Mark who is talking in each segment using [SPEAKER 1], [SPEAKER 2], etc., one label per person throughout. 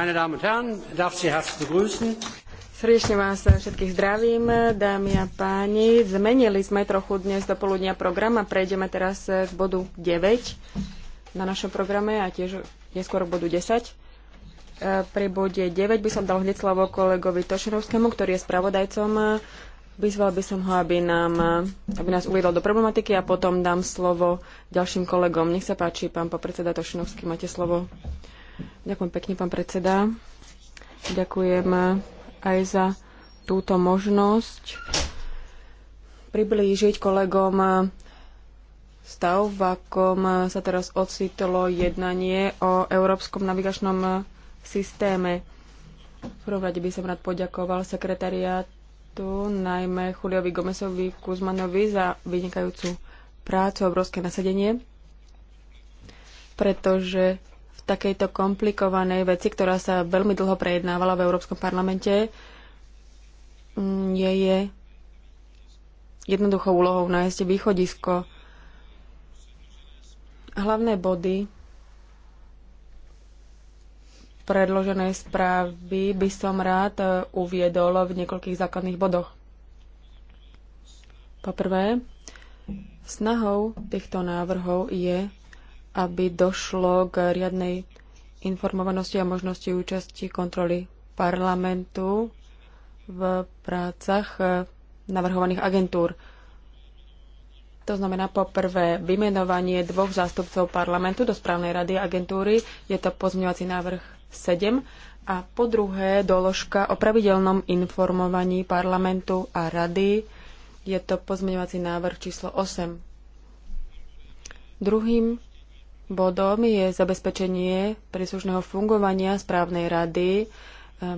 [SPEAKER 1] Meine Damen und Herren, darf Sie herzlich begrüßen.
[SPEAKER 2] Srdečne vás všetkých zdravím, dámy a páni. Zmenili sme trochu dnes do poludnia program a prejdeme teraz k bodu 9 na našom programe a tiež neskôr k bodu 10. E, pri bode 9 by som dal hneď slovo kolegovi Tošerovskému, ktorý je spravodajcom. Vyzval by som ho, aby, nám, aby nás uviedol do problematiky a potom dám slovo ďalším kolegom. Nech sa páči, pán popredseda Tošinovský, máte slovo. Ďakujem pekne, pán predseda. Ďakujem eh, aj za túto možnosť priblížiť kolegom eh, stav, v akom eh, sa teraz ocitlo jednanie o Európskom navigačnom systéme. V prvom rade by som rád poďakoval sekretariátu, najmä Juliovi Gomesovi Kuzmanovi za vynikajúcu prácu, obrovské nasadenie, pretože takejto komplikovanej veci, ktorá sa veľmi dlho prejednávala v Európskom parlamente, nie je jednoduchou úlohou nájsť východisko. Hlavné body predložené správy by som rád e, uviedol v niekoľkých základných bodoch. Poprvé, snahou týchto návrhov je aby došlo k riadnej informovanosti a možnosti účasti kontroly parlamentu v prácach eh, navrhovaných agentúr. To znamená poprvé vymenovanie dvoch zástupcov parlamentu do správnej rady agentúry, je to pozmňovací návrh 7, a po druhé doložka o pravidelnom informovaní parlamentu a rady, je to pozmeňovací návrh číslo 8. Druhým bodom je zabezpečenie príslušného fungovania správnej rady. E,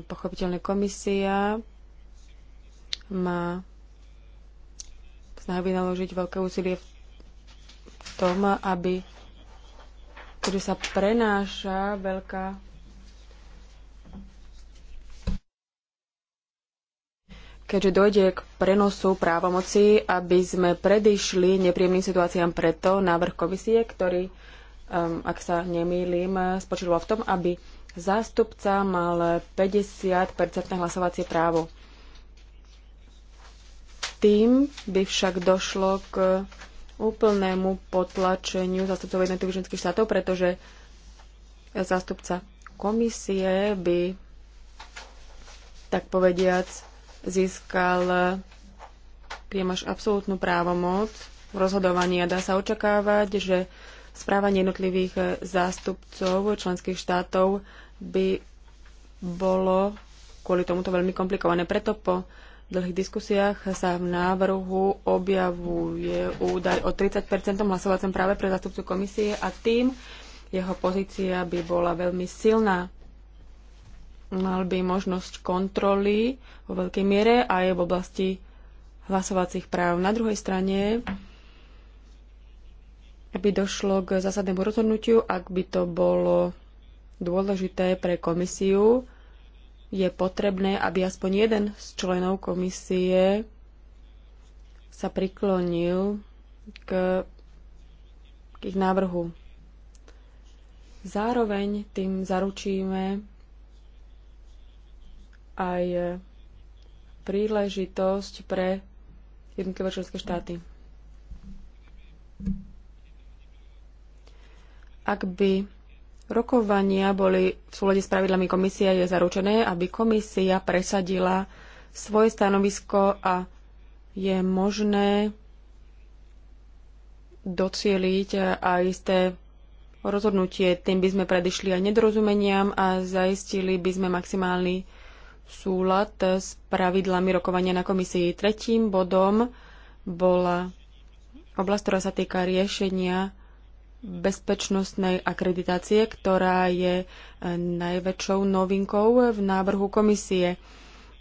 [SPEAKER 2] pochopiteľne komisia má snahy vynaložiť veľké úsilie v tom, aby ktorý sa prenáša veľká keďže dojde k prenosu právomoci, aby sme predišli nepríjemným situáciám preto návrh komisie, ktorý Ehm, ak sa nemýlim, spočívalo v tom, aby zástupca mal 50 hlasovacie právo. Tým by však došlo k úplnému potlačeniu zástupcov jednotlivých ženských štátov, pretože zástupca komisie by, tak povediac, získal priamaž absolútnu právomoc v rozhodovaní a dá sa očakávať, že správanie jednotlivých e, zástupcov členských štátov by bolo kvôli tomuto veľmi komplikované. Preto po dlhých diskusiách sa v návrhu objavuje údaj o 30 hlasovacom práve pre zástupcu komisie a tým jeho pozícia by bola veľmi silná. Mal by možnosť kontroly vo veľkej miere aj v oblasti hlasovacích práv. Na druhej strane aby došlo k zásadnému rozhodnutiu, ak by to bolo dôležité pre komisiu, je potrebné, aby aspoň jeden z členov komisie sa priklonil k, k ich návrhu. Zároveň tým zaručíme aj príležitosť pre jednotlivé členské štáty. Ak by rokovania boli v súlade s pravidlami komisie, je zaručené, aby komisia presadila svoje stanovisko a je možné docieliť aj isté rozhodnutie. Tým by sme predišli aj nedorozumeniam a zaistili by sme maximálny súlad s pravidlami rokovania na komisii. Tretím bodom bola oblasť, ktorá sa týka riešenia bezpečnostnej akreditácie, ktorá je e, najväčšou novinkou v návrhu komisie.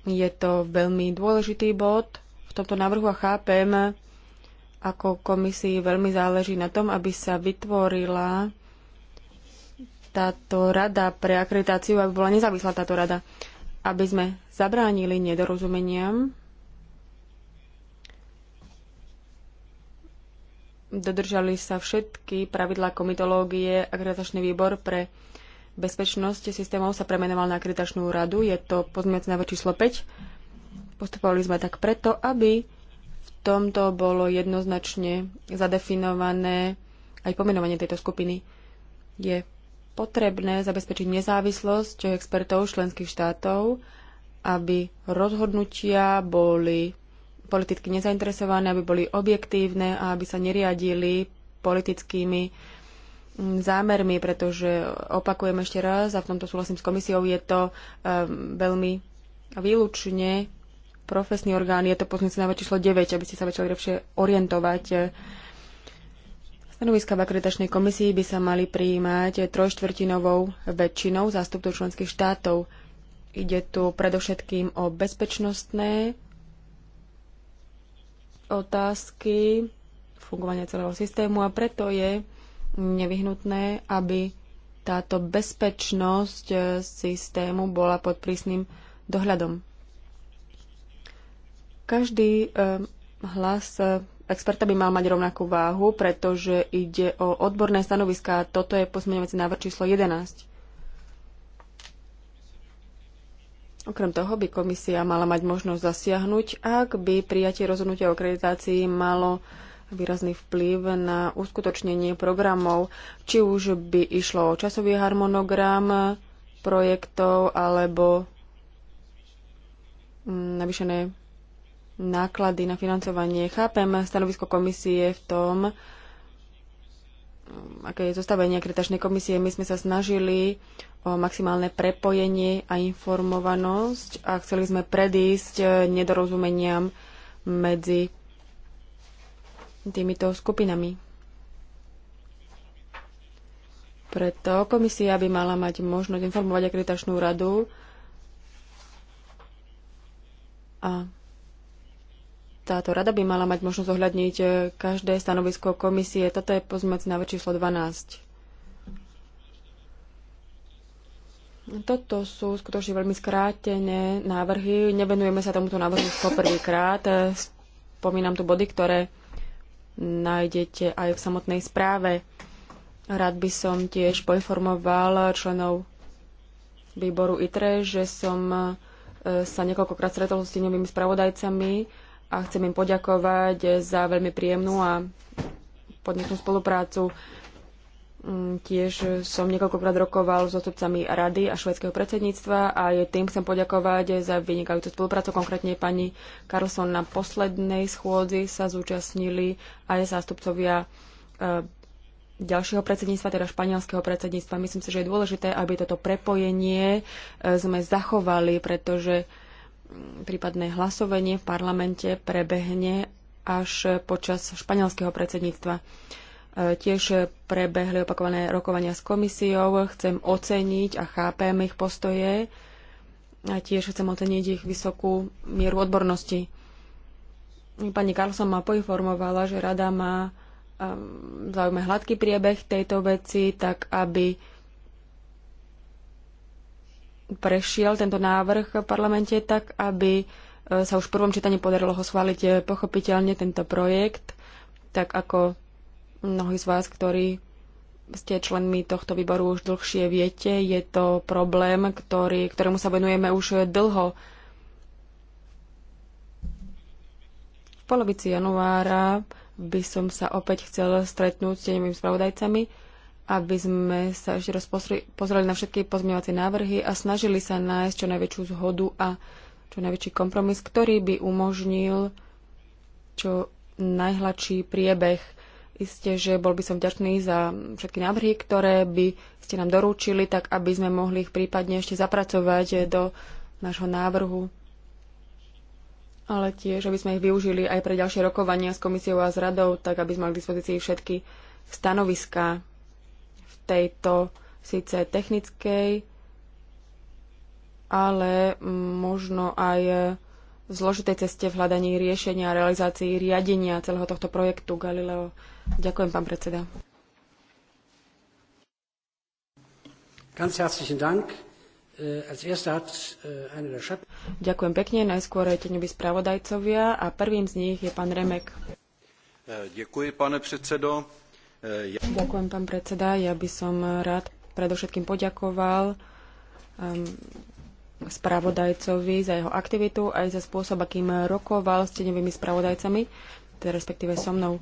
[SPEAKER 2] Je to veľmi dôležitý bod v tomto návrhu a chápem, ako komisii veľmi záleží na tom, aby sa vytvorila táto rada pre akreditáciu, aby bola nezávislá táto rada, aby sme zabránili nedorozumeniam dodržali sa všetky pravidlá komitológie. Akreditačný výbor pre bezpečnosť systémov sa premenoval na akreditačnú radu. Je to pozmiac na číslo 5. Postupovali sme tak preto, aby v tomto bolo jednoznačne zadefinované aj pomenovanie tejto skupiny. Je potrebné zabezpečiť nezávislosť expertov členských štátov, aby rozhodnutia boli politicky nezainteresované, aby boli objektívne a aby sa neriadili politickými mm, zámermi, pretože opakujem ešte raz a v tomto súhlasím s komisiou, je to um, veľmi výlučne profesný orgán, je to pozmeňujúci návrh číslo 9, aby ste sa vedeli lepšie orientovať. Stanoviska v akreditačnej komisii by sa mali prijímať trojštvrtinovou väčšinou zástupcov členských štátov. Ide tu predovšetkým o bezpečnostné otázky fungovania celého systému a preto je nevyhnutné, aby táto bezpečnosť e, systému bola pod prísnym dohľadom. Každý e, hlas e, experta by mal mať rovnakú váhu, pretože ide o odborné stanoviská. Toto je posmeňovací návrh číslo 11. Okrem toho by komisia mala mať možnosť zasiahnuť, ak by prijatie rozhodnutia o kreditácii malo výrazný vplyv na uskutočnenie programov, či už by išlo o časový harmonogram projektov alebo mm, navýšené náklady na financovanie. Chápem stanovisko komisie v tom, Um, aké je zostavenie akreditačnej komisie. My sme sa snažili o maximálne prepojenie a informovanosť a chceli sme predísť eh, nedorozumeniam medzi týmito skupinami. Preto komisia by mala mať možnosť informovať akreditačnú radu a táto rada by mala mať možnosť ohľadniť e, každé stanovisko komisie. Toto je pozmec na číslo 12. Toto sú skutočne veľmi skrátené návrhy. Nevenujeme sa tomuto návrhu poprvýkrát. E, spomínam tu body, ktoré nájdete aj v samotnej správe. Rád by som tiež poinformoval členov výboru ITRE, že som e, sa niekoľkokrát stretol s tieňovými spravodajcami a chcem im poďakovať za veľmi príjemnú a podnetnú spoluprácu. Mm, tiež som niekoľkokrát rokoval s odstupcami rady a švedského predsedníctva a je tým chcem poďakovať za vynikajúcu spoluprácu. Konkrétne pani Carlson na poslednej schôdzi sa zúčastnili aj zástupcovia e, ďalšieho predsedníctva, teda španielského predsedníctva. Myslím si, že je dôležité, aby toto prepojenie e, sme zachovali, pretože prípadné hlasovanie v parlamente prebehne až počas španielského predsedníctva. E, tiež prebehli opakované rokovania s komisiou. Chcem oceniť a chápem ich postoje a tiež chcem oceniť ich vysokú mieru odbornosti. Pani Carlson ma poinformovala, že rada má um, e, zaujme hladký priebeh tejto veci, tak aby prešiel tento návrh v parlamente tak, aby e, sa už v prvom čítaní podarilo ho schváliť e, pochopiteľne tento projekt, tak ako mnohí z vás, ktorí ste členmi tohto výboru už dlhšie viete, je to problém, ktorý, ktorému sa venujeme už dlho. V polovici januára by som sa opäť chcel stretnúť s tenými spravodajcami aby sme sa ešte raz pozreli na všetky pozmeňovacie návrhy a snažili sa nájsť čo najväčšiu zhodu a čo najväčší kompromis, ktorý by umožnil čo najhladší priebeh. Isté, že bol by som vďačný za všetky návrhy, ktoré by ste nám dorúčili, tak aby sme mohli ich prípadne ešte zapracovať do nášho návrhu. Ale tiež, aby sme ich využili aj pre ďalšie rokovania s komisiou a s radou, tak aby sme mali k dispozícii všetky stanoviská tejto síce technickej, ale možno aj zložitej ceste v hľadaní riešenia a realizácii riadenia celého tohto projektu Galileo. Ďakujem, pán predseda. Äh, äh, Ďakujem pekne. Najskôr teňoví spravodajcovia a prvým z nich je pán Remek.
[SPEAKER 1] Ďakujem, äh, pane predsedo ja... Ďakujem,
[SPEAKER 2] pán predseda. Ja by som rád predovšetkým poďakoval um, spravodajcovi za jeho aktivitu aj za spôsob, akým rokoval s tenevými spravodajcami, teda respektíve so mnou.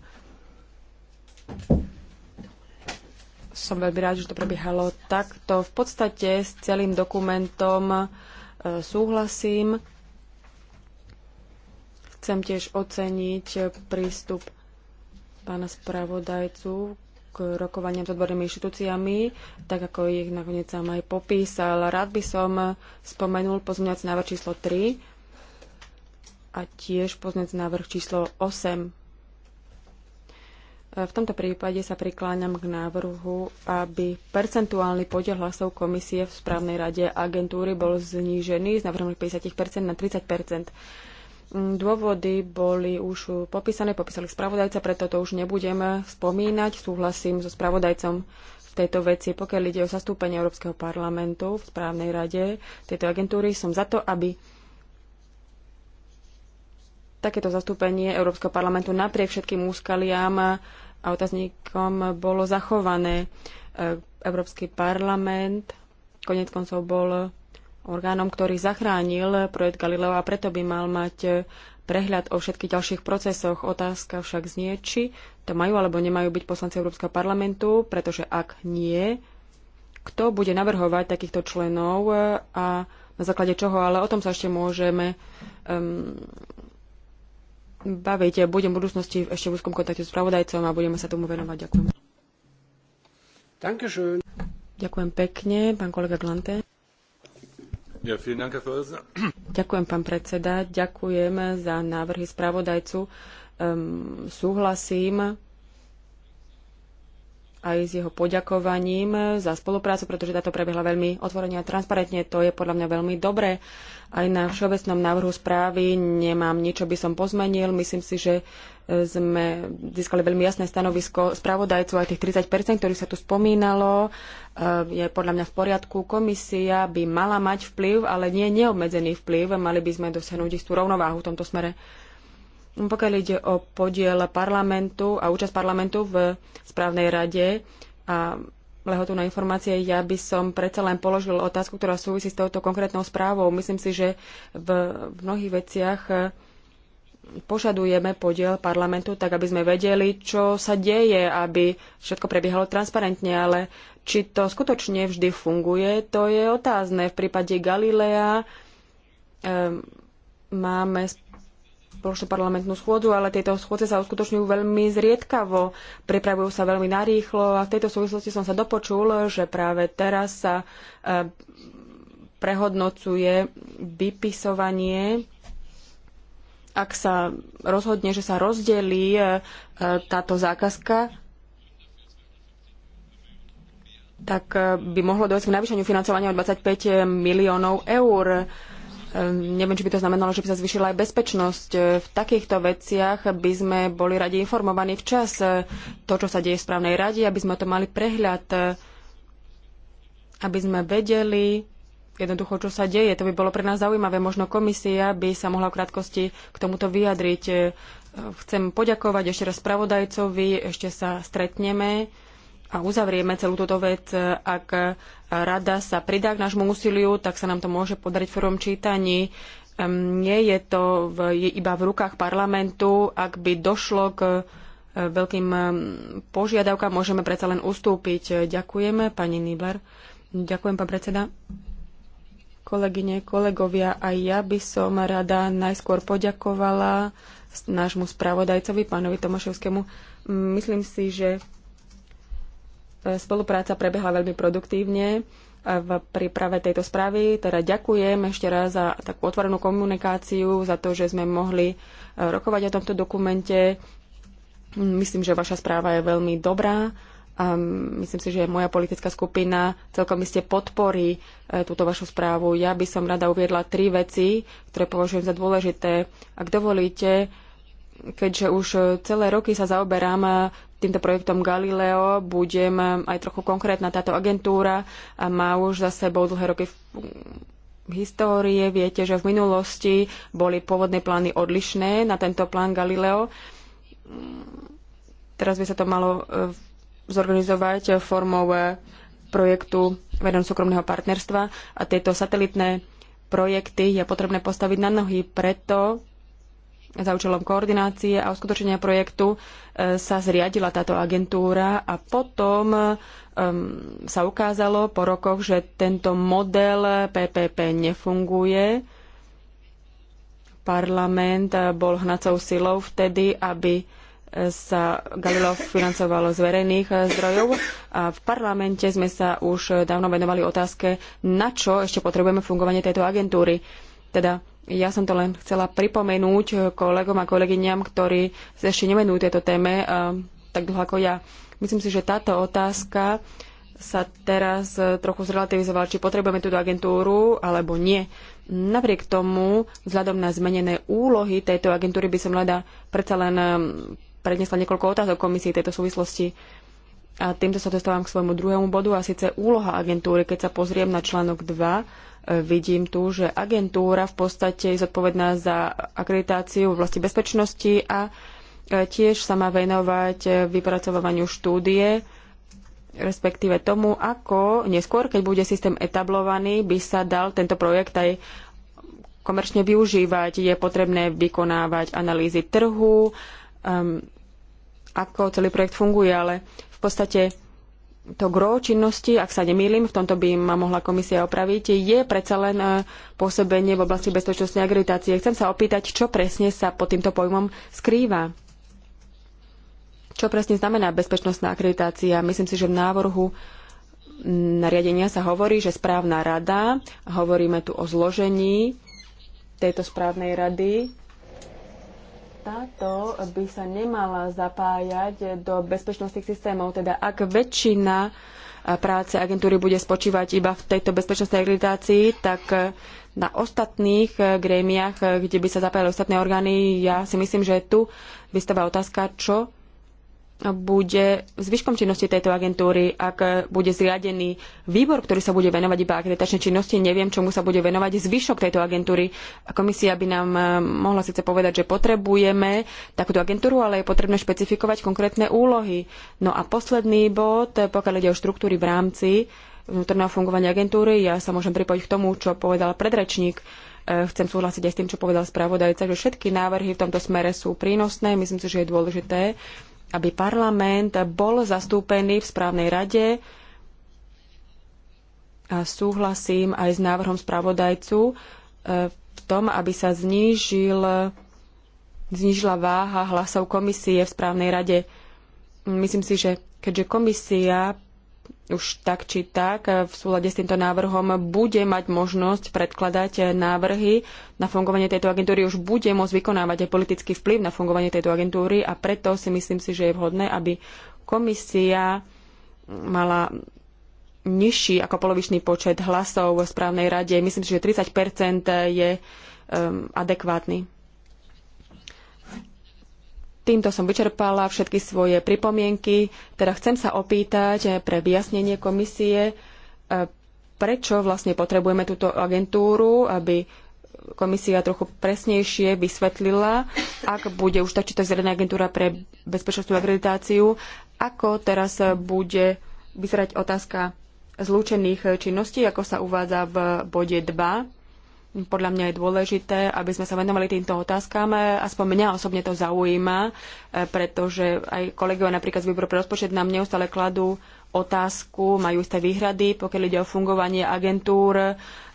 [SPEAKER 2] Som veľmi rád, že to prebiehalo takto. V podstate s celým dokumentom e, súhlasím. Chcem tiež oceniť prístup pána spravodajcu k rokovaniam s odbornými inštitúciami, tak ako ich nakoniec sám aj popísal. Rád by som spomenul pozmeňovací návrh číslo 3 a tiež pozmeňovací návrh číslo 8. E, v tomto prípade sa prikláňam k návrhu, aby percentuálny podiel hlasov komisie v správnej rade agentúry bol znížený z navrhnutých 50% na 30 Dôvody boli už popísané, popísali spravodajca, preto to už nebudem spomínať. Súhlasím so spravodajcom v tejto veci, pokiaľ ide o zastúpenie Európskeho parlamentu v správnej rade tejto agentúry. Som za to, aby takéto zastúpenie Európskeho parlamentu napriek všetkým úskaliam a otáznikom bolo zachované. E, Európsky parlament konec koncov bol orgánom, ktorý zachránil projekt Galileo a preto by mal mať eh, prehľad o všetkých ďalších procesoch. Otázka však znie, či to majú alebo nemajú byť poslanci Európskeho parlamentu, pretože ak nie, kto bude navrhovať takýchto členov eh, a na základe čoho, ale o tom sa ešte môžeme um, baviť. Budem v budúcnosti ešte v úzkom kontakte s pravodajcom a budeme sa tomu venovať. Ďakujem.
[SPEAKER 1] Dankeschön.
[SPEAKER 2] Ďakujem pekne, pán kolega Glante.
[SPEAKER 1] Ďakujem,
[SPEAKER 2] pán predseda. Ďakujem za návrhy spravodajcu. Ehm, súhlasím aj s jeho poďakovaním za spoluprácu, pretože táto prebehla veľmi otvorene a transparentne. To je podľa mňa veľmi dobré. Aj na všeobecnom návrhu správy nemám nič, čo by som pozmenil. Myslím si, že e, sme získali veľmi jasné stanovisko spravodajcov aj tých 30%, ktorých sa tu spomínalo. E, je podľa mňa v poriadku. Komisia by mala mať vplyv, ale nie neobmedzený vplyv. Mali by sme dosiahnuť istú rovnováhu v tomto smere. Pokiaľ ide o podiel parlamentu a účasť parlamentu v správnej rade a lehotu na informácie, ja by som predsa len položil otázku, ktorá súvisí s touto konkrétnou správou. Myslím si, že v, v mnohých veciach eh, požadujeme podiel parlamentu, tak aby sme vedeli, čo sa deje, aby všetko prebiehalo transparentne, ale či to skutočne vždy funguje, to je otázne. V prípade Galilea um, máme spoločnú parlamentnú schôdzu, ale tieto schôdze sa uskutočňujú veľmi zriedkavo, pripravujú sa veľmi narýchlo a v tejto súvislosti som sa dopočul, že práve teraz sa eh, prehodnocuje vypisovanie ak sa rozhodne, že sa rozdelí eh, eh, táto zákazka, tak by mohlo dojsť k navýšeniu financovania o 25 miliónov eur. Ehm, neviem, či by to znamenalo, že by sa zvyšila aj bezpečnosť. Ehm, v takýchto veciach by sme boli radi informovaní včas ehm, to, čo sa deje v správnej rade, aby sme to mali prehľad, aby sme vedeli jednoducho, čo sa deje. To by bolo pre nás zaujímavé. Možno komisia by sa mohla v krátkosti k tomuto vyjadriť. Chcem poďakovať ešte raz spravodajcovi, ešte sa stretneme a uzavrieme celú túto vec, ak rada sa pridá k nášmu úsiliu, tak sa nám to môže podariť v prvom čítaní. Nie je to v, je iba v rukách parlamentu. Ak by došlo k eh, veľkým požiadavkám, môžeme predsa len ustúpiť. Ďakujeme, pani Nibler. Ďakujem, pán predseda. Kolegyne, kolegovia, aj ja by som rada najskôr poďakovala nášmu spravodajcovi, pánovi Tomaševskému. Myslím si, že E, spolupráca prebehla veľmi produktívne e, v príprave tejto správy. Teda ďakujem ešte raz za takú otvorenú komunikáciu, za to, že sme mohli e, rokovať o tomto dokumente. Myslím, že vaša správa je veľmi dobrá a myslím si, že moja politická skupina celkom iste podporí túto vašu správu. Ja by som rada uviedla tri veci, ktoré považujem za dôležité. Ak dovolíte, keďže už e, celé roky sa zaoberám e, týmto projektom Galileo, budem e, aj trochu konkrétna. Táto agentúra má už za sebou dlhé roky v histórie. Viete, že v minulosti boli pôvodné plány odlišné na tento plán Galileo. Teraz by sa to malo zorganizovať formou projektu vedom súkromného partnerstva a tieto satelitné projekty je potrebné postaviť na nohy. Preto za účelom koordinácie a uskutočenia projektu e, sa zriadila táto agentúra a potom e, sa ukázalo po rokoch, že tento model PPP nefunguje. Parlament bol hnacou silou vtedy, aby e, sa Galileo financovalo z verejných zdrojov. A v parlamente sme sa už dávno venovali otázke, na čo ešte potrebujeme fungovanie tejto agentúry. Teda ja som to len chcela pripomenúť kolegom a kolegyňam, ktorí sa ešte nemenujú tejto téme eh, tak dlho ako ja. Myslím si, že táto otázka sa teraz eh, trochu zrelativizovala, či potrebujeme túto agentúru alebo nie. Napriek tomu, vzhľadom na zmenené úlohy tejto agentúry by som rada predsa len eh, prednesla niekoľko otázok komisii tejto súvislosti. A týmto sa dostávam k svojmu druhému bodu a síce úloha agentúry. Keď sa pozriem na článok 2, e, vidím tu, že agentúra v podstate je zodpovedná za akreditáciu v oblasti bezpečnosti a e, tiež sa má venovať e, vypracovávaniu štúdie, respektíve tomu, ako neskôr, keď bude systém etablovaný, by sa dal tento projekt aj komerčne využívať. Je potrebné vykonávať analýzy trhu, um, ako celý projekt funguje, ale podstate to gro činnosti, ak sa nemýlim, v tomto by ma mohla komisia opraviť, je predsa len e, pôsobenie v oblasti bezpečnostnej akreditácie. Chcem sa opýtať, čo presne sa pod týmto pojmom skrýva. Čo presne znamená bezpečnostná akreditácia? Myslím si, že v návrhu nariadenia sa hovorí, že správna rada, hovoríme tu o zložení tejto správnej rady, táto by sa nemala zapájať do bezpečnostných systémov. Teda ak väčšina eh, práce agentúry bude spočívať iba v tejto bezpečnostnej akreditácii, tak eh, na ostatných eh, grémiach, kde by sa zapájali ostatné orgány, ja si myslím, že tu vystáva otázka, čo bude zvyškom činnosti tejto agentúry, ak bude zriadený výbor, ktorý sa bude venovať iba akreditačnej činnosti. Neviem, čomu sa bude venovať zvyšok tejto agentúry. A komisia by nám eh, mohla síce povedať, že potrebujeme takúto agentúru, ale je potrebné špecifikovať konkrétne úlohy. No a posledný bod, pokiaľ ide o štruktúry v rámci vnútorného fungovania agentúry, ja sa môžem pripojiť k tomu, čo povedal predrečník eh, chcem súhlasiť aj s tým, čo povedal spravodajca, že všetky návrhy v tomto smere sú prínosné. Myslím si, že je dôležité, aby parlament bol zastúpený v správnej rade a súhlasím aj s návrhom spravodajcu e, v tom, aby sa znížil, znížila váha hlasov komisie v správnej rade. Myslím si, že keďže komisia už tak či tak eh, v súlade s týmto návrhom bude mať možnosť predkladať eh, návrhy na fungovanie tejto agentúry, už bude môcť vykonávať aj politický vplyv na fungovanie tejto agentúry a preto si myslím si, že je vhodné, aby komisia mala nižší ako polovičný počet hlasov v správnej rade. Myslím si, že 30 je um, adekvátny. Týmto som vyčerpala všetky svoje pripomienky, teda chcem sa opýtať eh, pre vyjasnenie komisie, eh, prečo vlastne potrebujeme túto agentúru, aby komisia trochu presnejšie vysvetlila, ak bude už tačito zelená agentúra pre bezpečnostnú akreditáciu, ako teraz bude vyzerať otázka zlúčených činností, ako sa uvádza v bode 2 podľa mňa je dôležité, aby sme sa venovali týmto otázkam. Aspoň mňa osobne to zaujíma, e, pretože aj kolegovia napríklad z výboru pre rozpočet nám neustále kladú otázku, majú isté výhrady, pokiaľ ide o fungovanie agentúr, e,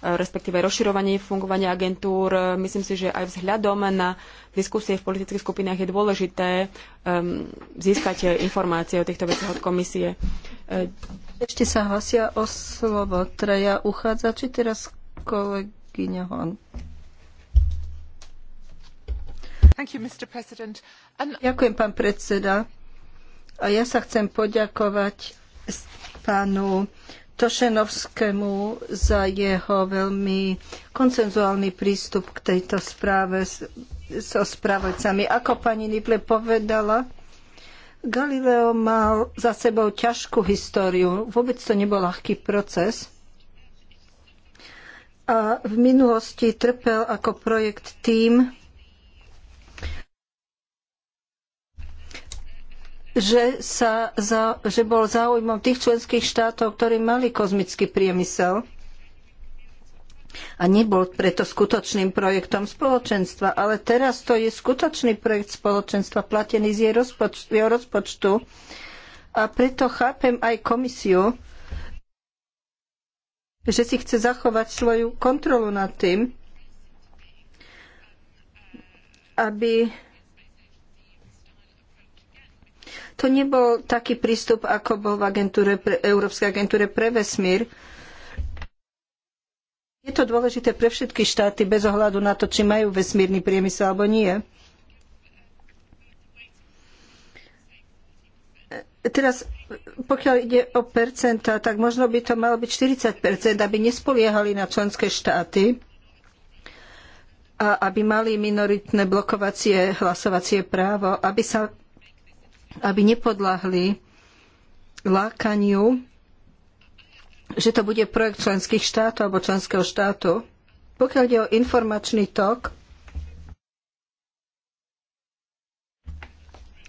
[SPEAKER 2] respektíve rozširovanie fungovania agentúr. Myslím si, že aj vzhľadom na diskusie v politických skupinách je dôležité um, získať informácie o týchto
[SPEAKER 3] veciach od komisie. Ešte sa hlasia o slovo treja uchádzači, teraz kolega Kolegyňa Hon. Ďakujem, pán predseda. A ja sa chcem poďakovať pánu Tošenovskému za jeho veľmi koncenzuálny prístup k tejto správe so správcami. Ako pani Nible povedala, Galileo mal za sebou ťažkú históriu. Vôbec to nebol ľahký proces a v minulosti trpel ako projekt tým, že, sa za, že bol záujmom tých členských štátov, ktorí mali kozmický priemysel a nebol preto skutočným projektom spoločenstva. Ale teraz to je skutočný projekt spoločenstva platený z jej jeho rozpočtu a preto chápem aj komisiu, že si chce zachovať svoju kontrolu nad tým, aby to nebol taký prístup, ako bol v agentúre pre, Európskej agentúre pre vesmír. Je to dôležité pre všetky štáty bez ohľadu na to, či majú vesmírny priemysel alebo nie. Teraz, pokiaľ ide o percenta, tak možno by to malo byť 40 aby nespoliehali na členské štáty a aby mali minoritné blokovacie hlasovacie právo, aby sa aby nepodľahli lákaniu, že to bude projekt členských štátov alebo členského štátu. Pokiaľ ide o informačný tok,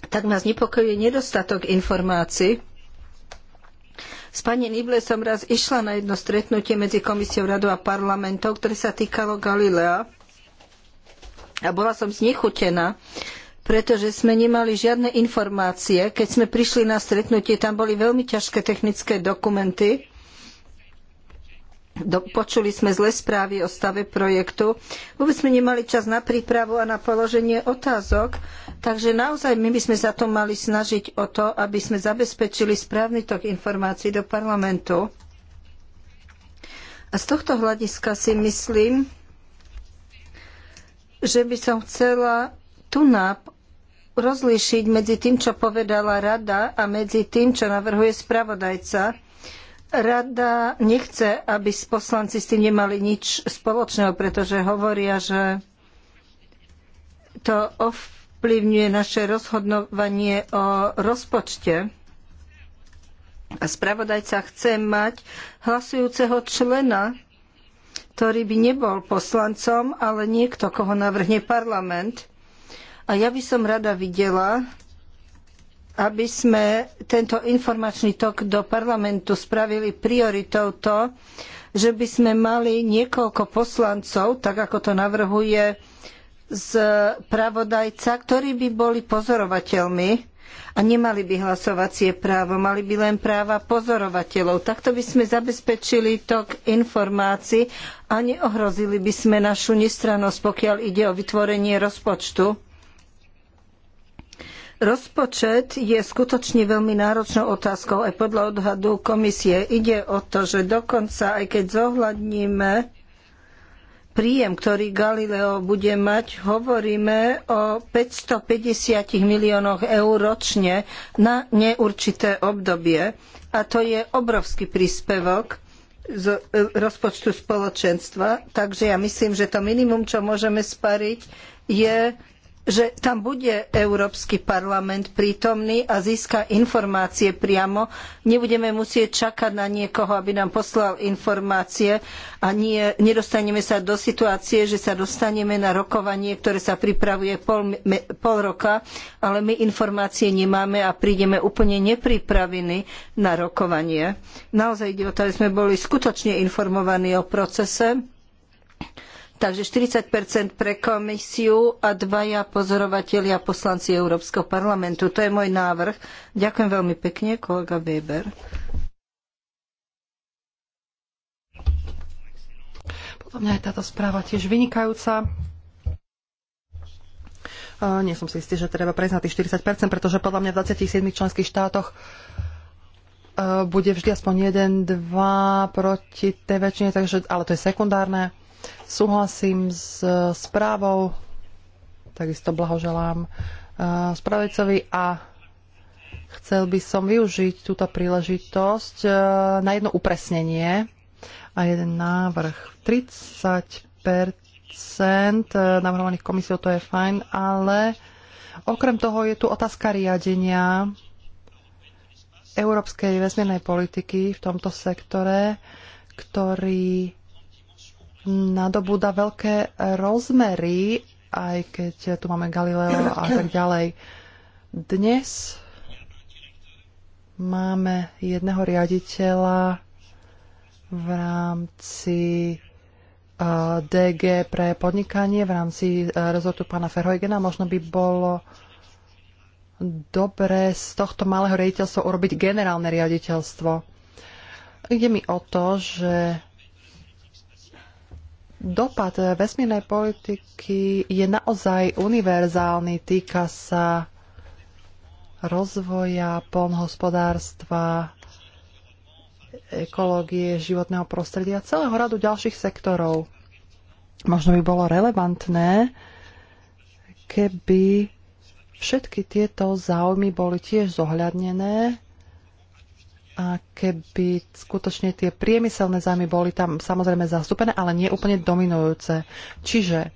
[SPEAKER 3] tak nás nepokojuje nedostatok informácií. S pani Nible som raz išla na jedno stretnutie medzi Komisiou radu a parlamentov, ktoré sa týkalo Galilea a bola som znechutená, pretože sme nemali žiadne informácie. Keď sme prišli na stretnutie, tam boli veľmi ťažké technické dokumenty. Do, počuli sme zlé správy o stave projektu. Vôbec sme nemali čas na prípravu a na položenie otázok. Takže naozaj my by sme sa to mali snažiť o to, aby sme zabezpečili správny tok informácií do parlamentu. A z tohto hľadiska si myslím, že by som chcela tu rozlíšiť medzi tým, čo povedala rada a medzi tým, čo navrhuje spravodajca. Rada nechce, aby poslanci s tým nemali nič spoločného, pretože hovoria, že to ov- ovplyvňuje naše rozhodovanie o rozpočte. A spravodajca chce mať hlasujúceho člena, ktorý by nebol poslancom, ale niekto, koho navrhne parlament. A ja by som rada videla, aby sme tento informačný tok do parlamentu spravili prioritou to, že by sme mali niekoľko poslancov, tak ako to navrhuje spravodajca, ktorí by boli pozorovateľmi a nemali by hlasovacie právo, mali by len práva pozorovateľov. Takto by sme zabezpečili tok informácií a neohrozili by sme našu nestrannosť, pokiaľ ide o vytvorenie rozpočtu. Rozpočet je skutočne veľmi náročnou otázkou aj podľa odhadu komisie. Ide o to, že dokonca aj keď zohľadníme príjem, ktorý Galileo bude mať, hovoríme o 550 miliónoch eur ročne na neurčité obdobie. A to je obrovský príspevok z e, rozpočtu spoločenstva. Takže ja myslím, že to minimum, čo môžeme spariť, je že tam bude Európsky parlament prítomný a získa informácie priamo. Nebudeme musieť čakať na niekoho, aby nám poslal informácie a nie, nedostaneme sa do situácie, že sa dostaneme na rokovanie, ktoré sa pripravuje pol, me, pol roka, ale my informácie nemáme a prídeme úplne nepripravení na rokovanie. Naozaj ide o to, aby sme boli skutočne informovaní o procese Takže 40 pre komisiu a dvaja pozorovatelia poslanci Európskeho parlamentu. To je môj návrh. Ďakujem veľmi pekne, kolega Weber.
[SPEAKER 4] Podľa mňa je táto správa tiež vynikajúca. Nie som si istý, že treba prejsť na tých 40%, pretože podľa mňa v 27 členských štátoch e, bude vždy aspoň 1, 2 proti tej väčšine, takže, ale to je sekundárne. Súhlasím s e, správou, takisto blahoželám e, spravedcovi a chcel by som využiť túto príležitosť e, na jedno upresnenie a jeden návrh. 30 navrhovaných komisiou to je fajn, ale okrem toho je tu otázka riadenia európskej vesmiernej politiky v tomto sektore, ktorý nadobúda veľké rozmery, aj keď tu máme Galileo a tak ďalej. Dnes máme jedného riaditeľa v rámci DG pre podnikanie v rámci rezortu pána Ferhojgena. Možno by bolo dobre z tohto malého riaditeľstva urobiť generálne riaditeľstvo. Ide mi o to, že dopad vesmírnej politiky je naozaj univerzálny. Týka sa rozvoja polnohospodárstva, ekológie, životného prostredia a celého radu ďalších sektorov. Možno by bolo relevantné, keby všetky tieto záujmy boli tiež zohľadnené a keby skutočne tie priemyselné zájmy boli tam samozrejme zastúpené, ale nie úplne dominujúce. Čiže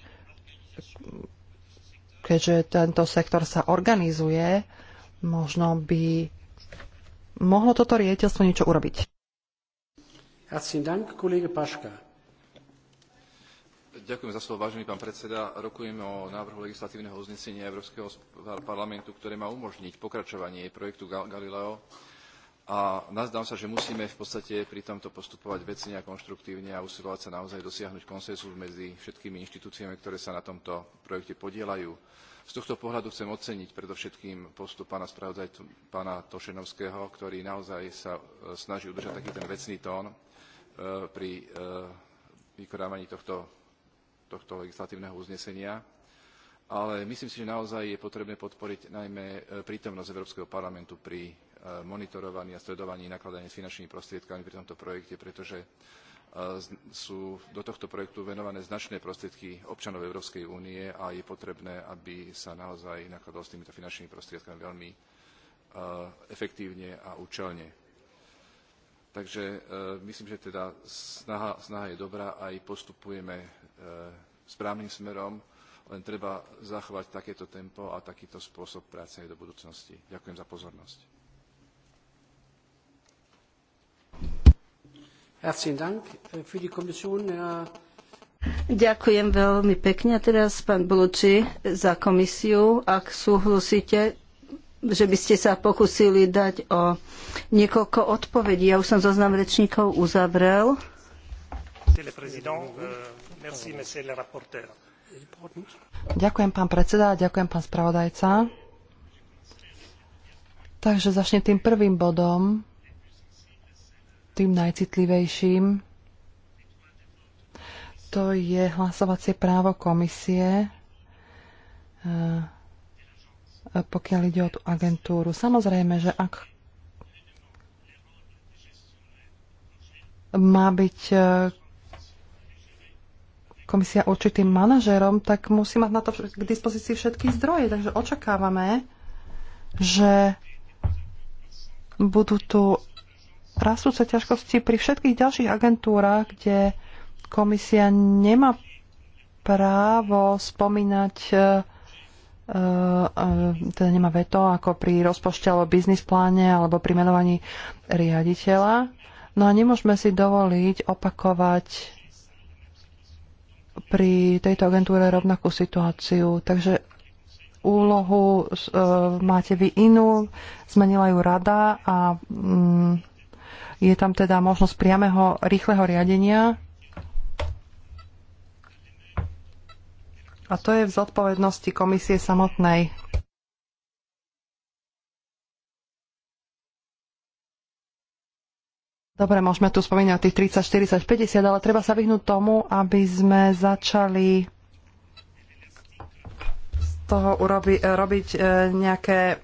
[SPEAKER 4] keďže tento sektor sa organizuje, možno by mohlo toto riediteľstvo niečo urobiť.
[SPEAKER 1] Ďakujem za slovo, vážený pán predseda. Rokujeme o návrhu legislatívneho uznesenia Európskeho parlamentu, ktoré má umožniť pokračovanie projektu Galileo a nazdávam sa, že musíme v podstate pri tomto postupovať vecne a konštruktívne a usilovať sa naozaj dosiahnuť konsenzus medzi všetkými inštitúciami, ktoré sa na tomto projekte podielajú. Z tohto pohľadu chcem oceniť predovšetkým postup pána spravodajcu, pána Tošenovského, ktorý naozaj sa e, snaží udržať taký ten vecný tón e, pri e, vykonávaní tohto, tohto legislatívneho uznesenia ale myslím si, že naozaj je potrebné podporiť najmä prítomnosť Európskeho parlamentu pri Eh, monitorovaní a sledovaní nakladania s finančnými prostriedkami pri tomto projekte, pretože eh, sú do tohto projektu venované značné prostriedky občanov Európskej únie a je potrebné, aby sa naozaj nakladalo s týmito finančnými prostriedkami veľmi eh, efektívne a účelne. Takže myslím, že teda snaha, snaha je dobrá, aj postupujeme správnym smerom, len treba zachovať takéto tempo a takýto spôsob práce aj do budúcnosti. Ďakujem za pozornosť.
[SPEAKER 4] Äh,
[SPEAKER 3] ďakujem veľmi pekne. A teraz pán Bluči za komisiu, ak súhlasíte, že by ste sa pokúsili dať o niekoľko odpovedí. Ja už som zoznam rečníkov uzavrel. Euh, ďakujem pán predseda a
[SPEAKER 4] ďakujem pán spravodajca. Takže začnem tým prvým bodom, tým najcitlivejším. To je hlasovacie právo komisie, e, pokiaľ ide o tú agentúru. Samozrejme, že ak má byť e, komisia určitým manažerom, tak musí mať na to k dispozícii všetky zdroje. Takže očakávame, že budú tu rastúce ťažkosti pri všetkých ďalších agentúrach, kde komisia nemá právo spomínať e, e, e, teda nemá veto ako pri rozpočte alebo biznis pláne alebo pri menovaní riaditeľa. No a nemôžeme si dovoliť opakovať pri tejto agentúre rovnakú situáciu. Takže úlohu e, máte vy inú, zmenila ju rada a mm, je tam teda možnosť priameho rýchleho riadenia. A to je v zodpovednosti komisie samotnej. Dobre, môžeme tu spomínať tých 30, 40, 50, ale treba sa vyhnúť tomu, aby sme začali z toho urobi, robiť e, nejaké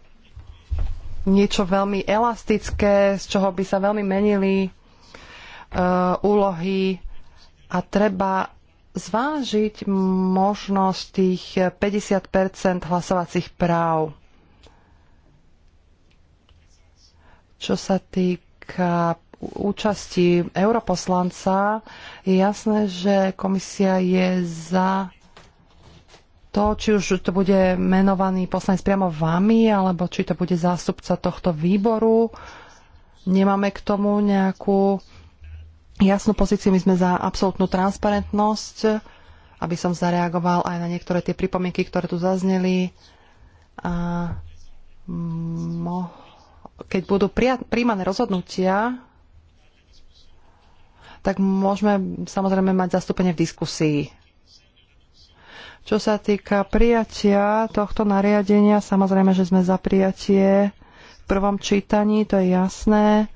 [SPEAKER 4] niečo veľmi elastické, z čoho by sa veľmi menili e, úlohy a treba zvážiť možnosť tých 50 hlasovacích práv. Čo sa týka účasti europoslanca, je jasné, že komisia je za to, či už to bude menovaný poslanec priamo vami, alebo či to bude zástupca tohto výboru. Nemáme k tomu nejakú jasnú pozíciu. My sme za absolútnu transparentnosť, aby som zareagoval aj na niektoré tie pripomienky, ktoré tu zazneli. A keď budú príjmané rozhodnutia, tak môžeme samozrejme mať zastúpenie v diskusii čo sa týka prijatia tohto nariadenia, samozrejme, že sme za prijatie v prvom čítaní, to je jasné.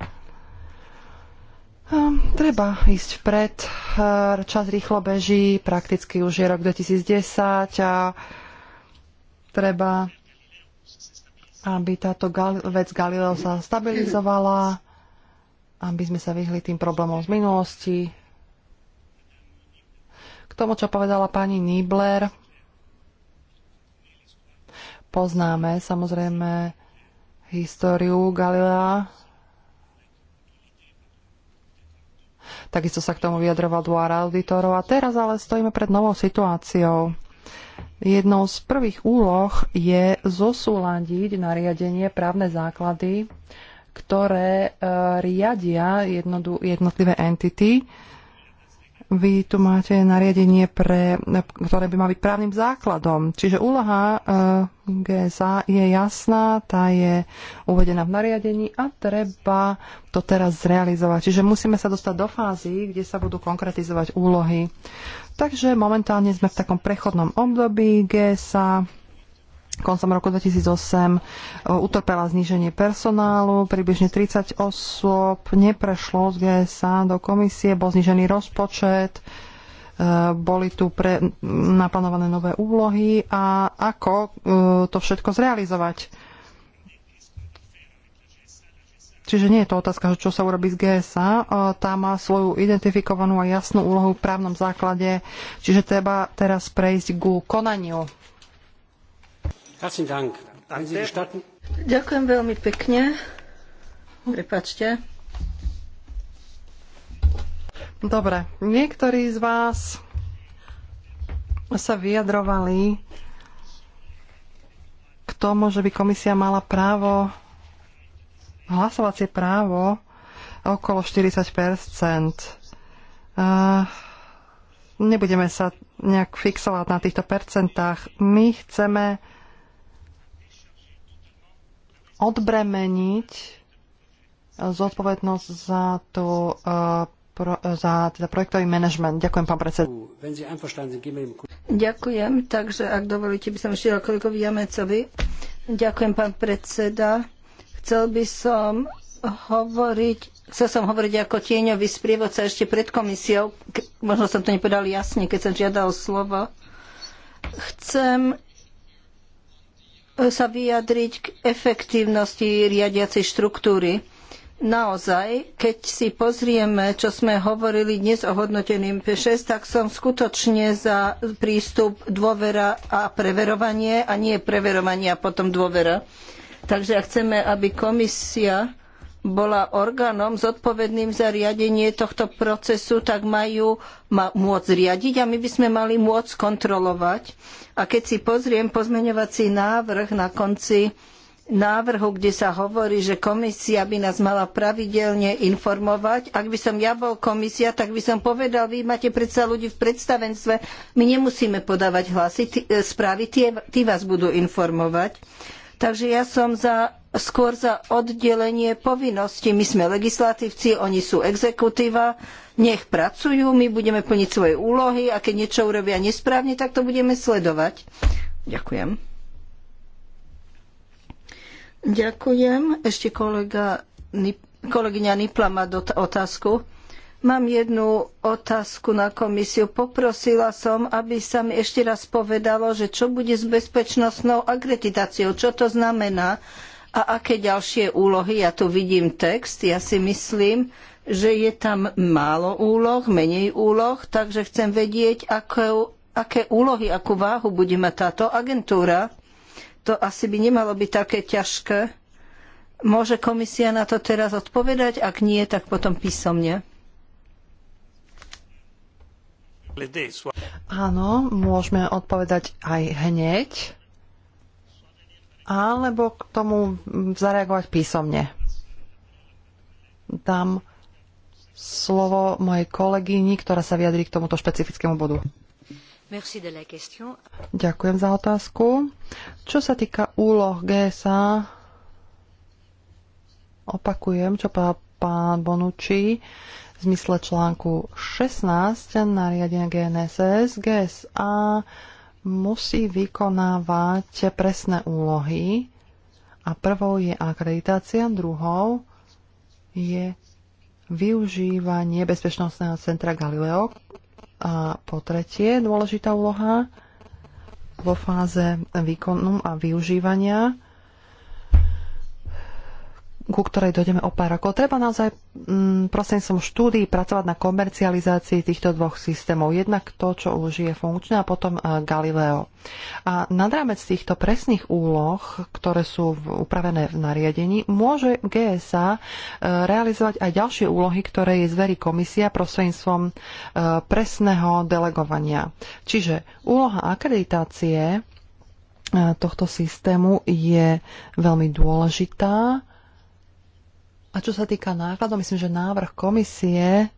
[SPEAKER 4] Ehm, treba ísť vpred. Ehm, čas rýchlo beží, prakticky už je rok 2010 a treba, aby táto vec Galileo sa stabilizovala, aby sme sa vyhli tým problémom z minulosti. K tomu, čo povedala pani Nibler, poznáme samozrejme históriu Galilea. Takisto sa k tomu vyjadroval dvár auditorov a teraz ale stojíme pred novou situáciou. Jednou z prvých úloh je zosúľadiť nariadenie právne základy, ktoré eh, riadia jednotlivé entity vy tu máte nariadenie, pre, ktoré by mal byť právnym základom. Čiže úloha eh, GSA je jasná, tá je uvedená v nariadení a treba to teraz zrealizovať. Čiže musíme sa dostať do fázy, kde sa budú konkretizovať úlohy. Takže momentálne sme v takom prechodnom období GSA koncom roku 2008 e, utrpela zníženie personálu, približne 30 osôb neprešlo z GSA do komisie, bol znížený rozpočet, e, boli tu pre, naplánované nové úlohy a ako e, to všetko zrealizovať. Čiže nie je to otázka, čo sa urobí z GSA. Tá má svoju identifikovanú a jasnú úlohu v právnom základe, čiže treba teraz prejsť ku konaniu
[SPEAKER 3] Ďakujem veľmi pekne. Prepačte. Dobre, niektorí
[SPEAKER 4] z vás sa vyjadrovali k tomu, že by komisia mala právo, hlasovacie právo okolo 40 uh, Nebudeme sa nejak fixovať na týchto percentách. My chceme odbremeniť e, zodpovednosť za to e, pro, e, za teda projektový manažment. Ďakujem, pán predseda.
[SPEAKER 3] Ďakujem, takže ak dovolíte, by som šiel kolegovi Jamecovi. Ďakujem, pán predseda. Chcel by som hovoriť, chcel som hovoriť ako tieňový sprievodca ešte pred komisiou, možno som to nepovedal jasne, keď som žiadal slovo. Chcem sa vyjadriť k efektívnosti riadiacej štruktúry. Naozaj, keď si pozrieme, čo sme hovorili dnes o hodnoteným P6, tak som skutočne za prístup dôvera a preverovanie a nie preverovanie a potom dôvera. Takže ak chceme, aby komisia bola orgánom zodpovedným za riadenie tohto procesu, tak majú ma, môcť riadiť a my by sme mali môcť kontrolovať. A keď si pozriem pozmeňovací návrh na konci návrhu, kde sa hovorí, že komisia by nás mala pravidelne informovať. Ak by som ja bol komisia, tak by som povedal, vy máte predsa ľudí v predstavenstve, my nemusíme podávať hlasy, e, správy, tí vás budú informovať. Takže ja som za skôr za oddelenie povinností. My sme legislatívci, oni sú exekutíva, nech pracujú, my budeme plniť svoje úlohy a keď niečo urobia nesprávne, tak to budeme sledovať. Ďakujem. Ďakujem. Ešte kolega, kolegyňa Nipla má otázku. Mám jednu otázku na komisiu. Poprosila som, aby sa mi ešte raz povedalo, že čo bude s bezpečnostnou akreditáciou. Čo to znamená? A aké ďalšie úlohy? Ja tu vidím text, ja si myslím, že je tam málo úloh, menej úloh, takže chcem vedieť, aké úlohy, akú váhu bude mať táto agentúra. To asi by nemalo byť také ťažké. Môže komisia na to teraz odpovedať? Ak nie, tak potom písomne. Áno, môžeme odpovedať aj hneď
[SPEAKER 4] alebo k tomu zareagovať písomne. Dám slovo mojej kolegyni, ktorá sa vyjadrí k tomuto špecifickému bodu. Ďakujem za otázku. Čo sa týka úloh GSA, opakujem, čo povedal pán Bonucci, v zmysle článku 16 nariadenia GNSS, GSA musí vykonávať presné úlohy a prvou je akreditácia, druhou je využívanie bezpečnostného centra Galileo a po tretie dôležitá úloha vo fáze výkonu a využívania ku ktorej dojdeme o pár rokov. Treba naozaj mm, som štúdií pracovať na komercializácii týchto dvoch systémov. Jednak to, čo už je funkčné a potom e, Galileo. A nad rámec týchto presných úloh, ktoré sú v, upravené v nariadení, môže GSA e, realizovať aj ďalšie úlohy, ktoré je zverí komisia prostredníctvom e, presného delegovania. Čiže úloha akreditácie tohto systému je veľmi dôležitá a čo sa týka nákladov, myslím, že návrh komisie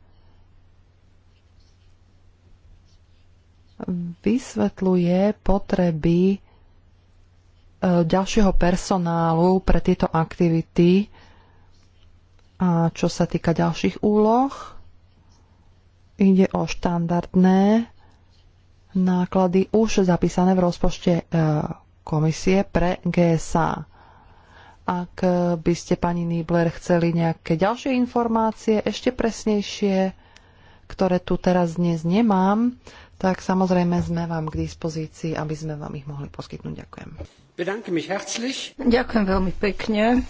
[SPEAKER 4] vysvetľuje potreby e, ďalšieho personálu pre tieto aktivity. A čo sa týka ďalších úloh, ide o štandardné náklady už zapísané v rozpočte e, komisie pre GSA. Ak by ste, pani Nibler, chceli nejaké ďalšie informácie, ešte presnejšie, ktoré tu teraz dnes nemám, tak samozrejme sme vám k dispozícii, aby sme vám ich mohli poskytnúť. Ďakujem.
[SPEAKER 3] Ďakujem veľmi pekne.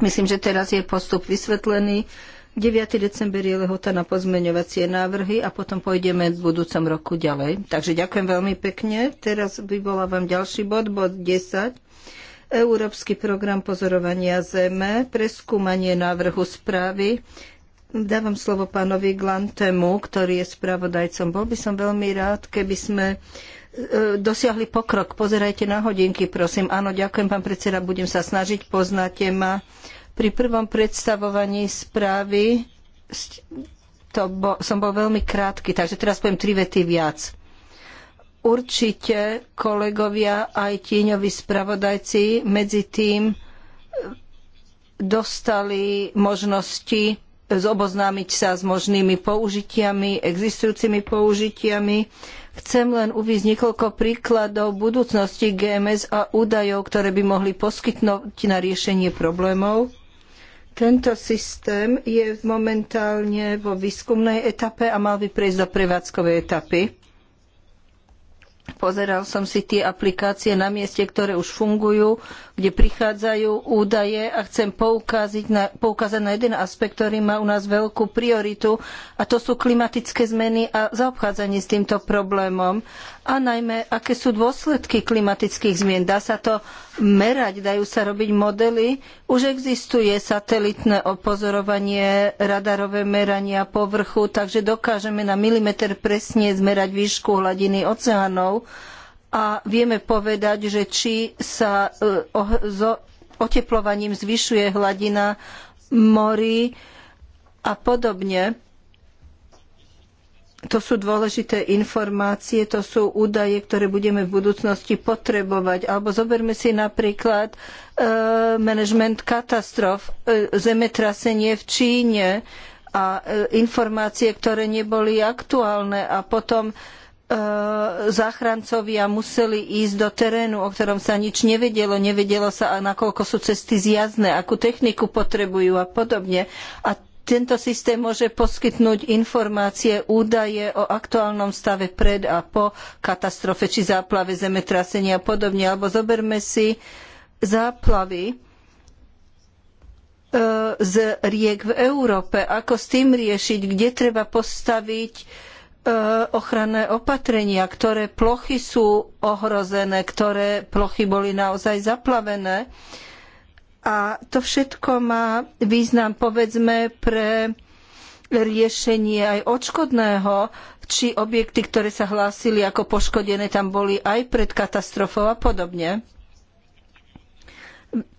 [SPEAKER 3] Myslím, že teraz je postup vysvetlený. 9. december je lehota na pozmeňovacie návrhy a potom pôjdeme v budúcom roku ďalej. Takže ďakujem veľmi pekne. Teraz vyvolávam ďalší bod, bod 10. Európsky program pozorovania Zeme, preskúmanie návrhu správy. Dávam slovo pánovi Glantemu, ktorý je spravodajcom. Bol by som veľmi rád, keby sme e, dosiahli pokrok. Pozerajte na hodinky, prosím. Áno, ďakujem, pán predseda, budem sa snažiť. Poznáte ma pri prvom predstavovaní správy to bo, som bol veľmi krátky, takže teraz poviem tri vety viac. Určite kolegovia aj tieňoví spravodajci medzi tým e, dostali možnosti zoboznámiť sa s možnými použitiami, existujúcimi použitiami. Chcem len uvieť niekoľko príkladov budúcnosti GMS a údajov, ktoré by mohli poskytnúť na riešenie problémov. Tento systém je momentálne vo výskumnej etape a mal by prejsť do prevádzkovej etapy. Pozeral som si tie aplikácie na mieste, ktoré už fungujú, kde prichádzajú údaje a chcem poukázať na, poukázať na jeden aspekt, ktorý má u nás veľkú prioritu a to sú klimatické zmeny a zaobchádzanie s týmto problémom a najmä, aké sú dôsledky klimatických zmien. Dá sa to merať, dajú sa robiť modely. Už existuje satelitné opozorovanie, radarové merania povrchu, takže dokážeme na milimeter presne zmerať výšku hladiny oceánov a vieme povedať, že či sa s e, oteplovaním zvyšuje hladina morí a podobne. To sú dôležité informácie, to sú údaje, ktoré budeme v budúcnosti potrebovať. Alebo zoberme si napríklad e, manažment katastrof, e, zemetrasenie v Číne a e, informácie, ktoré neboli aktuálne a potom e, E, záchrancovia museli ísť do terénu, o ktorom sa nič nevedelo, nevedelo sa, a nakoľko sú cesty zjazdné, akú techniku potrebujú a podobne. A tento systém môže poskytnúť informácie, údaje o aktuálnom stave pred a po katastrofe či záplave, zemetrasení a podobne. Alebo zoberme si záplavy e, z riek v Európe. Ako s tým riešiť? Kde treba postaviť E, ochranné opatrenia, ktoré plochy sú ohrozené, ktoré plochy boli naozaj zaplavené. A to všetko má význam, povedzme, pre riešenie aj odškodného, či objekty, ktoré sa hlásili ako poškodené, tam boli aj pred katastrofou a podobne.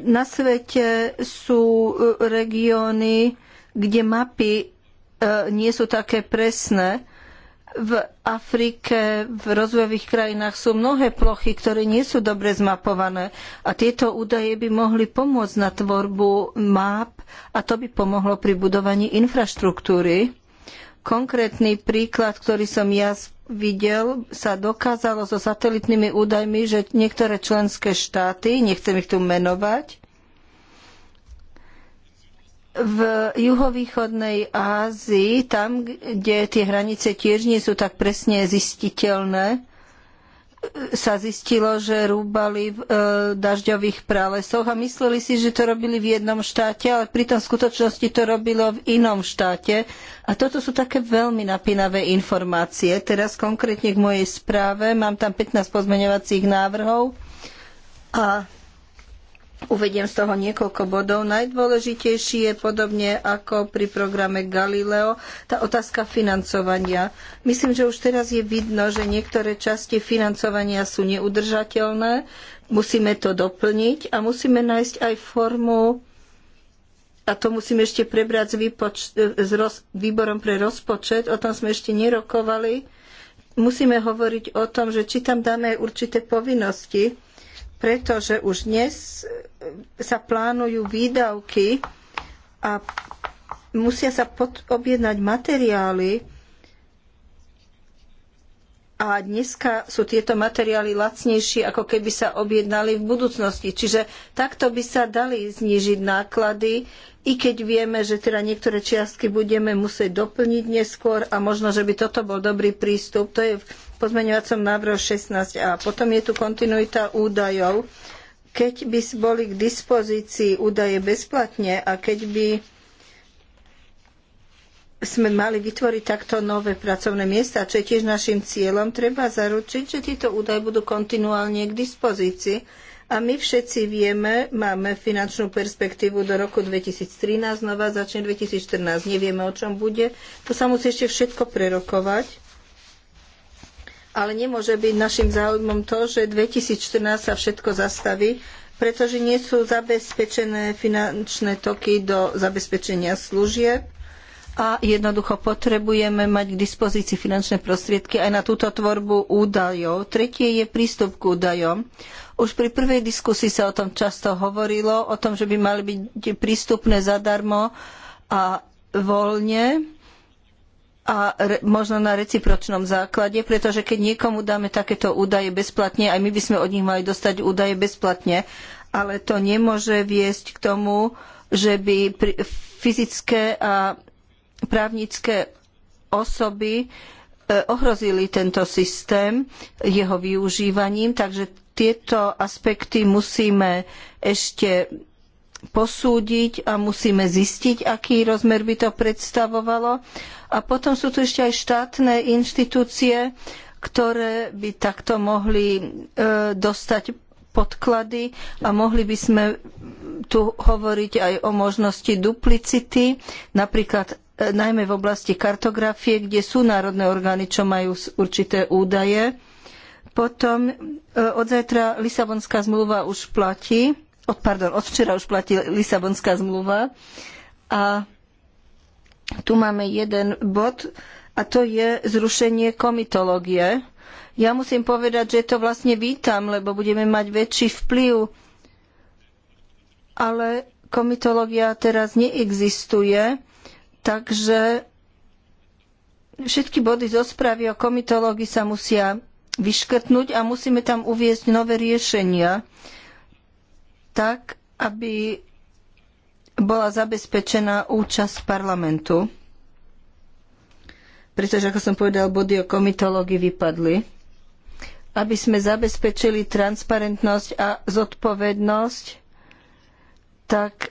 [SPEAKER 3] Na svete sú e, regióny, kde mapy e, nie sú také presné, v Afrike, v rozvojových krajinách sú mnohé plochy, ktoré nie sú dobre zmapované a tieto údaje by mohli pomôcť na tvorbu map a to by pomohlo pri budovaní infraštruktúry. Konkrétny príklad, ktorý som ja videl, sa dokázalo so satelitnými údajmi, že niektoré členské štáty, nechcem ich tu menovať, v juhovýchodnej Ázii, tam, kde tie hranice tiež nie sú tak presne zistiteľné, sa zistilo, že rúbali v e, dažďových pralesoch a mysleli si, že to robili v jednom štáte, ale pritom v skutočnosti to robilo v inom štáte. A toto sú také veľmi napínavé informácie. Teraz konkrétne k mojej správe. Mám tam 15 pozmeňovacích návrhov a Uvediem z toho niekoľko bodov. Najdôležitejší je podobne ako pri programe Galileo tá otázka financovania. Myslím, že už teraz je vidno, že niektoré časti financovania sú neudržateľné. Musíme to doplniť a musíme nájsť aj formu a to musím ešte prebrať s, výpoč- e, s roz- výborom pre rozpočet, o tom sme ešte nerokovali. Musíme hovoriť o tom, že či tam dáme aj určité povinnosti, pretože už dnes sa plánujú výdavky a musia sa pod, objednať materiály a dneska sú tieto materiály lacnejšie, ako keby sa objednali v budúcnosti. Čiže takto by sa dali znížiť náklady, i keď vieme, že teda niektoré čiastky budeme musieť doplniť neskôr a možno, že by toto bol dobrý prístup. To je v pozmeňovacom návrhu 16a. Potom je tu kontinuita údajov keď by boli k dispozícii údaje bezplatne a keď by sme mali vytvoriť takto nové pracovné miesta, čo je tiež našim cieľom, treba zaručiť, že títo údaje budú kontinuálne k dispozícii. A my všetci vieme, máme finančnú perspektívu do roku 2013, nová začne 2014, nevieme o čom bude. To sa musí ešte všetko prerokovať ale nemôže byť našim záujmom to, že 2014 sa všetko zastaví, pretože nie sú zabezpečené finančné toky do zabezpečenia služieb a jednoducho potrebujeme mať k dispozícii finančné prostriedky aj na túto tvorbu údajov. Tretie je prístup k údajom. Už pri prvej diskusii sa o tom často hovorilo, o tom, že by mali byť prístupné zadarmo a voľne a možno na recipročnom základe, pretože keď niekomu dáme takéto údaje bezplatne, aj my by sme od nich mali dostať údaje bezplatne, ale to nemôže viesť k tomu, že by fyzické a právnické osoby e, ohrozili tento systém jeho využívaním, takže tieto aspekty musíme ešte posúdiť a musíme zistiť, aký rozmer by to predstavovalo. A potom sú tu ešte aj štátne inštitúcie, ktoré by takto mohli e, dostať podklady a mohli by sme tu hovoriť aj o možnosti duplicity, napríklad e, najmä v oblasti kartografie, kde sú národné orgány, čo majú určité údaje. Potom e, od zajtra Lisabonská zmluva už platí pardon, od včera už platí Lisabonská zmluva. A tu máme jeden bod a to je zrušenie komitológie. Ja musím povedať, že to vlastne vítam, lebo budeme mať väčší vplyv, ale komitológia teraz neexistuje, takže všetky body zo správy o komitológii sa musia vyškrtnúť a musíme tam uviezť nové riešenia. Uh, tak, aby bola zabezpečená účasť parlamentu. Pretože, ako som povedal, body o komitológii vypadli. Aby sme zabezpečili transparentnosť a zodpovednosť, tak e,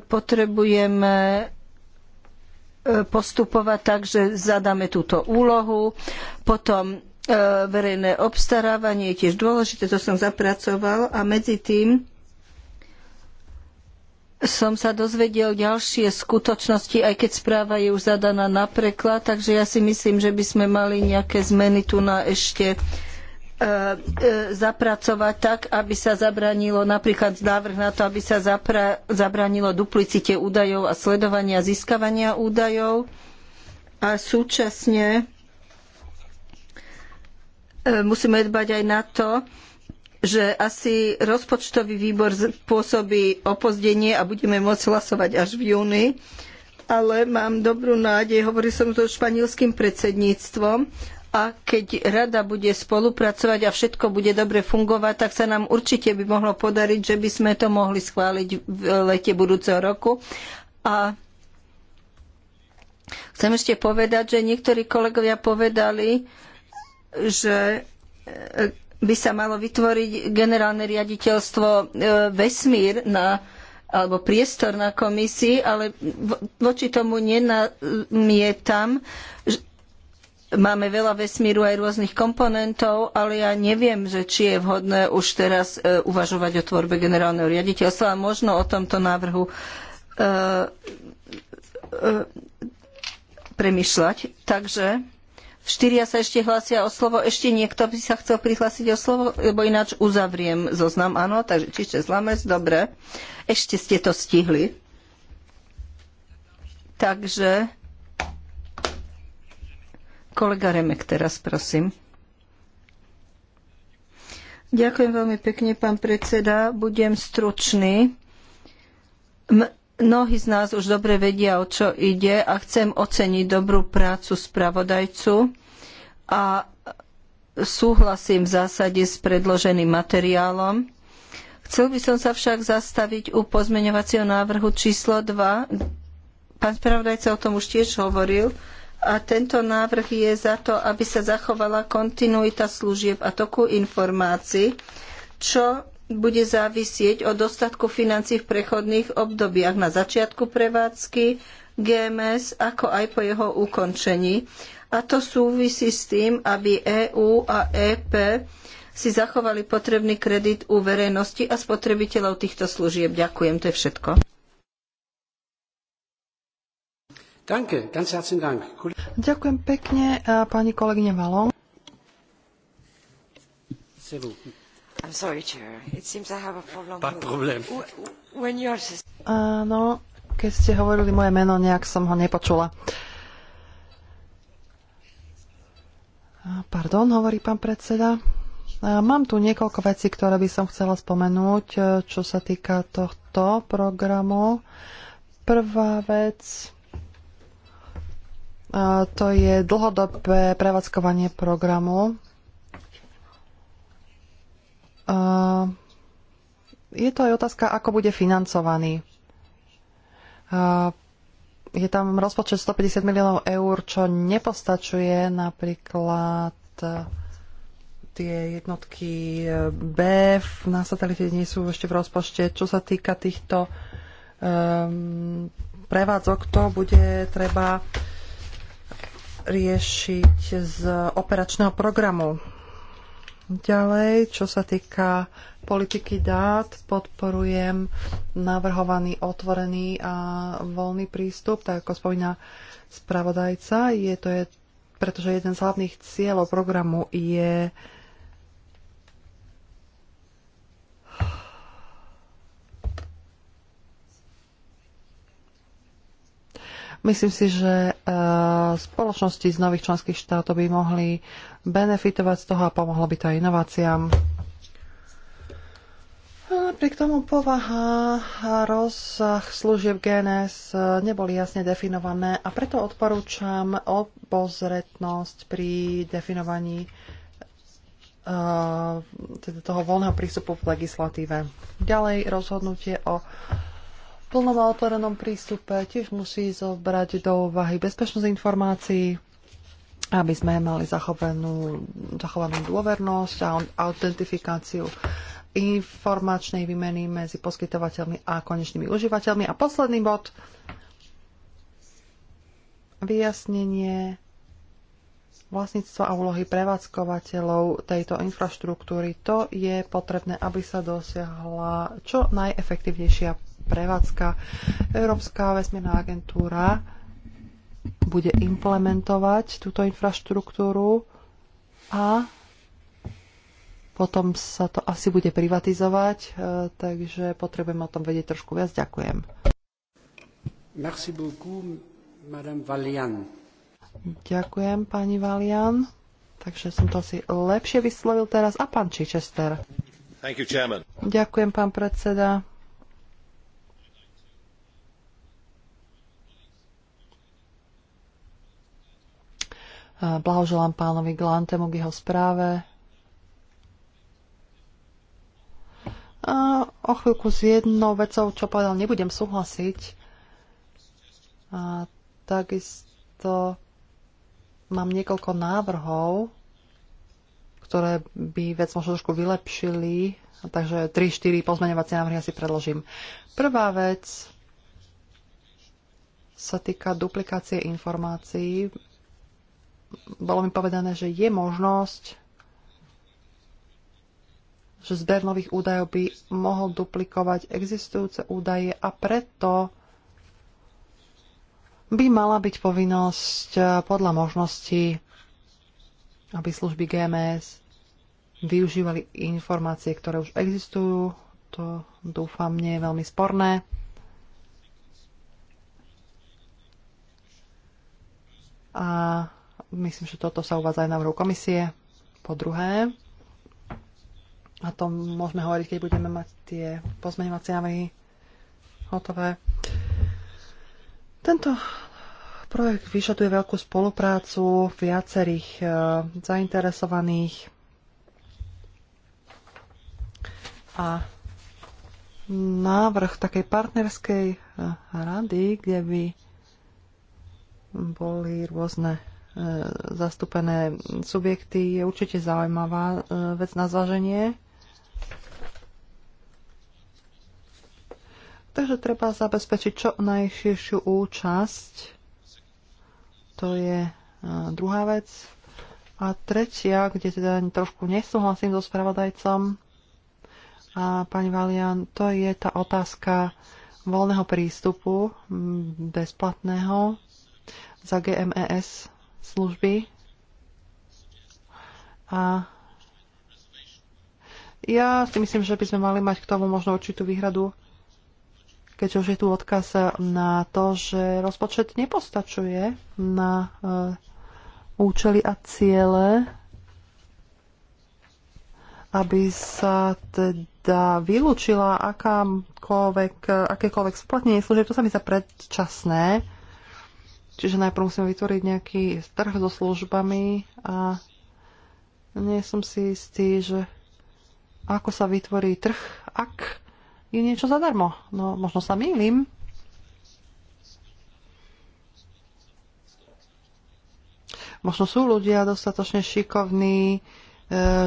[SPEAKER 3] potrebujeme e, postupovať tak, že zadáme túto úlohu, potom E, verejné obstarávanie je tiež dôležité, to som zapracoval a medzi tým som sa dozvedel ďalšie skutočnosti, aj keď správa je už zadaná na preklad, takže ja si myslím, že by sme mali nejaké zmeny tu na ešte e, e, zapracovať tak, aby sa zabranilo napríklad návrh na to, aby sa zapra, zabranilo duplicite údajov a sledovania a získavania údajov a súčasne E, musíme dbať aj na to, že asi rozpočtový výbor pôsobí opozdenie a budeme môcť hlasovať až v júni. Ale mám dobrú nádej, hovoril som to španielským predsedníctvom a keď rada bude spolupracovať a všetko bude dobre fungovať, tak sa nám určite by mohlo podariť, že by sme to mohli schváliť v lete budúceho roku. A chcem ešte povedať, že niektorí kolegovia povedali, že e, by sa malo vytvoriť generálne riaditeľstvo e, vesmír na alebo priestor na komisii, ale voči tomu nenamietam. Máme veľa vesmíru aj rôznych komponentov, ale ja neviem, že či je vhodné už teraz e, uvažovať o tvorbe generálneho riaditeľstva a možno o tomto návrhu premýšľať. premyšľať. Takže Štyria sa ešte hlásia o slovo. Ešte niekto by sa chcel prihlásiť o slovo, lebo ináč uzavriem zoznam. Áno, takže čiže zlamec, dobre. Ešte ste to stihli. Takže kolega Remek teraz, prosím. Ďakujem veľmi pekne, pán predseda. Budem stručný. Mnohí z nás už dobre vedia, o čo ide a chcem oceniť dobrú prácu spravodajcu a súhlasím v zásade s predloženým materiálom. Chcel by som sa však zastaviť u pozmeňovacieho návrhu číslo 2. Pán spravodajca o tom už tiež hovoril. A tento návrh je za to, aby sa zachovala kontinuita služieb a toku informácií, čo bude závisieť od dostatku financí v prechodných obdobiach na začiatku prevádzky GMS, ako aj po jeho ukončení. A to súvisí s tým, aby EÚ a EP si zachovali potrebný kredit u verejnosti a spotrebiteľov týchto služieb. Ďakujem, to je všetko.
[SPEAKER 1] Ďakujem
[SPEAKER 3] pekne, pani kolegyne
[SPEAKER 2] Áno,
[SPEAKER 4] keď ste hovorili moje meno, nejak som ho nepočula. Pardon, hovorí pán predseda. Mám tu niekoľko vecí, ktoré by som chcela spomenúť, e, čo sa týka tohto programu. Prvá vec, e, to je dlhodobé prevádzkovanie programu. Eh, je to aj otázka, ako bude financovaný. Eh, je tam rozpočet 150 miliónov eur, čo nepostačuje napríklad eh, tie jednotky B na satelite nie sú ešte v rozpočte. Čo sa týka týchto um, prevádzok, to bude treba riešiť z operačného programu Ďalej, čo sa týka politiky dát, podporujem navrhovaný otvorený a voľný prístup, tak ako spomína spravodajca. Je to je, pretože jeden z hlavných cieľov programu je Myslím si, že eh, spoločnosti z nových členských štátov by mohli benefitovať z toho a pomohlo by to aj inováciám. Napriek tomu povaha a rozsah služieb GNS e, neboli jasne definované a preto odporúčam obozretnosť pri definovaní e, teda toho voľného prístupu v legislatíve. Ďalej rozhodnutie o plnom a otvorenom prístupe tiež musí zobrať do úvahy bezpečnosť informácií, aby sme mali zachovanú, zachovanú dôvernosť a autentifikáciu informačnej výmeny medzi poskytovateľmi a konečnými užívateľmi. A posledný bod, vyjasnenie vlastníctva a úlohy prevádzkovateľov tejto infraštruktúry. To je potrebné, aby sa dosiahla čo najefektívnejšia prevádzka. Európska vesmírna agentúra bude implementovať túto infraštruktúru a potom sa to asi bude privatizovať, e, takže potrebujem o tom vedieť trošku viac. Ďakujem.
[SPEAKER 1] Merci beaucoup, Madame Valian.
[SPEAKER 4] Ďakujem, pani Valian. Takže som to asi lepšie vyslovil teraz. A pán Čičester. You, Ďakujem, pán predseda. Blahoželám pánovi Glantemu k jeho správe. A o chvíľku s jednou vecou, čo povedal, nebudem súhlasiť. A takisto mám niekoľko návrhov, ktoré by vec možno trošku vylepšili, takže 3-4 pozmeňovacie návrhy asi predložím. Prvá vec sa týka duplikácie informácií bolo mi povedané, že je možnosť, že zber nových údajov by mohol duplikovať existujúce údaje a preto by mala byť povinnosť eh, podľa možností, aby služby GMS využívali informácie, ktoré už existujú. To dúfam nie je veľmi sporné. A Myslím, že toto sa uvádza aj návrhu komisie. Po druhé, a to môžeme hovoriť, keď budeme mať tie pozmeňovacie návrhy hotové. Tento projekt vyžaduje veľkú spoluprácu viacerých e, zainteresovaných a návrh takej partnerskej e, rady, kde by boli rôzne E, zastúpené subjekty je určite zaujímavá e, vec na zvaženie. Takže treba zabezpečiť čo najširšiu účasť. To je e, druhá vec. A tretia, kde teda trošku nesúhlasím so spravodajcom, a pani Valian, to je tá otázka voľného prístupu, bezplatného za GMES služby. A ja si myslím, že by sme mali mať k tomu možno určitú výhradu, keďže už je tu odkaz na to, že rozpočet nepostačuje na uh, účely a ciele, aby sa teda vylúčila akákoľvek, akékoľvek splatnenie služieb. To sa mi za predčasné. Čiže najprv musím vytvoriť nejaký trh so službami a nie som si istý, že ako sa vytvorí trh, ak je niečo zadarmo. No, možno sa mýlim. Možno sú ľudia dostatočne šikovní, e,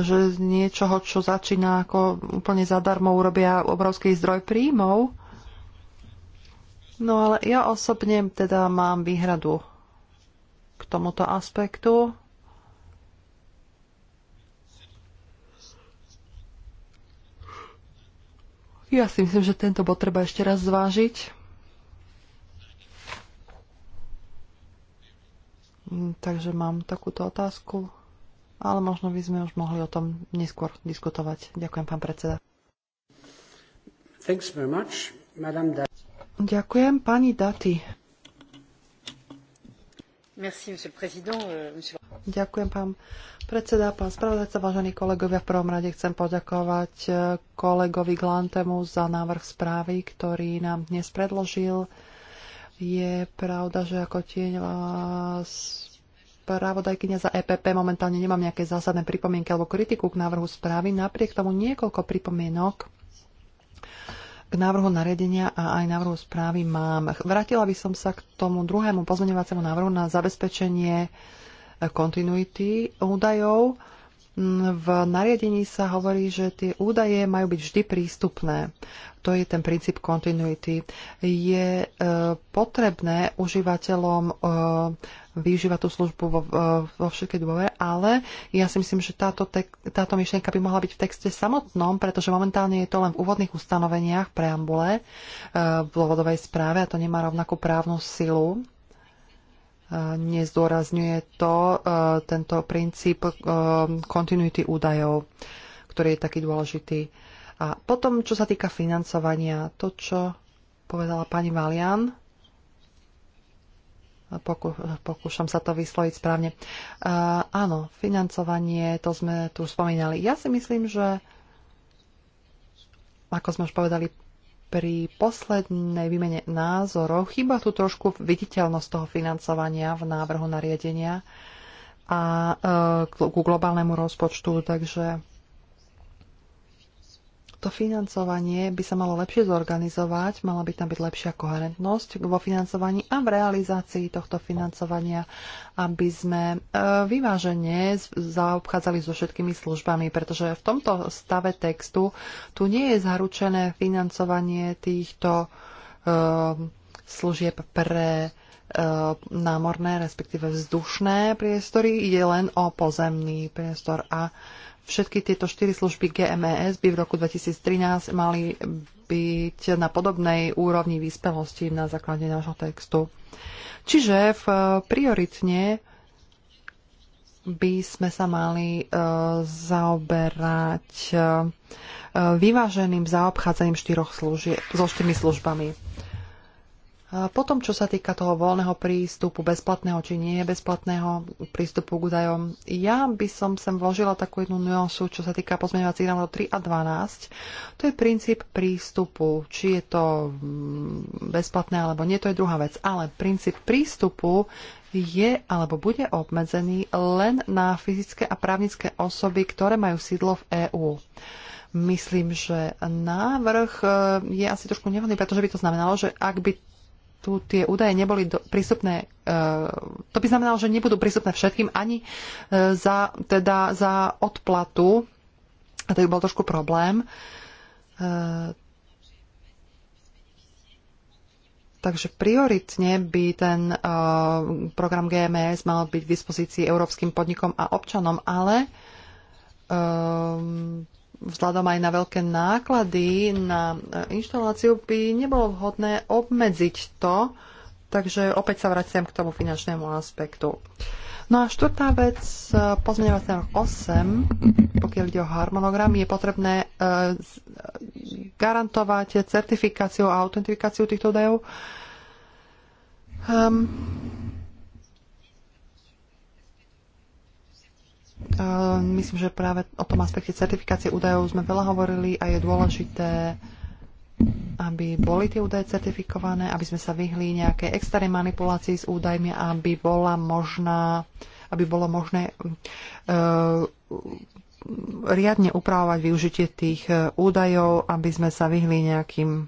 [SPEAKER 4] že z niečoho, čo začína ako úplne zadarmo, urobia obrovský zdroj príjmov. No ale ja osobne teda mám výhradu k tomuto aspektu. Ja si myslím, že tento bod treba ešte raz zvážiť. Mm, takže mám takúto otázku, ale možno by sme už mohli o tom neskôr diskutovať. Ďakujem, pán predseda.
[SPEAKER 1] Thanks very much, Madame
[SPEAKER 4] Ďakujem. Pani Daty. Merci, monsieur le président. Euh, monsieur... Ďakujem, pán predseda, pán spravodajca, vážení kolegovia. V prvom rade chcem poďakovať e, kolegovi Glantemu za návrh správy, ktorý nám dnes predložil. Je pravda, že ako tieň spravodajkyňa za EPP momentálne nemám nejaké zásadné pripomienky alebo kritiku k návrhu správy. Napriek tomu niekoľko pripomienok k návrhu naredenia a aj návrhu správy mám. Vrátila by som sa k tomu druhému pozmeňovaciemu návrhu na zabezpečenie kontinuity údajov. V nariadení sa hovorí, že tie údaje majú byť vždy prístupné. To je ten princíp continuity. Je e, potrebné užívateľom e, využívať tú službu vo, e, vo všetkej dôve, ale ja si myslím, že táto, tek, táto myšlienka by mohla byť v texte samotnom, pretože momentálne je to len v úvodných ustanoveniach preambule e, v dôvodovej správe a to nemá rovnakú právnu silu nezdôrazňuje to, e, tento princíp e, kontinuity údajov, ktorý je taký dôležitý. A potom, čo sa týka financovania, to, čo povedala pani Valian, pokúšam sa to vysloviť správne. E, áno, financovanie, to sme tu spomínali. Ja si myslím, že ako sme už povedali pri poslednej výmene názorov chýba tu trošku viditeľnosť toho financovania v návrhu nariadenia a e, ku globálnemu rozpočtu, takže to financovanie by sa malo lepšie zorganizovať, mala by tam byť lepšia koherentnosť vo financovaní a v realizácii tohto financovania, aby sme e, vyvážene zaobchádzali so všetkými službami, pretože v tomto stave textu tu nie je zaručené financovanie týchto e, služieb pre e, námorné, respektíve vzdušné priestory, ide len o pozemný priestor a Všetky tieto štyri služby GMES by v roku 2013 mali byť na podobnej úrovni výspelosti na základe nášho textu. Čiže v prioritne by sme sa mali e, zaoberať e, vyváženým zaobchádzaním štyroch služie, so štyrmi službami. Potom, čo sa týka toho voľného prístupu, bezplatného či nie bezplatného prístupu k údajom, ja by som sem vložila takú jednu nuansu, čo sa týka pozmeňovacích návrhov 3 a 12. To je princíp prístupu, či je to mm, bezplatné alebo nie, to je druhá vec. Ale princíp prístupu je alebo bude obmedzený len na fyzické a právnické osoby, ktoré majú sídlo v EÚ myslím, že návrh e, je asi trošku nevhodný, pretože by to znamenalo, že ak by tu tie údaje neboli do, prístupné, e, to by znamenalo, že nebudú prístupné všetkým ani e, za, teda za odplatu, a to by bol trošku problém. E, takže prioritne by ten e, program GMS mal byť k dispozícii európskym podnikom a občanom, ale e, vzhľadom aj na veľké náklady na e, inštaláciu by nebolo vhodné obmedziť to, takže opäť sa vraciam k tomu finančnému aspektu. No a štvrtá vec, e, pozmeňovací návrh 8, pokiaľ ide o harmonogram, je potrebné e, garantovať certifikáciu a autentifikáciu týchto údajov. Um, Myslím, že práve o tom aspekte certifikácie údajov sme veľa hovorili a je dôležité, aby boli tie údaje certifikované, aby sme sa vyhli nejaké externej manipulácii s údajmi, aby bola možná, aby bolo možné uh, riadne upravovať využitie tých e, údajov, aby sme sa vyhli nejakým e,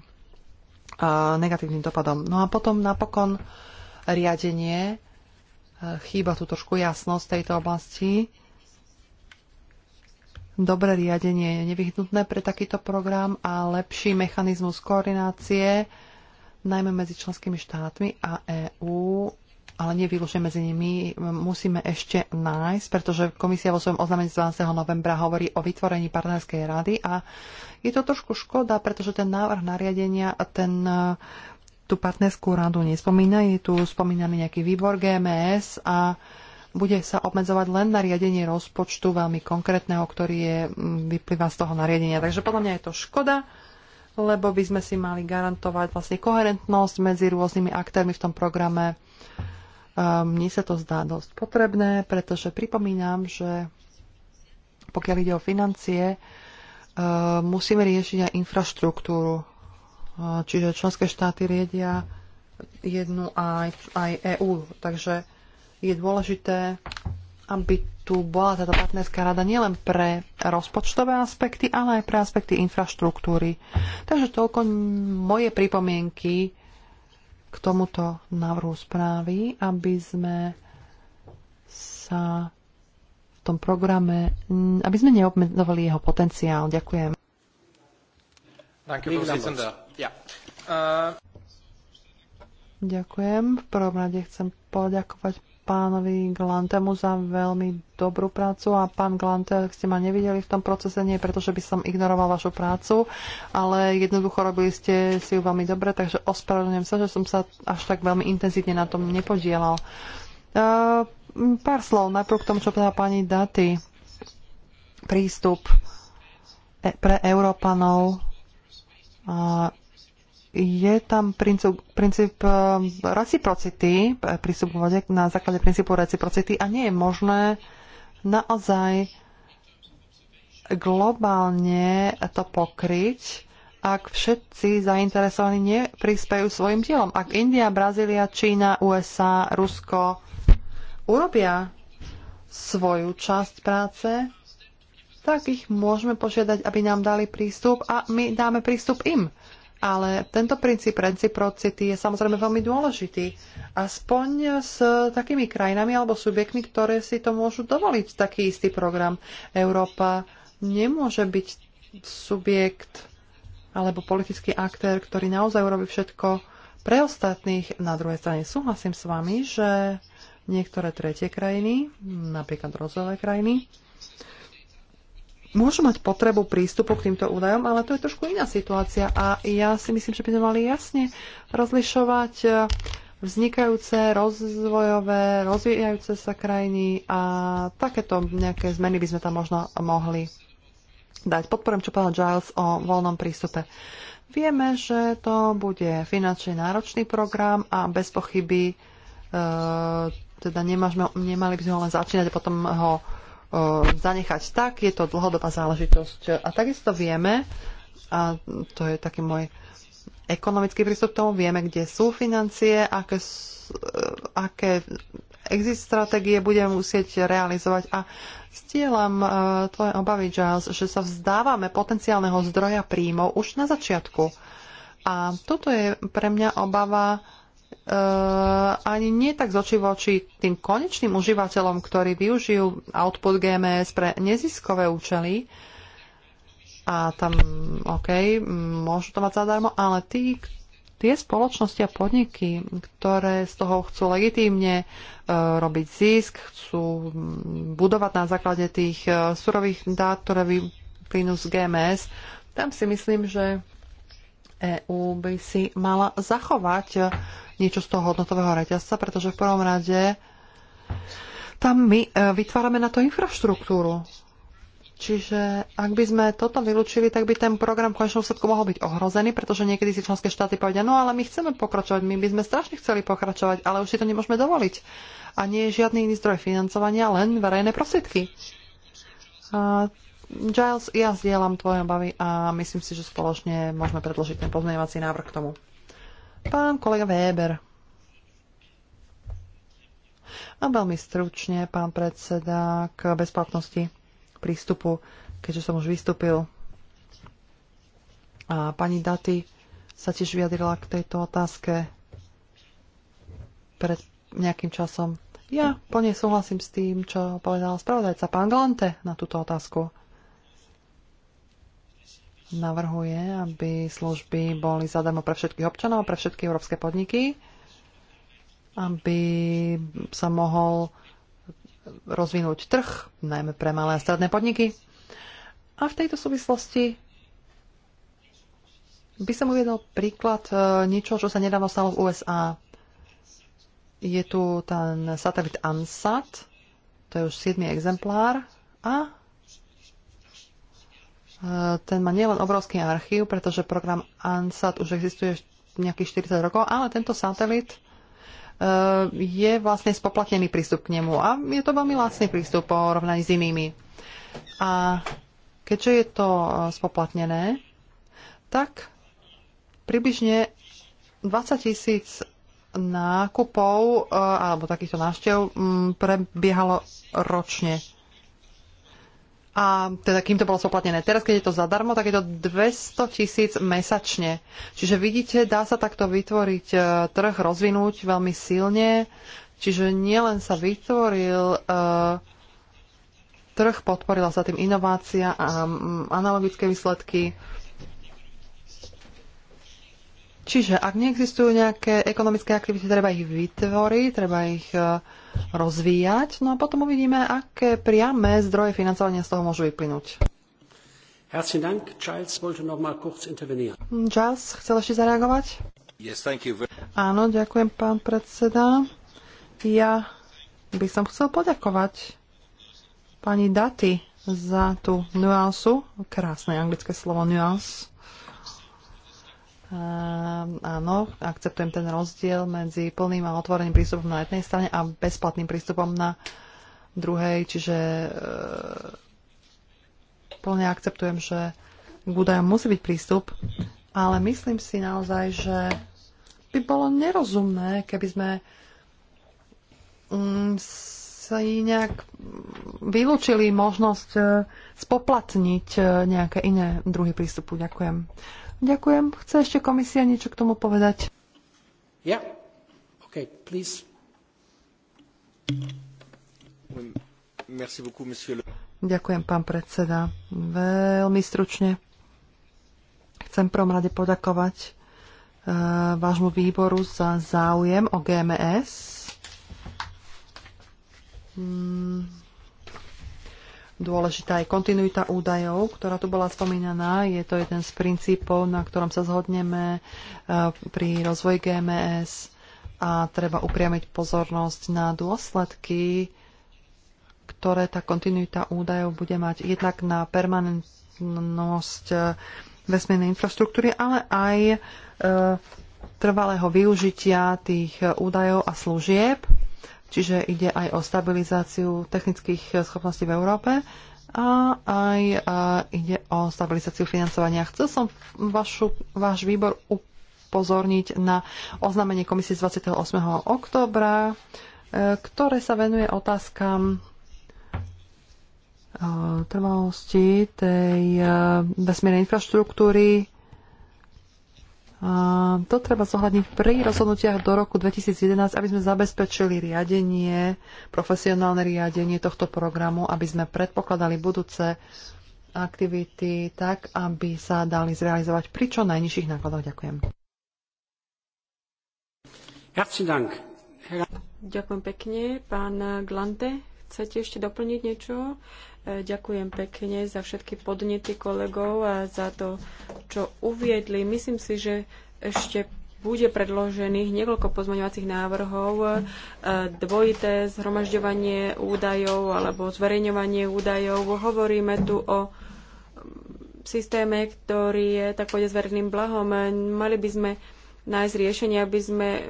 [SPEAKER 4] negatívnym dopadom. No a potom napokon riadenie. Chýba tu trošku jasnosť tejto oblasti. Dobré riadenie je nevyhnutné pre takýto program a lepší mechanizmus koordinácie, najmä medzi členskými štátmi a EÚ, ale nevýlučne medzi nimi, musíme ešte nájsť, pretože komisia vo svojom oznámení 12. novembra hovorí o vytvorení partnerskej rady a je to trošku škoda, pretože ten návrh nariadenia a ten tú partnerskú radu nespomína. Je tu spomínaný nejaký výbor GMS a bude sa obmedzovať len na riadenie rozpočtu veľmi konkrétneho, ktorý je, vyplýva z toho nariadenia. Takže podľa mňa je to škoda, lebo by sme si mali garantovať vlastne koherentnosť medzi rôznymi aktérmi v tom programe. Ehm, mne sa to zdá dosť potrebné, pretože pripomínam, že pokiaľ ide o financie, ehm, musíme riešiť aj infraštruktúru. Ehm, čiže členské štáty riedia jednu aj, aj EÚ. Takže je dôležité, aby tu bola táto partnerská rada nielen pre rozpočtové aspekty, ale aj pre aspekty infraštruktúry. Takže toľko moje pripomienky k tomuto návrhu správy, aby sme sa v tom programe, aby sme neobmedzovali jeho potenciál. Ďakujem.
[SPEAKER 1] Ďakujem,
[SPEAKER 4] Ďakujem. V prvom rade chcem poďakovať pánovi Glantemu za veľmi dobrú prácu a pán Glante, ak ste ma nevideli v tom procese, nie preto, že by som ignoroval vašu prácu, ale jednoducho robili ste si ju veľmi dobre, takže ospravedlňujem sa, že som sa až tak veľmi intenzívne na tom nepodielal. E, pár slov najprv k tomu, čo povedala pani Daty. Prístup e, pre Európanov a je tam princíp, princíp eh, reciprocity, eh, prístup k vode na základe princípu reciprocity a nie je možné naozaj globálne to pokryť, ak všetci zainteresovaní neprispejú svojim dielom. Ak India, Brazília, Čína, USA, Rusko urobia svoju časť práce, tak ich môžeme požiadať, aby nám dali prístup a my dáme prístup im ale tento princíp reciprocity je samozrejme veľmi dôležitý. Aspoň s takými krajinami alebo subjektmi, ktoré si to môžu dovoliť, taký istý program. Európa nemôže byť subjekt alebo politický aktér, ktorý naozaj urobí všetko pre ostatných. Na druhej strane súhlasím s vami, že niektoré tretie krajiny, napríklad rozvojové krajiny, môžu mať potrebu prístupu k týmto údajom, ale to je trošku iná situácia a ja si myslím, že by sme mali jasne rozlišovať e, vznikajúce, rozvojové, rozvíjajúce sa krajiny a takéto nejaké zmeny by sme tam možno mohli dať. Podporujem, čo povedal Giles o voľnom prístupe. Vieme, že to bude finančne náročný program a bez pochyby e, teda nemážme, nemali by sme ho len začínať a potom ho zanechať tak, je to dlhodobá záležitosť. A takisto vieme, a to je taký môj ekonomický prístup k tomu, vieme, kde sú financie, aké, e, aké exit stratégie budeme musieť realizovať a stielam e, tvoje obavy, Giles, že sa vzdávame potenciálneho zdroja príjmov už na začiatku. A toto je pre mňa obava Eh, ani nie tak z očí voči tým konečným užívateľom, ktorí využijú output GMS pre neziskové účely, a tam, OK, môžu to mať zadarmo, ale tí, tie spoločnosti a podniky, ktoré z toho chcú legitímne eh, robiť zisk, chcú mm, budovať na základe tých eh, surových dát, ktoré vyplynú z GMS, tam si myslím, že EÚ by si mala zachovať e, niečo z toho hodnotového reťazca, pretože v prvom rade tam my e, vytvárame na to infraštruktúru. Čiže ak by sme toto vylúčili, tak by ten program v konečnom výsledku mohol byť ohrozený, pretože niekedy si členské štáty povedia, no ale my chceme pokračovať, my by sme strašne chceli pokračovať, ale už si to nemôžeme dovoliť. A nie je žiadny iný zdroj financovania, len verejné prostriedky. A Giles, ja zdieľam tvoje obavy a myslím si, že spoločne môžeme predložiť ten pozmeňovací návrh k tomu. Pán kolega Weber. A veľmi stručne, pán predseda, k bezplatnosti prístupu, keďže som už vystúpil. A pani Daty sa tiež vyjadrila k tejto otázke pred nejakým časom. Ja plne súhlasím s tým, čo povedal spravodajca pán Galante na túto otázku navrhuje, aby služby boli zadarmo pre všetkých občanov, pre všetky európske podniky, aby sa mohol rozvinúť trh, najmä pre malé a stredné podniky. A v tejto súvislosti by som uviedol príklad e, niečo, čo sa nedávno stalo v USA. Je tu ten satelit ANSAT, to je už 7. exemplár a ten má nielen obrovský archív, pretože program ANSAT už existuje nejakých 40 rokov, ale tento satelit e, je vlastne spoplatnený prístup k nemu a je to veľmi lacný prístup porovnaní s inými. A keďže je to e, spoplatnené, tak približne 20 tisíc nákupov e, alebo takýchto návštev prebiehalo ročne a teda kým to bolo spoplatnené. Teraz, keď je to zadarmo, tak je to 200 tisíc mesačne. Čiže vidíte, dá sa takto vytvoriť e, trh, rozvinúť veľmi silne. Čiže nielen sa vytvoril uh, trh, podporila sa tým inovácia a um, analogické výsledky. Čiže ak neexistujú nejaké ekonomické aktivity, treba ich vytvoriť, treba ich e, rozvíjať. No a potom uvidíme, aké priame zdroje financovania z toho môžu vyplynúť. Giles chcel ešte zareagovať? Yes, Áno, ďakujem, pán predseda. Ja by som chcel poďakovať pani Daty za tú nuansu, krásne anglické slovo nuance, áno, akceptujem ten rozdiel medzi plným a otvoreným prístupom na jednej strane a bezplatným prístupom na druhej, čiže e, plne akceptujem, že k údajom musí byť prístup, ale myslím si naozaj, že by bolo nerozumné, keby sme mm, sa nejak vylúčili možnosť e, spoplatniť e, nejaké iné druhy prístupu. Ďakujem. Ďakujem. Chce ešte komisia niečo k tomu povedať?
[SPEAKER 1] Ja. Yeah. OK, please. Merci beaucoup, monsieur le...
[SPEAKER 4] Ďakujem, pán predseda. Veľmi stručne chcem prvom rade podakovať uh, e, vášmu výboru za záujem o GMS. Mm Dôležitá je kontinuita údajov, ktorá tu bola spomínaná. Je to jeden z princípov, na ktorom sa zhodneme eh, pri rozvoji GMS a treba upriamiť pozornosť na dôsledky, ktoré tá kontinuita údajov bude mať jednak na permanentnosť eh, vesmírnej infraštruktúry, ale aj eh, trvalého využitia tých údajov a služieb Čiže ide aj o stabilizáciu technických schopností v Európe a aj a ide o stabilizáciu financovania. Chcel som vašu, váš výbor upozorniť na oznámenie komisie z 28. oktobra, e, ktoré sa venuje otázkam e, trvalosti tej e, vesmírnej infraštruktúry to treba zohľadniť pri rozhodnutiach do roku 2011, aby sme zabezpečili riadenie, profesionálne riadenie tohto programu, aby sme predpokladali budúce aktivity tak, aby sa dali zrealizovať pri čo najnižších nákladoch. Ďakujem.
[SPEAKER 2] Ďakujem pekne, pán Glante. Chcete ešte doplniť niečo? E, ďakujem pekne za všetky podnety kolegov a za to, čo uviedli. Myslím si, že ešte bude predložených niekoľko pozmeňovacích návrhov, e, dvojité zhromažďovanie údajov alebo zverejňovanie údajov. Hovoríme tu o systéme, ktorý je tak povedať blahom. Mali by sme nájsť riešenie, aby sme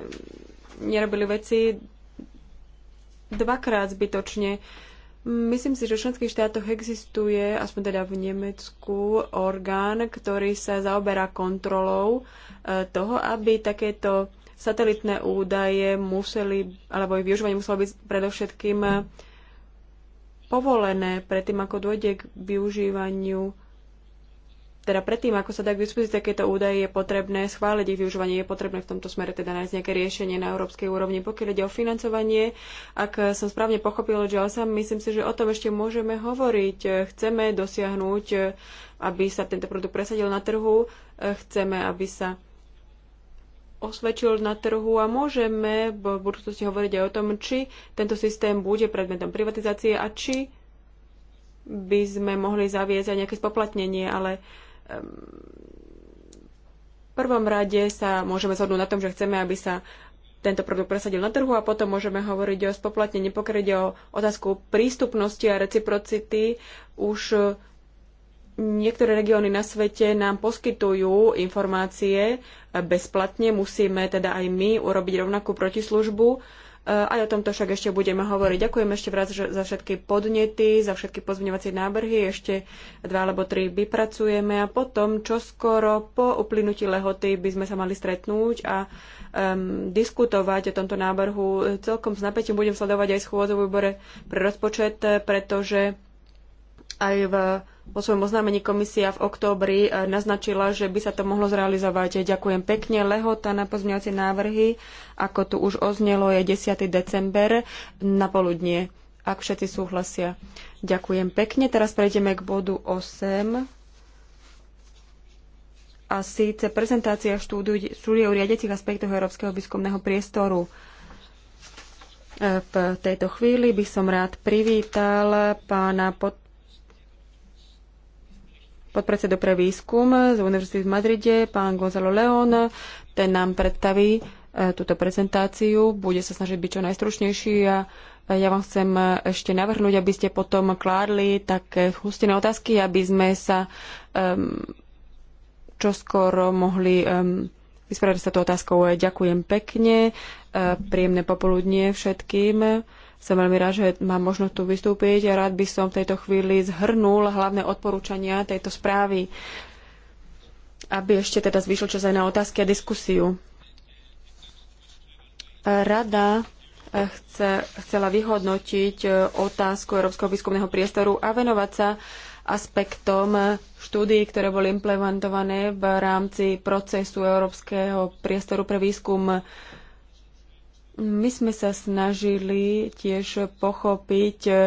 [SPEAKER 2] nerobili veci, dvakrát zbytočne. Myslím si, že v členských štátoch existuje, aspoň teda v Nemecku, orgán, ktorý sa zaoberá kontrolou e, toho, aby takéto satelitné údaje museli, alebo ich využívanie muselo byť predovšetkým povolené predtým, ako dôjde k využívaniu teda predtým, ako sa dá k dispozícii takéto údaje, je potrebné schváliť ich využívanie, je potrebné v tomto smere teda nájsť nejaké riešenie na európskej úrovni. Pokiaľ ide o financovanie, ak som správne pochopila, že sám myslím si, že o tom ešte môžeme hovoriť. Chceme dosiahnuť, aby sa tento produkt presadil na trhu, chceme, aby sa osvedčil na trhu a môžeme v budúcnosti hovoriť aj o tom, či tento systém bude predmetom privatizácie a či by sme mohli zaviesť aj nejaké spoplatnenie, ale uh, v prvom rade sa môžeme zhodnúť na tom, že chceme, aby sa tento produkt presadil na trhu a potom môžeme hovoriť o spoplatnení, pokiaľ ide o otázku prístupnosti a reciprocity. Už e, niektoré regióny na svete nám poskytujú informácie e, bezplatne, musíme teda aj my urobiť rovnakú protislužbu aj o tomto však ešte budeme hovoriť. Ďakujem ešte raz za všetky podnety, za všetky pozmeňovacie nábrhy, Ešte dva alebo tri vypracujeme a potom, čo skoro po uplynutí lehoty by sme sa mali stretnúť a um, diskutovať o tomto návrhu. Celkom s napätím budem sledovať aj schôdzu výbore pre rozpočet, pretože aj v, vo svojom oznámení komisia v októbri e, naznačila, že by sa to mohlo zrealizovať. Ďakujem pekne. Lehota na pozmeňovacie návrhy, ako tu už oznelo, je 10. december na poludnie, ak všetci súhlasia. Ďakujem pekne. Teraz prejdeme k bodu 8 a síce prezentácia štúdie, štúdie o riadiacich aspektoch Európskeho výskumného priestoru. E, v tejto chvíli by som rád privítal pána pod podpredseda pre výskum z Univerzity v Madride, pán Gonzalo León. Ten nám predstaví e, túto prezentáciu, bude sa snažiť byť čo najstručnejší a e, ja vám chcem e, ešte navrhnúť, aby ste potom kládli také hustené otázky, aby sme sa um, čoskoro mohli um, vysporiadať sa tou otázkou. Ďakujem pekne, príjemné popoludnie všetkým. Som veľmi rád, že mám možnosť tu vystúpiť a rád by som v tejto chvíli zhrnul hlavné odporúčania tejto správy, aby ešte teda zvyšil čas aj na otázky a diskusiu. Rada eh, chce, chcela vyhodnotiť eh, otázku Európskeho výskumného priestoru a venovať sa aspektom eh, štúdií, ktoré boli implementované v rámci procesu Európskeho priestoru pre výskum my sme sa snažili tiež pochopiť eh,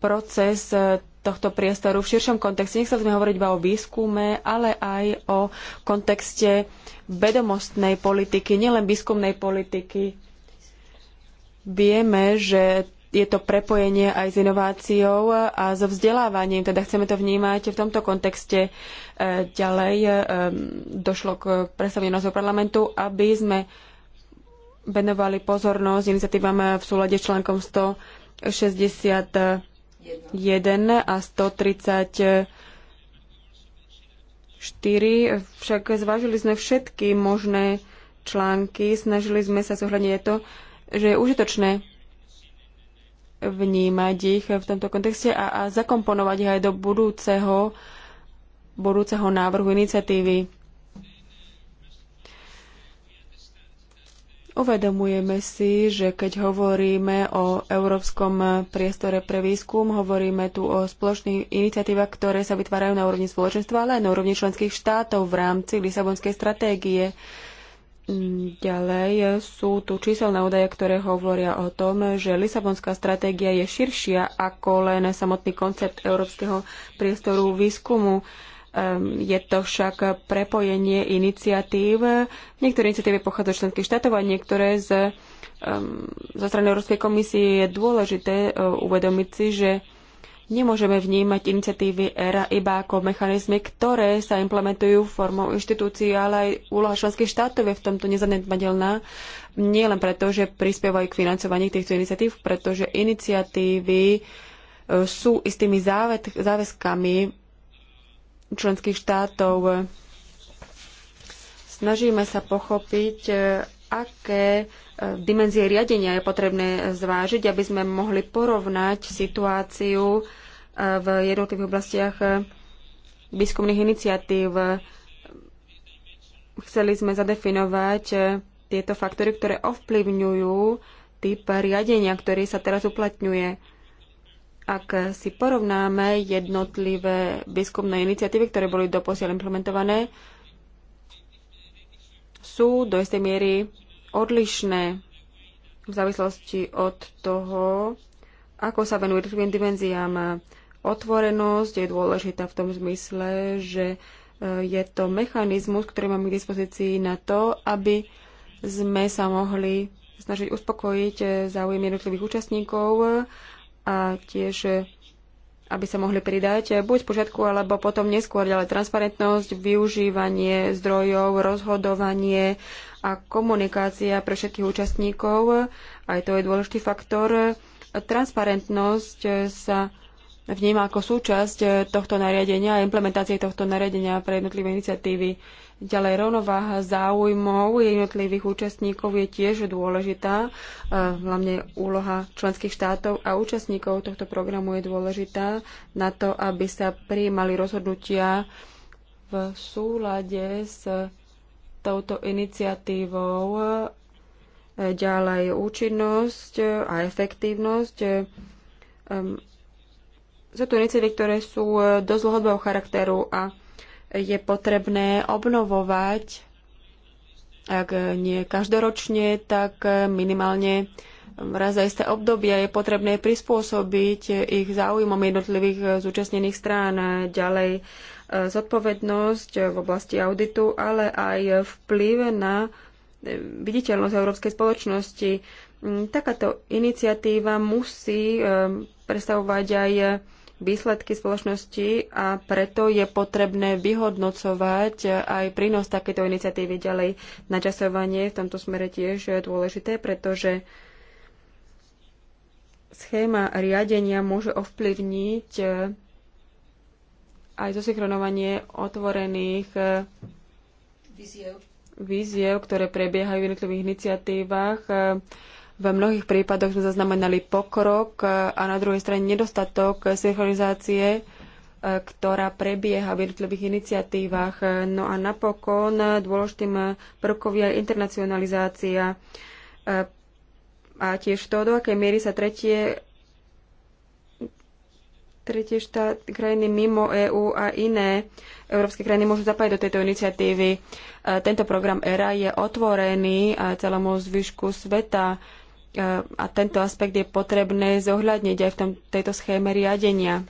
[SPEAKER 2] proces eh, tohto priestoru v širšom kontexte. Nechceli sme hovoriť iba o výskume, ale aj o kontexte vedomostnej politiky, nielen výskumnej politiky. Vieme, že je to prepojenie aj s inováciou a so vzdelávaním, teda chceme to vnímať v tomto kontexte eh, ďalej. Došlo k predstaveniu nášho parlamentu, aby sme venovali pozornosť iniciatívam v súlade s článkom 161 a 134. Však zvážili sme všetky možné články, snažili sme sa zohľadniť to, že je užitočné vnímať ich v tomto kontexte a, a zakomponovať ich aj do budúceho, budúceho návrhu iniciatívy. Uvedomujeme si, že keď hovoríme o európskom priestore pre výskum, hovoríme tu o spoločných iniciatívach, ktoré sa vytvárajú na úrovni spoločenstva, ale aj na úrovni členských štátov v rámci Lisabonskej stratégie. Ďalej sú tu číselné údaje, ktoré hovoria o tom, že Lisabonská stratégia je širšia ako len samotný koncept európskeho priestoru výskumu. Ehm, je to však prepojenie iniciatív. Niektoré iniciatívy pochádzajú z členských štátov a niektoré z, ehm, zo strany Európskej komisie je dôležité eh, uvedomiť si, že Nemôžeme vnímať iniciatívy ERA iba ako mechanizmy, ktoré sa implementujú formou inštitúcií, ale aj úloha členských štátov je v tomto nezanedbateľná. Nie len preto, že prispievajú k financovaní týchto iniciatív, pretože iniciatívy eh, sú istými záväzkami členských štátov. Snažíme sa pochopiť, e, aké e, dimenzie riadenia je potrebné zvážiť, aby sme mohli porovnať situáciu e, v jednotlivých oblastiach výskumných iniciatív. Chceli sme zadefinovať tieto faktory, ktoré ovplyvňujú typ riadenia, ktorý sa teraz uplatňuje. Ak si porovnáme jednotlivé výskumné iniciatívy, ktoré boli doposiaľ implementované, sú do istej miery odlišné v závislosti od toho, ako sa venujú jednotlivým dimenziám. Otvorenosť je dôležitá v tom zmysle, že eh, je to mechanizmus, ktorý máme k dispozícii na to, aby sme sa mohli snažiť uspokojiť eh, záujem jednotlivých účastníkov a tiež aby sa mohli pridať buď z požiadku, alebo potom neskôr ďalej transparentnosť, využívanie zdrojov, rozhodovanie a komunikácia pre všetkých účastníkov. Aj to je dôležitý faktor. Transparentnosť sa vníma ako súčasť tohto nariadenia a implementácie tohto nariadenia pre jednotlivé iniciatívy. Ďalej rovnováha záujmov jednotlivých účastníkov je tiež dôležitá. E, hlavne úloha členských štátov a účastníkov tohto programu je dôležitá na to, aby sa prijímali rozhodnutia v súlade s touto iniciatívou. E, ďalej účinnosť a efektívnosť e, sú to iniciatívy, ktoré sú dosť dlhodobého charakteru a je potrebné obnovovať, ak nie každoročne, tak minimálne raz za isté obdobie je potrebné prispôsobiť ich záujmom jednotlivých zúčastnených strán. Ďalej e, zodpovednosť v oblasti auditu, ale aj vplyv na e, viditeľnosť európskej spoločnosti. Mm, takáto iniciatíva musí e, predstavovať aj výsledky spoločnosti a preto je potrebné vyhodnocovať aj prínos takéto iniciatívy ďalej. Načasovanie v tomto smere tiež je dôležité, pretože schéma riadenia môže ovplyvniť eh, aj zosynchronovanie otvorených eh, víziev, ktoré prebiehajú v jednotlivých iniciatívach eh, v mnohých prípadoch sme zaznamenali pokrok e, a na druhej strane nedostatok synchronizácie, e, ktorá prebieha v jednotlivých iniciatívach. E, no a napokon dôležitým prvkom je internacionalizácia a tiež to, do akej miery sa tretie tretie štát, krajiny mimo EÚ a iné európske krajiny môžu zapájať do tejto iniciatívy. Tento program ERA je otvorený celému zvyšku sveta. E, a tento aspekt je potrebné zohľadniť aj v tom, tejto schéme riadenia.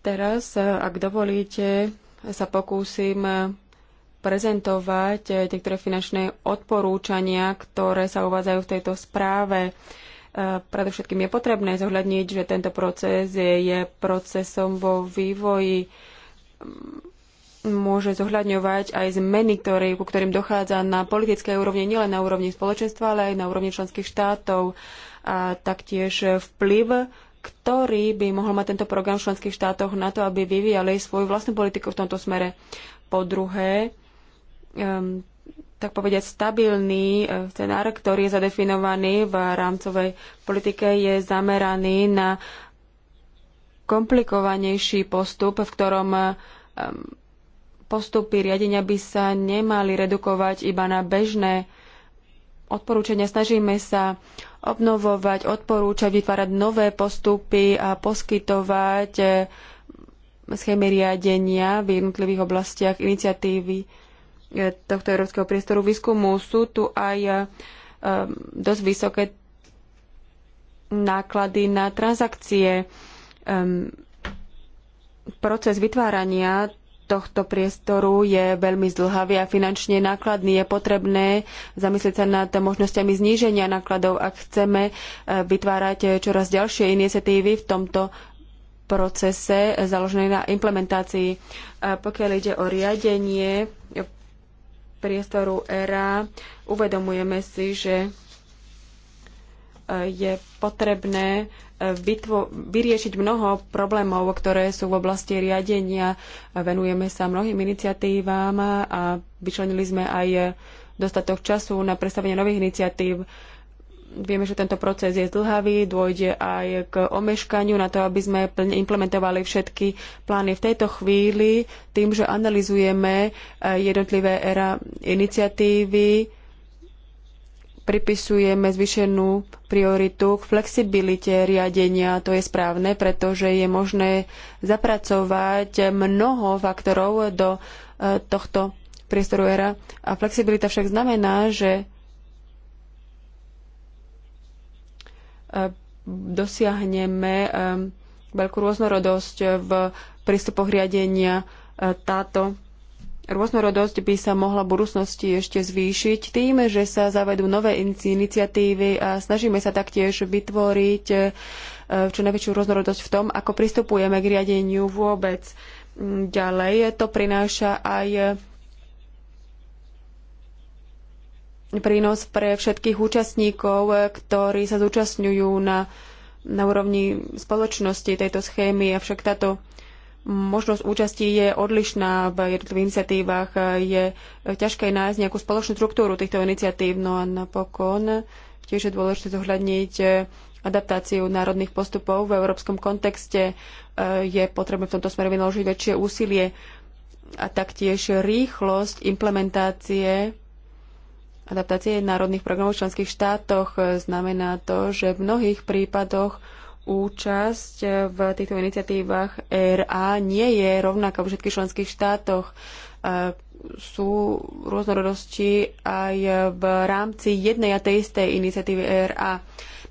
[SPEAKER 2] Teraz, e, ak dovolíte, sa pokúsim prezentovať e, niektoré finančné odporúčania, ktoré sa uvádzajú v tejto správe. Predovšetkým je potrebné zohľadniť, že tento proces je, je procesom vo vývoji môže zohľadňovať aj zmeny, ktoré, ku ktorým dochádza na politickej úrovni, nielen na úrovni spoločenstva, ale aj na úrovni členských štátov a taktiež vplyv, ktorý by mohol mať tento program v členských štátoch na to, aby vyvíjali svoju vlastnú politiku v tomto smere. Po druhé, um, tak povedať, stabilný ehm, scenár, ktorý je zadefinovaný v rámcovej politike, je zameraný na komplikovanejší postup, v ktorom um, postupy riadenia by sa nemali redukovať iba na bežné odporúčania. Snažíme sa obnovovať, odporúčať, vytvárať nové postupy a poskytovať eh, schémy riadenia v jednotlivých oblastiach iniciatívy eh, tohto európskeho priestoru výskumu. Sú tu aj eh, dosť vysoké náklady na transakcie. Ehm, proces vytvárania tohto priestoru je veľmi zdlhavý a finančne nákladný. Je potrebné zamyslieť sa nad možnosťami zníženia nákladov, ak chceme eh, vytvárať čoraz ďalšie iniciatívy v tomto procese založené na implementácii. Pokiaľ ide o riadenie priestoru ERA, uvedomujeme si, že je potrebné e, vyriešiť mnoho problémov, ktoré sú v oblasti riadenia. Venujeme sa mnohým iniciatívam a vyčlenili sme aj dostatok času na predstavenie nových iniciatív. Vieme, že tento proces je zdlhavý, dôjde aj k omeškaniu na to, aby sme plne implementovali všetky plány v tejto chvíli, tým, že analizujeme e, jednotlivé era iniciatívy, pripisujeme zvýšenú prioritu k flexibilite riadenia. To je správne, pretože je možné zapracovať mnoho faktorov do e, tohto priestoru ERA. A flexibilita však znamená, že e, dosiahneme e, veľkú rôznorodosť v prístupoch riadenia táto Rôznorodosť by sa mohla v budúcnosti ešte zvýšiť tým, že sa zavedú nové iniciatívy a snažíme sa taktiež vytvoriť e, čo najväčšiu rôznorodosť v tom, ako pristupujeme k riadeniu vôbec. Mm, ďalej e, to prináša aj e, prínos pre všetkých účastníkov, ktorí sa zúčastňujú na, na úrovni spoločnosti tejto schémy, avšak táto možnosť účasti je odlišná v jednotlivých iniciatívach. Je ťažké nájsť nejakú spoločnú štruktúru týchto iniciatív. No a napokon tiež je dôležité zohľadniť adaptáciu národných postupov v európskom kontexte. E, je potrebné v tomto smere vynaložiť väčšie úsilie a taktiež rýchlosť implementácie adaptácie národných programov v členských štátoch. Znamená to, že v mnohých prípadoch účasť v týchto iniciatívach ERA nie je rovnaká v všetkých členských štátoch. E, sú rôznorodosti aj v rámci jednej a tej istej iniciatívy ERA.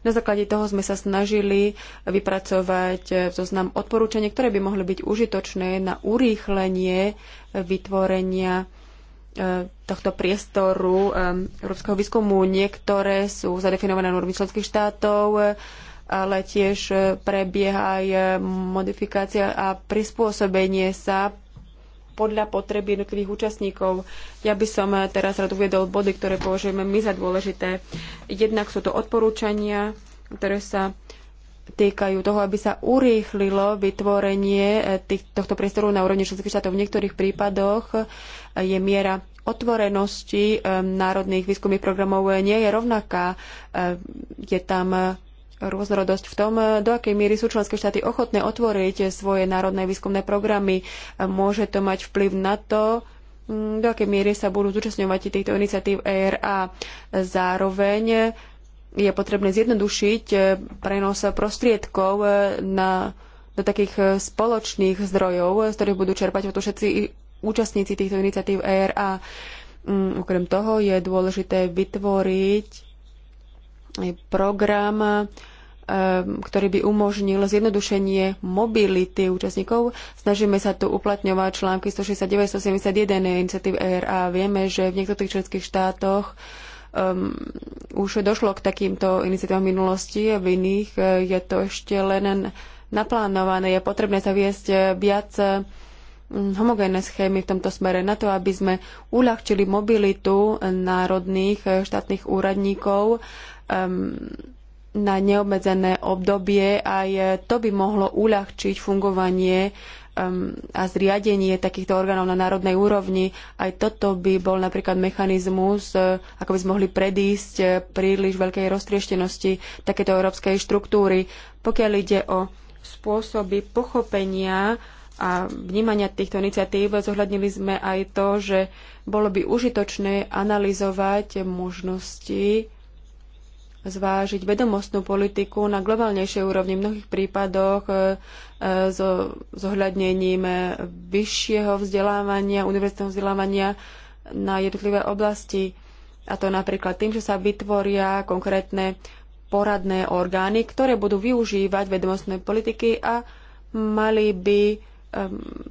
[SPEAKER 2] Na základe toho sme sa snažili vypracovať e, zoznam odporúčaní, ktoré by mohli byť užitočné na urýchlenie vytvorenia e, tohto priestoru európskeho výskumu. Niektoré sú zadefinované normy členských štátov, ale tiež e, prebieha aj e, modifikácia a prispôsobenie sa podľa potreby jednotlivých účastníkov. Ja by som e, teraz rád uviedol body, ktoré považujeme my za dôležité. Jednak sú to odporúčania, ktoré sa týkajú toho, aby sa urýchlilo vytvorenie tých, tohto priestoru na úrovni členských štátov. V niektorých prípadoch je miera otvorenosti národných výskumných programov nie je rovnaká. Je tam rôznorodosť v tom, do akej miery sú členské štáty ochotné otvoriť svoje národné výskumné programy. Môže to mať vplyv na to, mm, do akej miery sa budú zúčastňovať týchto iniciatív ERA. Zároveň je potrebné zjednodušiť eh, prenos prostriedkov eh, na, do takých eh, spoločných zdrojov, z ktorých budú čerpať o to všetci účastníci týchto iniciatív ERA. Mm, okrem toho je dôležité vytvoriť program Um, ktorý by umožnil zjednodušenie mobility účastníkov. Snažíme sa tu uplatňovať články 169 171 iniciatív ERA. Vieme, že v niektorých členských štátoch um, už došlo k takýmto iniciatívam minulosti a v iných eh, je to ešte len naplánované. Je potrebné zaviesť eh, viac mm, homogénne schémy v tomto smere na to, aby sme uľahčili mobilitu národných eh, štátnych úradníkov um, na neobmedzené obdobie. Aj to by mohlo uľahčiť fungovanie um, a zriadenie takýchto orgánov na národnej úrovni. Aj toto by bol napríklad mechanizmus, e, ako by sme mohli predísť e, príliš veľkej roztrieštenosti takéto európskej štruktúry. Pokiaľ ide o spôsoby pochopenia a vnímania týchto iniciatív, zohľadnili sme aj to, že bolo by užitočné analyzovať možnosti zvážiť vedomostnú politiku na globálnejšej úrovni v mnohých prípadoch so e, e, zohľadnením vyššieho vzdelávania, univerzitného vzdelávania na jednotlivé oblasti. A to napríklad tým, že sa vytvoria konkrétne poradné orgány, ktoré budú využívať vedomostné politiky a mali by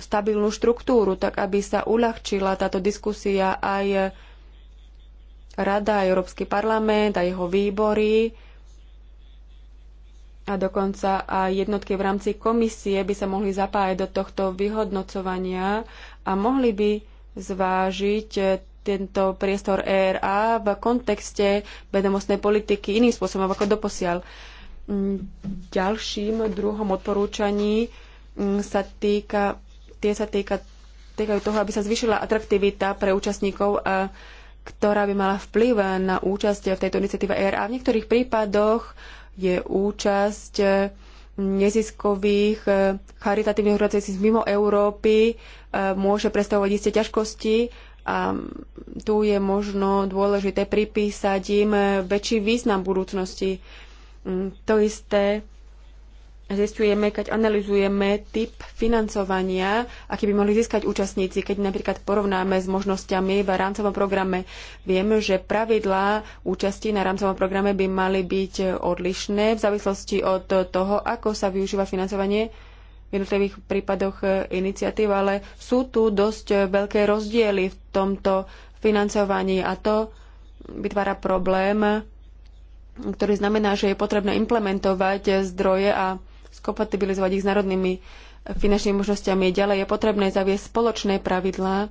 [SPEAKER 2] stabilnú štruktúru, tak aby sa uľahčila táto diskusia aj Rada, Európsky parlament a jeho výbory a dokonca aj jednotky v rámci komisie by sa mohli zapájať do tohto vyhodnocovania a mohli by zvážiť tento priestor ERA v kontexte vedomostnej politiky iným spôsobom ako doposiaľ. Mm, ďalším druhom odporúčaní mm, sa týka, tie sa týka, týkajú toho, aby sa zvyšila atraktivita pre účastníkov a ktorá by mala vplyv na účasť v tejto iniciatíve a V niektorých prípadoch je účasť neziskových eh, charitatívnych organizácií mimo Európy eh, môže predstavovať isté ťažkosti a mm, tu je možno dôležité pripísať im eh, väčší význam budúcnosti. Mm, to isté zistujeme, keď analizujeme typ financovania, aký by mohli získať účastníci, keď napríklad porovnáme s možnosťami v rámcovom programe. Vieme, že pravidlá účasti na rámcovom programe by mali byť odlišné v závislosti od toho, ako sa využíva financovanie v jednotlivých prípadoch eh, iniciatív, ale sú tu dosť veľké rozdiely v tomto financovaní a to vytvára problém, ktorý znamená, že je potrebné implementovať zdroje a skompatibilizovať ich s národnými e, finančnými možnosťami. Ďalej je potrebné zaviesť spoločné pravidlá,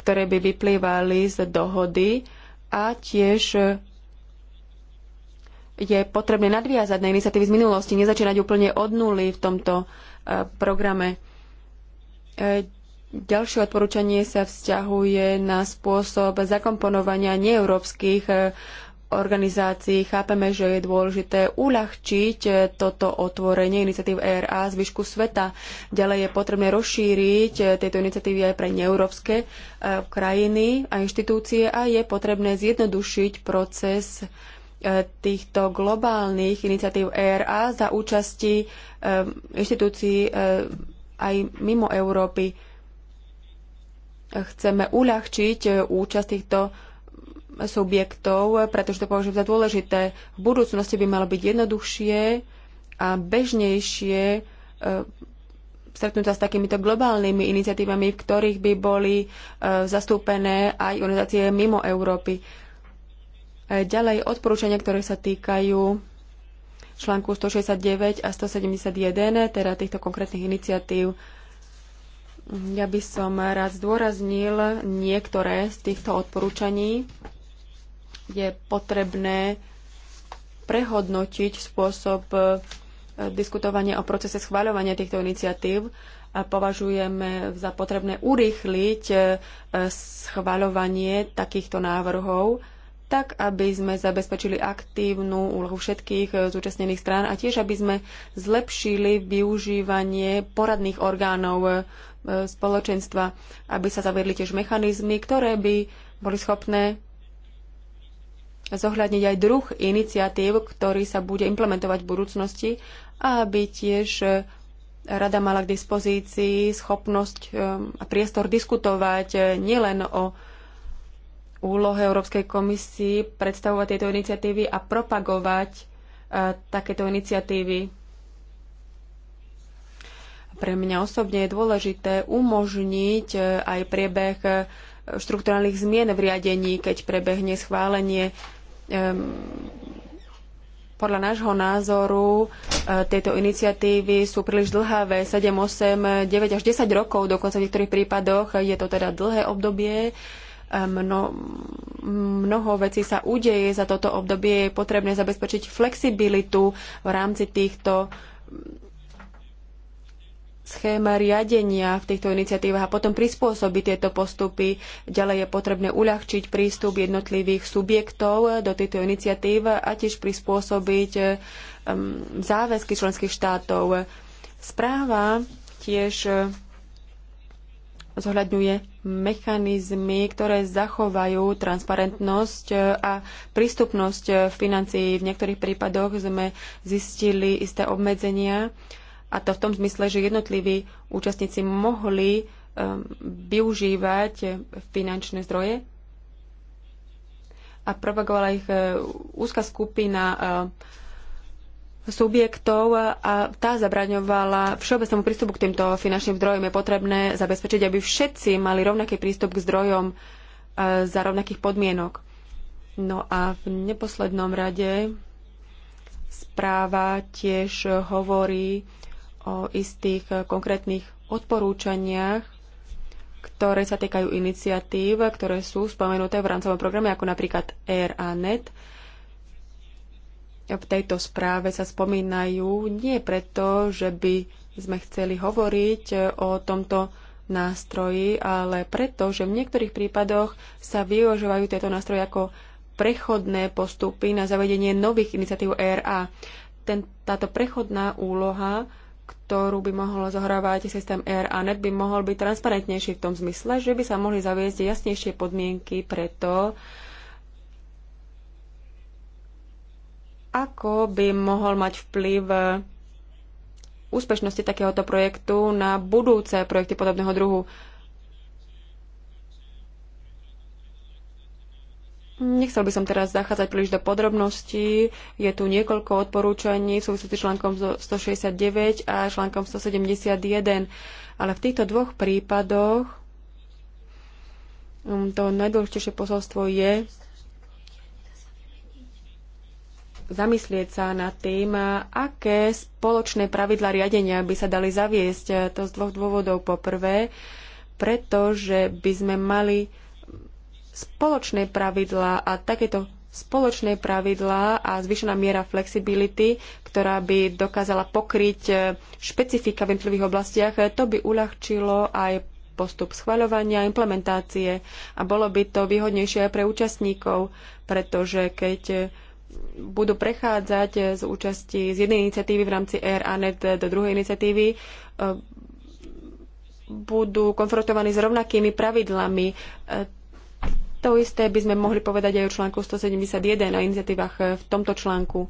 [SPEAKER 2] ktoré by vyplývali z dohody a tiež e, je potrebné nadviazať na iniciatívy z minulosti, nezačínať úplne od nuly v tomto e, programe. Ďalšie odporúčanie sa vzťahuje na spôsob zakomponovania neeurópskych organizácií. Chápeme, že je dôležité uľahčiť eh, toto otvorenie iniciatív ERA zvyšku sveta. Ďalej je potrebné rozšíriť eh, tieto iniciatívy aj pre neeurópske eh, krajiny a inštitúcie a je potrebné zjednodušiť proces týchto globálnych iniciatív ERA za účasti inštitúcií aj mimo Európy. Chceme uľahčiť účasť týchto subjektov, pretože to považujem za dôležité. V budúcnosti by malo byť jednoduchšie a bežnejšie e, stretnúť sa s takýmito globálnymi iniciatívami, v ktorých by boli e, zastúpené aj organizácie mimo Európy. E, ďalej odporúčania, ktoré sa týkajú článku 169 a 171, teda týchto konkrétnych iniciatív. Ja by som rád zdôraznil niektoré z týchto odporúčaní je potrebné prehodnotiť spôsob e, diskutovania o procese schváľovania týchto iniciatív a považujeme za potrebné urýchliť e, e, schváľovanie takýchto návrhov, tak aby sme zabezpečili aktívnu úlohu všetkých zúčastnených strán a tiež aby sme zlepšili využívanie poradných orgánov spoločenstva, aby sa zaviedli tiež mechanizmy, ktoré by boli schopné zohľadniť aj druh iniciatív, ktorý sa bude implementovať v budúcnosti a aby tiež e, rada mala k dispozícii schopnosť e, a priestor diskutovať e, nielen o úlohe Európskej komisii predstavovať tieto iniciatívy a propagovať takéto iniciatívy. Pre mňa osobne je dôležité umožniť aj priebeh štrukturálnych zmien v riadení, keď prebehne schválenie podľa nášho názoru e, tieto iniciatívy sú príliš dlhavé, 7, 8, 9 až 10 rokov, dokonca v niektorých prípadoch je to teda dlhé obdobie. Mno, mnoho vecí sa udeje za toto obdobie, je potrebné zabezpečiť flexibilitu v rámci týchto schéma riadenia v týchto iniciatívach a potom prispôsobiť tieto postupy. Ďalej je potrebné uľahčiť prístup jednotlivých subjektov do týchto iniciatív a tiež prispôsobiť um, záväzky členských štátov. Správa tiež uh, zohľadňuje mechanizmy, ktoré zachovajú transparentnosť uh, a prístupnosť uh, financií. V niektorých prípadoch sme zistili isté obmedzenia, a to v tom zmysle, že jednotliví účastníci mohli um, využívať finančné zdroje a propagovala ich uh, úzka skupina uh, subjektov a tá zabraňovala všeobecnému prístupu k týmto finančným zdrojom. Je potrebné zabezpečiť, aby všetci mali rovnaký prístup k zdrojom uh, za rovnakých podmienok. No a v neposlednom rade správa tiež hovorí o istých konkrétnych odporúčaniach, ktoré sa týkajú iniciatív, ktoré sú spomenuté v rámcovom programe, ako napríklad Air a Net. V tejto správe sa spomínajú nie preto, že by sme chceli hovoriť o tomto nástroji, ale preto, že v niektorých prípadoch sa využívajú tieto nástroje ako prechodné postupy na zavedenie nových iniciatív ERA. Ten, táto prechodná úloha ktorú by mohol zohrávať systém a net by mohol byť transparentnejší v tom zmysle, že by sa mohli zaviesť jasnejšie podmienky pre to, ako by mohol mať vplyv úspešnosti takéhoto projektu na budúce projekty podobného druhu. Nechcel by som teraz zachádzať príliš do podrobností. Je tu niekoľko odporúčaní v súvislosti s článkom 169 a článkom 171. Ale v týchto dvoch prípadoch mm, to najdôležitejšie posolstvo je zamyslieť sa nad tým, aké spoločné pravidla riadenia by sa dali zaviesť. To z dvoch dôvodov. Po prvé, pretože by sme mali spoločné pravidlá a takéto spoločné pravidlá a zvyšená miera flexibility, ktorá by dokázala pokryť e, špecifika v jednotlivých oblastiach, e, to by uľahčilo aj postup schvaľovania a implementácie a bolo by to výhodnejšie aj pre účastníkov, pretože keď e, budú prechádzať z účasti z jednej iniciatívy v rámci ERANET do druhej iniciatívy, budú konfrontovaní s rovnakými pravidlami to isté by sme mohli povedať aj o článku 171 a iniciatívach e, v tomto článku.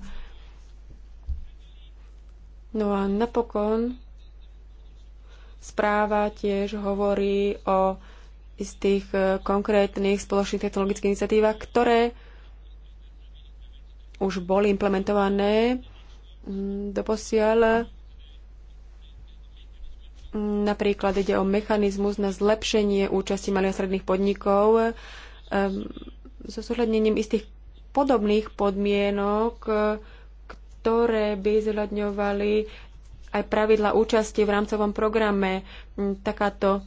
[SPEAKER 2] No a napokon správa tiež hovorí o istých e, konkrétnych spoločných technologických iniciatívach, ktoré už boli implementované mm, doposiaľ. Napríklad ide o mechanizmus na zlepšenie účasti malých a stredných podnikov Ehm, so zohľadnením istých podobných podmienok, e, ktoré by zohľadňovali aj pravidla účasti v rámcovom programe. Mm, takáto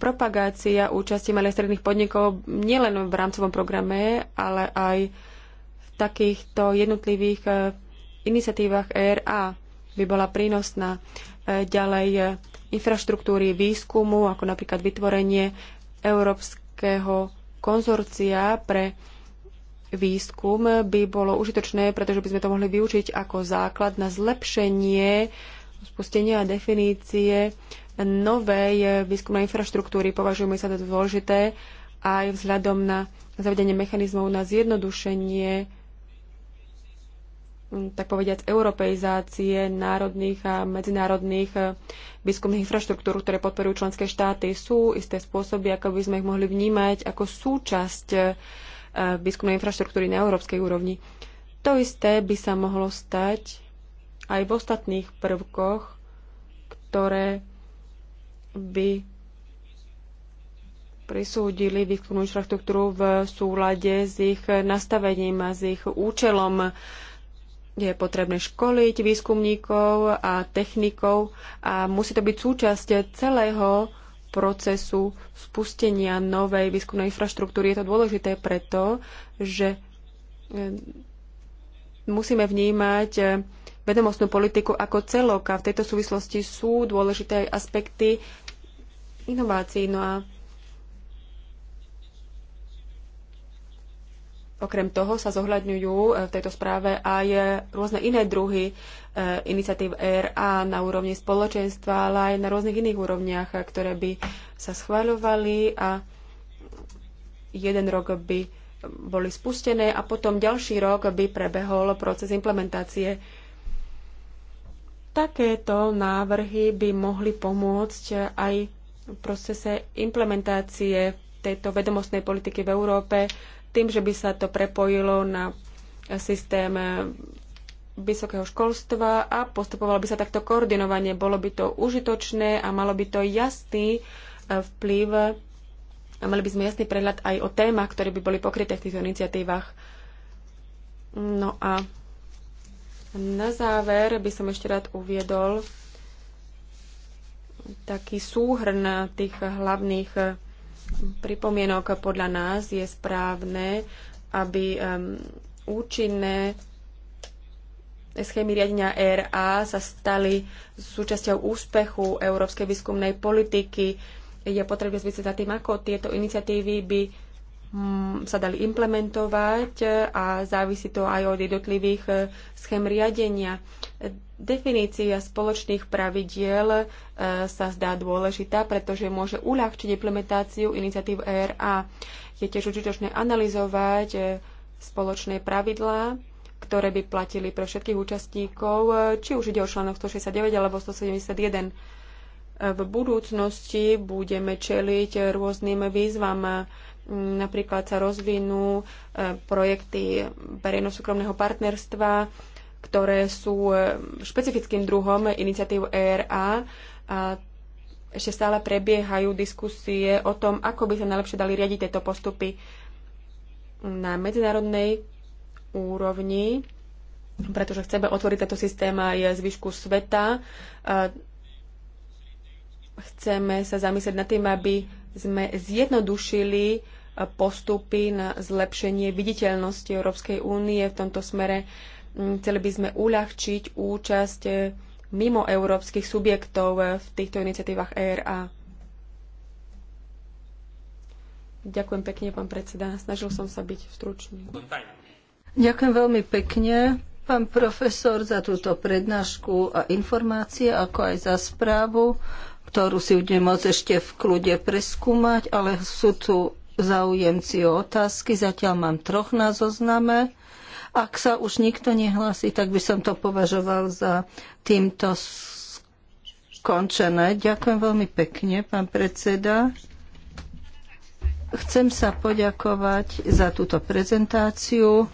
[SPEAKER 2] propagácia účasti malých stredných podnikov nielen v rámcovom programe, ale aj v takýchto jednotlivých e, iniciatívach ERA by bola prínosná. E, ďalej infraštruktúry výskumu, ako napríklad vytvorenie európskeho konzorcia pre výskum by bolo užitočné, pretože by sme to mohli využiť ako základ na zlepšenie spustenia a definície novej výskumnej infraštruktúry. Považujeme sa to dôležité aj vzhľadom na zavedenie mechanizmov na zjednodušenie tak povediať, europeizácie národných a medzinárodných e, výskumných infraštruktúr, ktoré podporujú členské štáty. Sú isté spôsoby, ako by sme ich mohli vnímať ako súčasť e, výskumnej infraštruktúry na európskej úrovni. To isté by sa mohlo stať aj v ostatných prvkoch, ktoré by prisúdili výskumnú infraštruktúru v súlade s ich nastavením a s ich účelom je potrebné školiť výskumníkov a technikov a musí to byť súčasť celého procesu spustenia novej výskumnej infraštruktúry. Je to dôležité preto, že eh, musíme vnímať eh, vedomostnú politiku ako celok a v tejto súvislosti sú dôležité aj aspekty inovácií. No a Okrem toho sa zohľadňujú e, v tejto správe aj rôzne iné druhy e, iniciatív ERA na úrovni spoločenstva, ale aj na rôznych iných úrovniach, e, ktoré by sa schváľovali a jeden rok by boli spustené a potom ďalší rok by prebehol proces implementácie. Takéto návrhy by mohli pomôcť aj v procese implementácie tejto vedomostnej politiky v Európe tým, že by sa to prepojilo na systém vysokého školstva a postupovalo by sa takto koordinovanie. Bolo by to užitočné a malo by to jasný eh, vplyv a mali by sme jasný prehľad aj o témach, ktoré by boli pokryté v týchto iniciatívach. No a na záver by som ešte rád uviedol taký súhrn tých hlavných eh, pripomienok podľa nás je správne, aby um, účinné schémy riadenia RA sa stali súčasťou úspechu európskej výskumnej politiky. Je potrebné zmyslieť za tým, ako tieto iniciatívy by Hm, sa dali implementovať a závisí to aj od jednotlivých eh, schém riadenia. Definícia spoločných pravidiel eh, sa zdá dôležitá, pretože môže uľahčiť implementáciu iniciatív ERA. Je tiež užitočné analyzovať eh, spoločné pravidlá, ktoré by platili pre všetkých účastníkov, či už ide o článok 169 alebo 171. V budúcnosti budeme čeliť rôznym výzvam Napríklad sa rozvinú e, projekty verejno-súkromného partnerstva, ktoré sú e, špecifickým druhom iniciatív ERA a ešte stále prebiehajú diskusie o tom, ako by sa najlepšie dali riadiť tieto postupy na medzinárodnej úrovni, pretože chceme otvoriť tento systém aj zvyšku sveta. E, chceme sa zamyslieť nad tým, aby sme zjednodušili e, postupy na zlepšenie viditeľnosti Európskej únie v tomto smere. Mm, chceli by sme uľahčiť účasť e, mimo európskych subjektov e, v týchto iniciatívach ERA. Ďakujem pekne, pán predseda. Snažil som sa byť stručný.
[SPEAKER 3] Ďakujem veľmi pekne, pán profesor, za túto prednášku a informácie, ako aj za správu ktorú si budeme môcť ešte v kľude preskúmať, ale sú tu zaujemci o otázky. Zatiaľ mám troch na zozname. Ak sa už nikto nehlási, tak by som to považoval za týmto skončené. Ďakujem veľmi pekne, pán predseda. Chcem sa poďakovať za túto prezentáciu,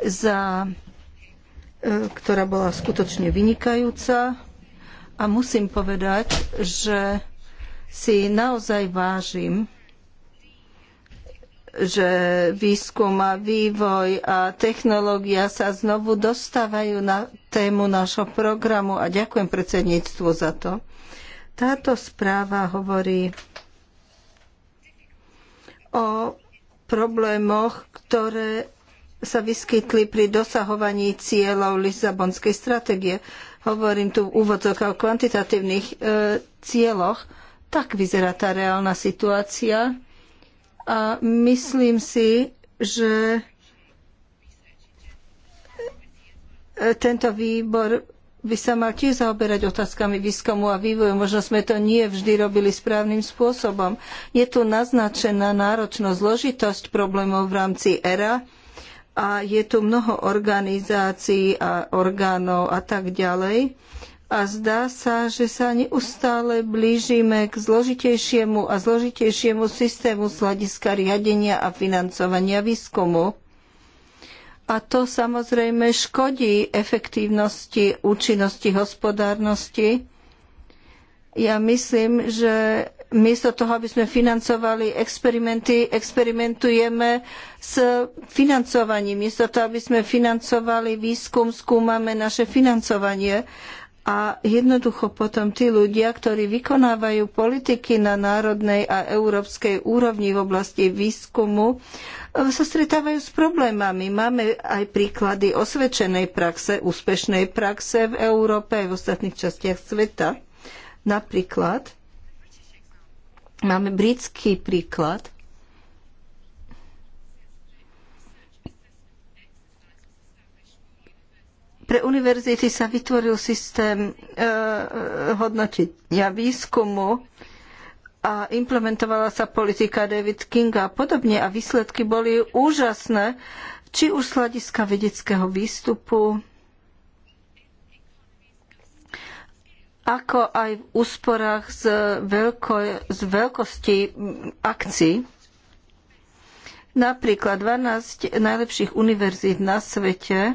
[SPEAKER 3] za, e, ktorá bola skutočne vynikajúca a musím povedať, že si naozaj vážim, že výskum a vývoj a technológia sa znovu dostávajú na tému nášho programu a ďakujem predsedníctvu za to. Táto správa hovorí o problémoch, ktoré sa vyskytli pri dosahovaní cieľov Lisabonskej stratégie hovorím tu v úvodzoch o kvantitatívnych e, cieľoch, tak vyzerá tá reálna situácia. A myslím si, že e, tento výbor by sa mal tiež zaoberať otázkami výskumu a vývoju. Možno sme to nie vždy robili správnym spôsobom. Je tu naznačená náročnosť, zložitosť problémov v rámci ERA a je tu mnoho organizácií a orgánov a tak ďalej. A zdá sa, že sa neustále blížime k zložitejšiemu a zložitejšiemu systému z hľadiska riadenia a financovania výskumu. A to samozrejme škodí efektívnosti, účinnosti, hospodárnosti. Ja myslím, že miesto toho, aby sme financovali experimenty, experimentujeme s financovaním. Miesto toho, aby sme financovali výskum, skúmame naše financovanie. A jednoducho potom tí ľudia, ktorí vykonávajú politiky na národnej a európskej úrovni v oblasti výskumu, eh, sa stretávajú s problémami. Máme aj príklady osvedčenej praxe, úspešnej praxe v Európe aj v ostatných častiach sveta. Napríklad Máme britský príklad. Pre univerzity sa vytvoril systém e, e hodnotenia výskumu a implementovala sa politika David Kinga a podobne a výsledky boli úžasné, či už z hľadiska vedeckého výstupu, ako aj v úsporách z, veľko, z veľkosti akcií. Napríklad 12 najlepších univerzít na svete e,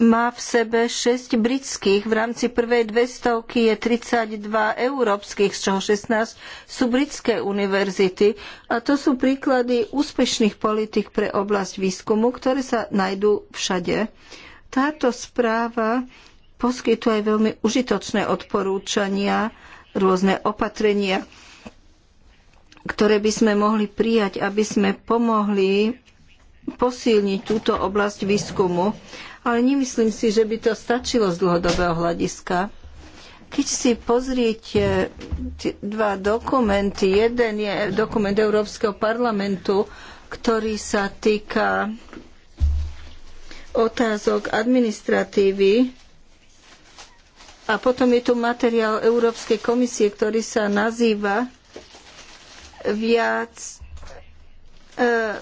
[SPEAKER 3] má v sebe 6 britských, v rámci prvej 200 je 32 európskych, z čoho 16 sú britské univerzity. A to sú príklady úspešných politik pre oblasť výskumu, ktoré sa najdú všade. Táto správa poskytuje veľmi užitočné odporúčania, rôzne opatrenia, ktoré by sme mohli prijať, aby sme pomohli posilniť túto oblasť výskumu. Ale nemyslím si, že by to stačilo z dlhodobého hľadiska. Keď si pozriete dva dokumenty, jeden je dokument Európskeho parlamentu, ktorý sa týka otázok administratívy a potom je tu materiál Európskej komisie, ktorý sa nazýva viac e,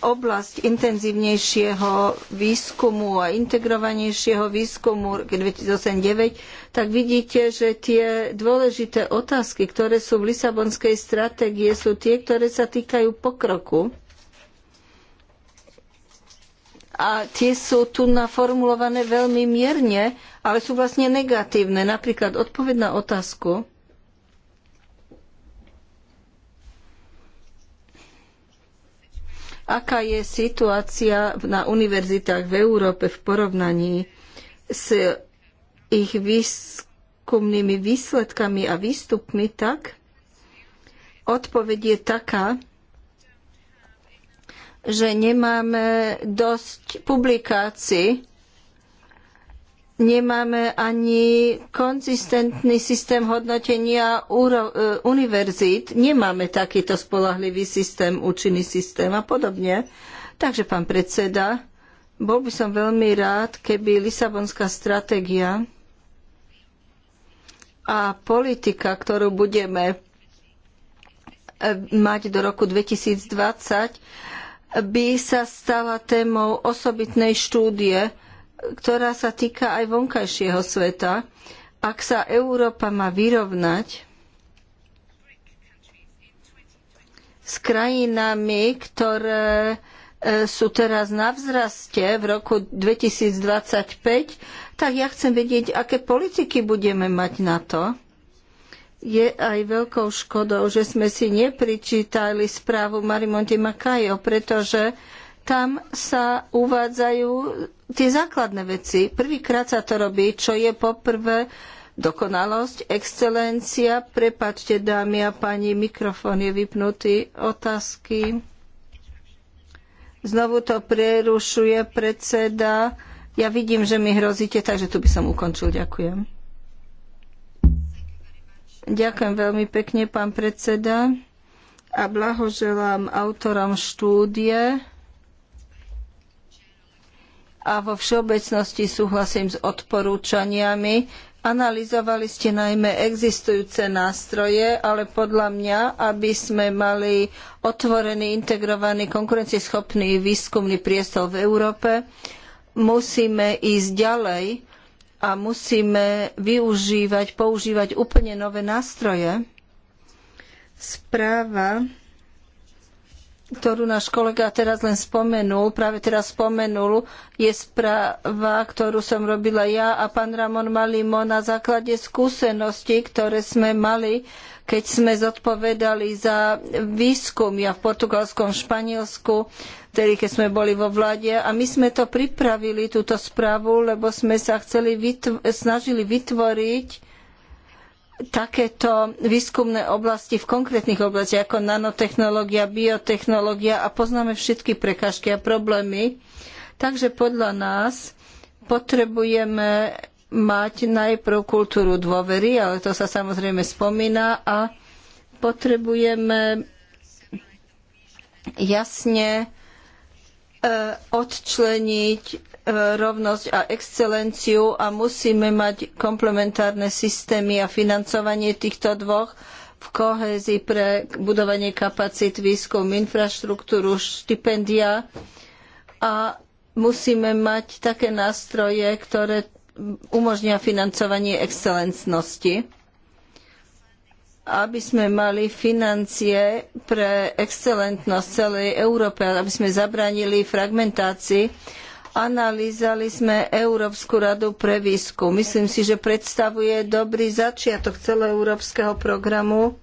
[SPEAKER 3] oblasť intenzívnejšieho výskumu a integrovanejšieho výskumu 2009, tak vidíte, že tie dôležité otázky, ktoré sú v Lisabonskej stratégii, sú tie, ktoré sa týkajú pokroku a tie sú tu naformulované veľmi mierne, ale sú vlastne negatívne. Napríklad odpoveď na otázku, aká je situácia na univerzitách v Európe v porovnaní s ich výskumnými výsledkami a výstupmi, tak odpoveď je taká, že nemáme dosť publikácií, nemáme ani konzistentný systém hodnotenia e, univerzít, nemáme takýto spolahlivý systém, účinný systém a podobne. Takže, pán predseda, bol by som veľmi rád, keby Lisabonská stratégia a politika, ktorú budeme e, mať do roku 2020, by sa stala témou osobitnej štúdie, ktorá sa týka aj vonkajšieho sveta. Ak sa Európa má vyrovnať s krajinami, ktoré e, sú teraz na vzraste v roku 2025, tak ja chcem vedieť, aké politiky budeme mať na to je aj veľkou škodou, že sme si nepričítali správu Marimonte Makajo, pretože tam sa uvádzajú tie základné veci. Prvýkrát sa to robí, čo je poprvé dokonalosť, excelencia. Prepačte, dámy a pani, mikrofón je vypnutý. Otázky. Znovu to prerušuje predseda. Ja vidím, že mi hrozíte, takže tu by som ukončil. Ďakujem. Ďakujem veľmi pekne, pán predseda, a blahoželám autorom štúdie a vo všeobecnosti súhlasím s odporúčaniami. Analyzovali ste najmä existujúce nástroje, ale podľa mňa, aby sme mali otvorený, integrovaný, konkurencieschopný výskumný priestor v Európe, musíme ísť ďalej a musíme využívať, používať úplne nové nástroje. Správa ktorú náš kolega teraz len spomenul, práve teraz spomenul, je správa, ktorú som robila ja a pán Ramon Malimo na základe skúseností, ktoré sme mali, keď sme zodpovedali za výskum ja v Portugalskom, Španielsku, vtedy keď sme boli vo vláde a my sme to pripravili, túto správu, lebo sme sa chceli vytv snažili vytvoriť takéto výskumné oblasti v konkrétnych oblastiach ako nanotechnológia, biotechnológia a poznáme všetky prekážky a problémy. Takže podľa nás potrebujeme mať najprv kultúru dôvery, ale to sa samozrejme spomína a potrebujeme jasne e, odčleniť rovnosť a excelenciu a musíme mať komplementárne systémy a financovanie týchto dvoch v kohézii pre budovanie kapacít, výskum, infraštruktúru, štipendia a musíme mať také nástroje, ktoré umožnia financovanie excelentnosti aby sme mali financie pre excelentnosť celej Európe, aby sme zabránili fragmentácii analýzali sme Európsku radu pre výskum. Myslím si, že predstavuje dobrý začiatok celoeurópskeho programu,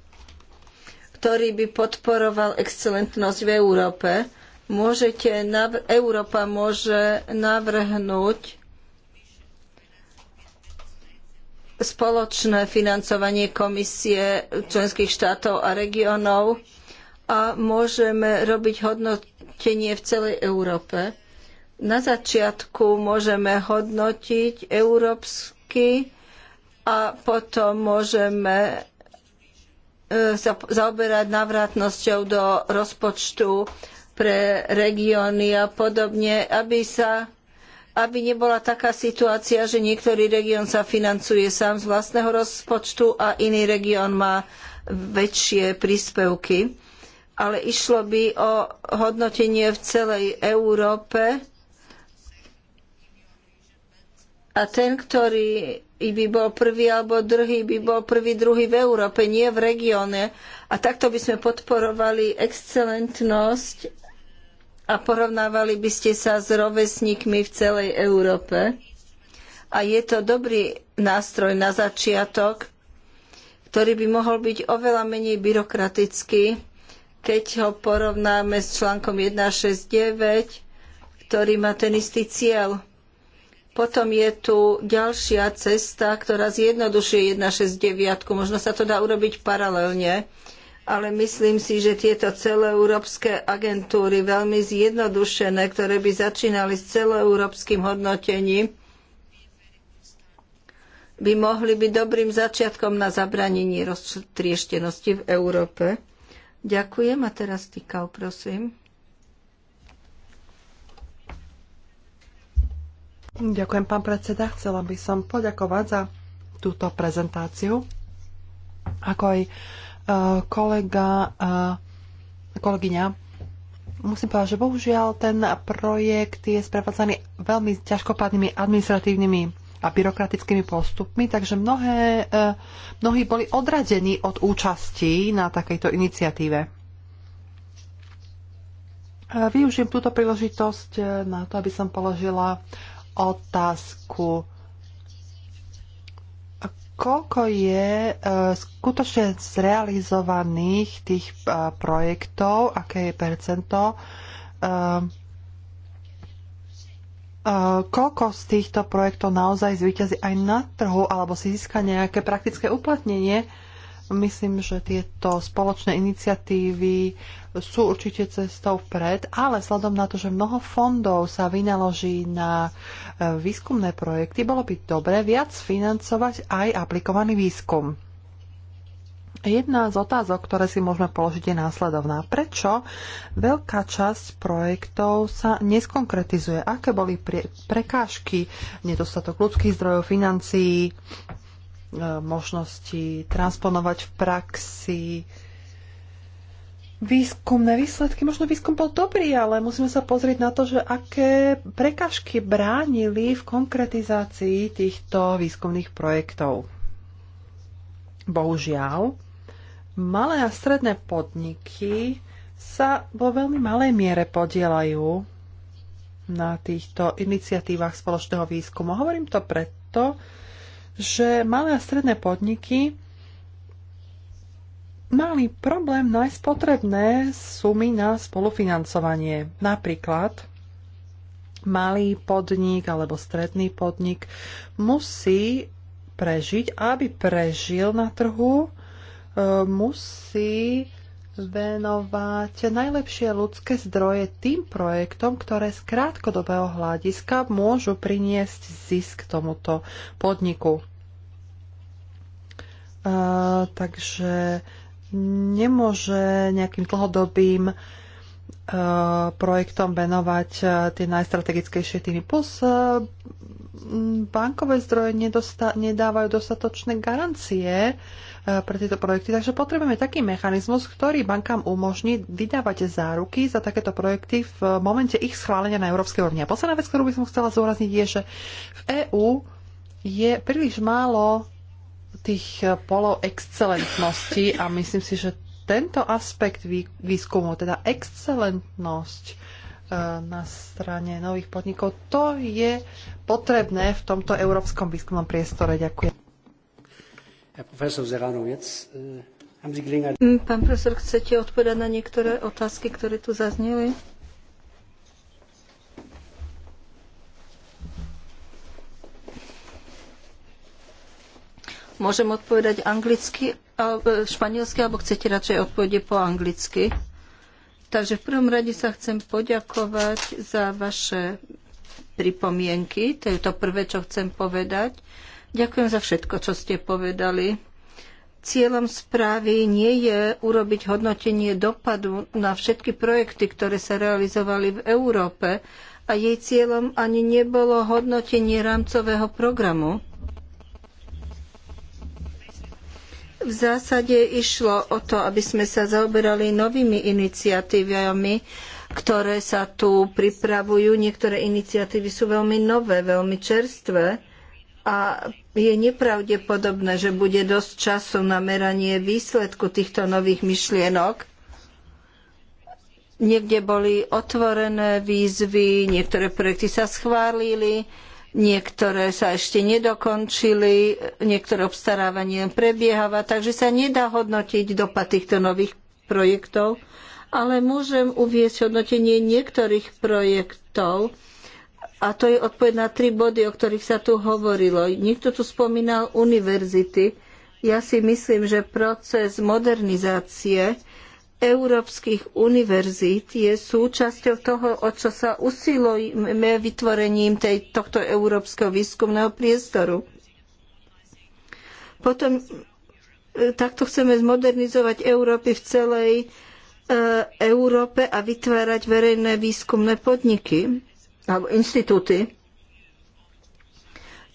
[SPEAKER 3] ktorý by podporoval excelentnosť v Európe. Môžete, Európa môže navrhnúť spoločné financovanie komisie členských štátov a regiónov a môžeme robiť hodnotenie v celej Európe. Na začiatku môžeme hodnotiť európsky a potom môžeme sa e, zaoberať návratnosťou do rozpočtu pre regióny a podobne, aby sa aby nebola taká situácia, že niektorý región sa financuje sám z vlastného rozpočtu a iný región má väčšie príspevky. Ale išlo by o hodnotenie v celej Európe, a ten, ktorý by bol prvý alebo druhý, by bol prvý, druhý v Európe, nie v regióne. A takto by sme podporovali excelentnosť a porovnávali by ste sa s rovesníkmi v celej Európe. A je to dobrý nástroj na začiatok, ktorý by mohol byť oveľa menej byrokratický, keď ho porovnáme s článkom 169, ktorý má ten istý cieľ potom je tu ďalšia cesta, ktorá zjednodušuje 169. Možno sa to dá urobiť paralelne, ale myslím si, že tieto celoeurópske agentúry, veľmi zjednodušené, ktoré by začínali s celoeurópskym hodnotením, by mohli byť dobrým začiatkom na zabranenie roztrieštenosti v Európe. Ďakujem a teraz týkal, prosím.
[SPEAKER 4] Ďakujem, pán predseda. Chcela by som poďakovať za túto prezentáciu. Ako aj e, kolega, e, kolegyňa, musím povedať, že bohužiaľ ten projekt je sprevádzaný veľmi ťažkopádnymi administratívnymi a byrokratickými postupmi, takže mnohé, e, mnohí boli odradení od účasti na takejto iniciatíve. Využijem túto príležitosť na to, aby som položila otázku koľko je uh, skutočne zrealizovaných tých uh, projektov, aké je percento, uh, uh, koľko z týchto projektov naozaj zvíťazí aj na trhu alebo si získa nejaké praktické uplatnenie. Myslím, že tieto spoločné iniciatívy sú určite cestou vpred, ale vzhľadom na to, že mnoho fondov sa vynaloží na e, výskumné projekty, bolo by dobre viac financovať aj aplikovaný výskum. Jedna z otázok, ktoré si môžeme položiť, je následovná. Prečo veľká časť projektov sa neskonkretizuje? Aké boli prekážky, nedostatok ľudských zdrojov, financií, možnosti transponovať v praxi výskumné výsledky. Možno výskum bol dobrý, ale musíme sa pozrieť na to, že aké prekažky bránili v konkretizácii týchto výskumných projektov. Bohužiaľ, malé a stredné podniky sa vo veľmi malej miere podielajú na týchto iniciatívach spoločného výskumu. Hovorím to preto, že malé a stredné podniky mali problém nájsť potrebné sumy na spolufinancovanie. Napríklad malý podnik alebo stredný podnik musí prežiť, aby prežil na trhu, e, musí venovať najlepšie ľudské zdroje tým projektom, ktoré z krátkodobého hľadiska môžu priniesť zisk tomuto podniku. Uh, takže nemôže nejakým dlhodobým projektom venovať tie najstrategickejšie týmy. Plus bankové zdroje nedosta- nedávajú dostatočné garancie uh, E, pre tieto projekty. Takže potrebujeme taký mechanizmus, ktorý bankám umožní vydávať záruky za takéto projekty v momente ich schválenia na európskej úrovni. A posledná vec, ktorú by som chcela zúrazniť, je, že v EÚ je príliš málo tých poloexcelentností a myslím si, že tento aspekt výskumu, teda excelentnosť, e, na strane nových podnikov. To je potrebné v tomto európskom výskumnom priestore. Ďakujem.
[SPEAKER 1] Äh,
[SPEAKER 3] mm, Pán profesor, chcete odpovedať na niektoré otázky, ktoré tu zazneli? Môžem odpovedať anglicky, e, španielsky, alebo chcete radšej odpovede po anglicky? Takže v prvom rade sa chcem poďakovať za vaše pripomienky. To je to prvé, čo chcem povedať. Uh, Ďakujem za všetko, čo ste povedali. Cieľom správy nie je urobiť hodnotenie dopadu na všetky projekty, ktoré sa realizovali v Európe a jej cieľom ani nebolo hodnotenie rámcového programu. V zásade išlo o to, aby sme sa zaoberali novými iniciatívami, ktoré sa tu pripravujú. Niektoré iniciatívy sú veľmi nové, veľmi čerstvé a je nepravdepodobné, že bude dosť času na meranie výsledku týchto nových myšlienok. Niekde boli otvorené výzvy, niektoré projekty sa schválili, niektoré sa ešte nedokončili, niektoré obstarávanie prebiehava, takže sa nedá hodnotiť dopad týchto nových projektov, ale môžem uvieť hodnotenie niektorých projektov, a to je odpoveď na tri body, o ktorých sa tu hovorilo. Niekto tu spomínal univerzity. Ja si myslím, že proces modernizácie európskych univerzít je súčasťou toho, o čo sa usilujeme vytvorením tej, tohto európskeho výskumného priestoru. Potom e, takto chceme zmodernizovať Európy v celej e, Európe a vytvárať verejné výskumné podniky alebo inštitúty.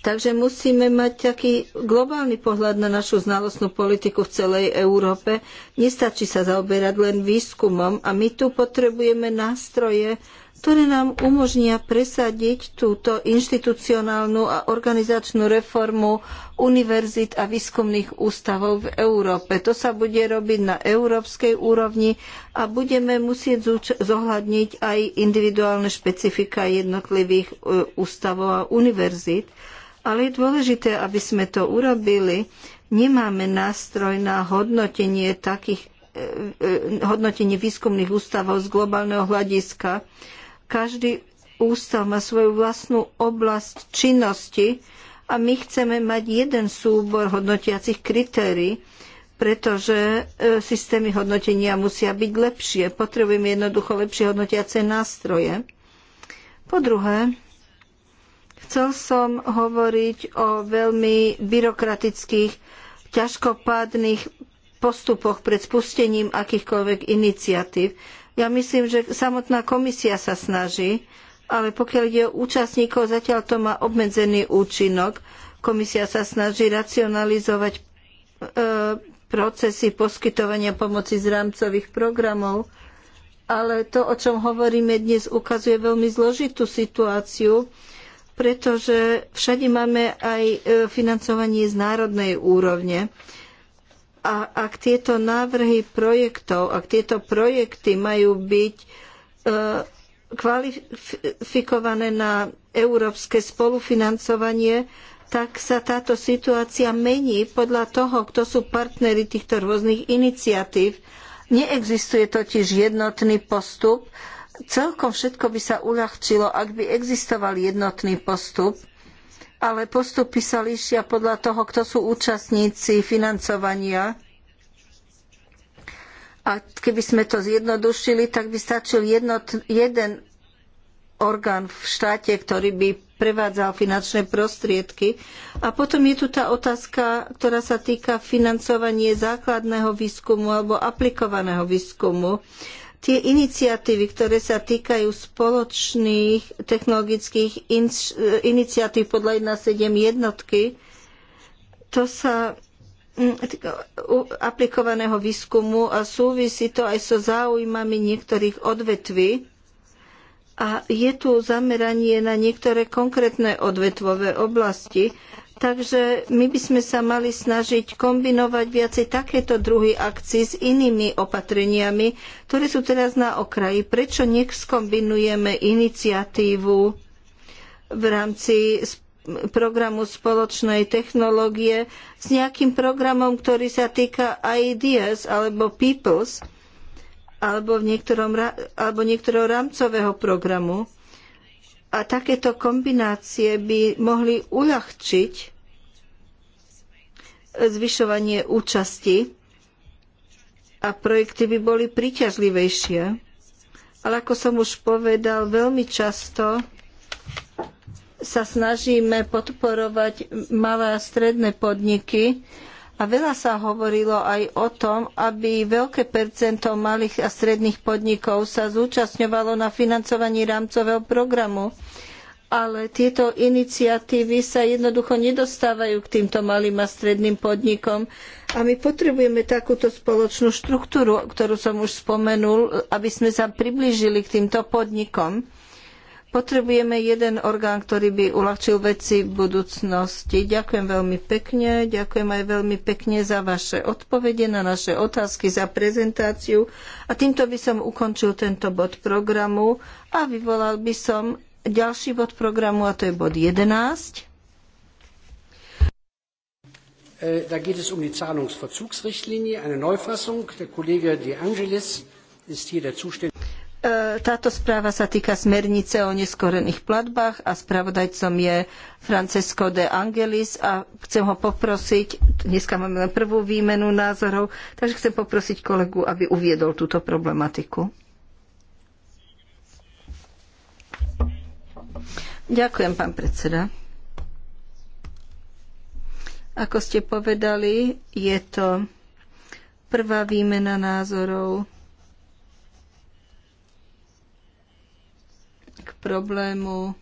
[SPEAKER 3] Takže musíme mať taký globálny pohľad na našu znalostnú politiku v celej Európe. Nestačí sa zaoberať len výskumom a my tu potrebujeme nástroje, ktoré nám umožnia presadiť túto inštitucionálnu a organizačnú reformu univerzít a výskumných ústavov v Európe. To sa bude robiť na európskej úrovni a budeme musieť zohľadniť aj individuálne špecifika jednotlivých e, ústavov a univerzít. Ale je dôležité, aby sme to urobili. Nemáme nástroj na hodnotenie takých e, e, hodnotenie výskumných ústavov z globálneho hľadiska každý ústav má svoju vlastnú oblasť činnosti a my chceme mať jeden súbor hodnotiacich kritérií, pretože e, systémy hodnotenia musia byť lepšie. Potrebujeme jednoducho lepšie hodnotiace nástroje. Po druhé, chcel som hovoriť o veľmi byrokratických, ťažkopádnych postupoch pred spustením akýchkoľvek iniciatív. Ja myslím, že samotná komisia sa snaží, ale pokiaľ ide o účastníkov, zatiaľ to má obmedzený účinok. Komisia sa snaží racionalizovať e, procesy poskytovania pomoci z rámcových programov, ale to, o čom hovoríme dnes, ukazuje veľmi zložitú situáciu, pretože všade máme aj e, financovanie z národnej úrovne. A ak tieto návrhy projektov, ak tieto projekty majú byť e, kvalifikované na európske spolufinancovanie, tak sa táto situácia mení podľa toho, kto sú partnery týchto rôznych iniciatív. Neexistuje totiž jednotný postup. Celkom všetko by sa uľahčilo, ak by existoval jednotný postup ale postupy sa líšia podľa toho, kto sú účastníci financovania. A keby sme to zjednodušili, tak by stačil jednot, jeden orgán v štáte, ktorý by prevádzal finančné prostriedky. A potom je tu tá otázka, ktorá sa týka financovania základného výskumu alebo aplikovaného výskumu. Tie iniciatívy, ktoré sa týkajú spoločných technologických inš, iniciatív podľa 1.7 jednotky, to sa mm, aplikovaného výskumu a súvisí to aj so záujmami niektorých odvetví. A je tu zameranie na niektoré konkrétne odvetvové oblasti. Takže my by sme sa mali snažiť kombinovať viacej takéto druhy akcií s inými opatreniami, ktoré sú teraz na okraji. Prečo nech skombinujeme iniciatívu v rámci programu spoločnej technológie s nejakým programom, ktorý sa týka IDS alebo Peoples alebo, niektorom, alebo niektorého rámcového programu? A takéto kombinácie by mohli uľahčiť zvyšovanie účasti a projekty by boli príťažlivejšie. Ale ako som už povedal, veľmi často sa snažíme podporovať malé a stredné podniky, a veľa sa hovorilo aj o tom, aby veľké percento malých a stredných podnikov sa zúčastňovalo na financovaní rámcového programu. Ale tieto iniciatívy sa jednoducho nedostávajú k týmto malým a stredným podnikom. A my potrebujeme takúto spoločnú štruktúru, ktorú som už spomenul, aby sme sa priblížili k týmto podnikom. Potrebujeme jeden orgán, ktorý by uľahčil veci v budúcnosti. Ďakujem veľmi pekne, ďakujem aj veľmi pekne za vaše odpovede na naše otázky, za prezentáciu. A týmto by som ukončil tento bod programu a vyvolal by som ďalší bod programu a to je bod 11.
[SPEAKER 4] Äh, da geht es um die Zahlungsverzugsrichtlinie, eine Neufassung. Der Kollege De Angelis ist hier der zuständige.
[SPEAKER 3] E, táto správa sa týka smernice o neskorených platbách a spravodajcom je Francesco de Angelis a chcem ho poprosiť, dneska máme len prvú výmenu názorov, takže chcem poprosiť kolegu, aby uviedol túto problematiku. Ďakujem, pán predseda. Ako ste povedali, je to prvá výmena názorov problému,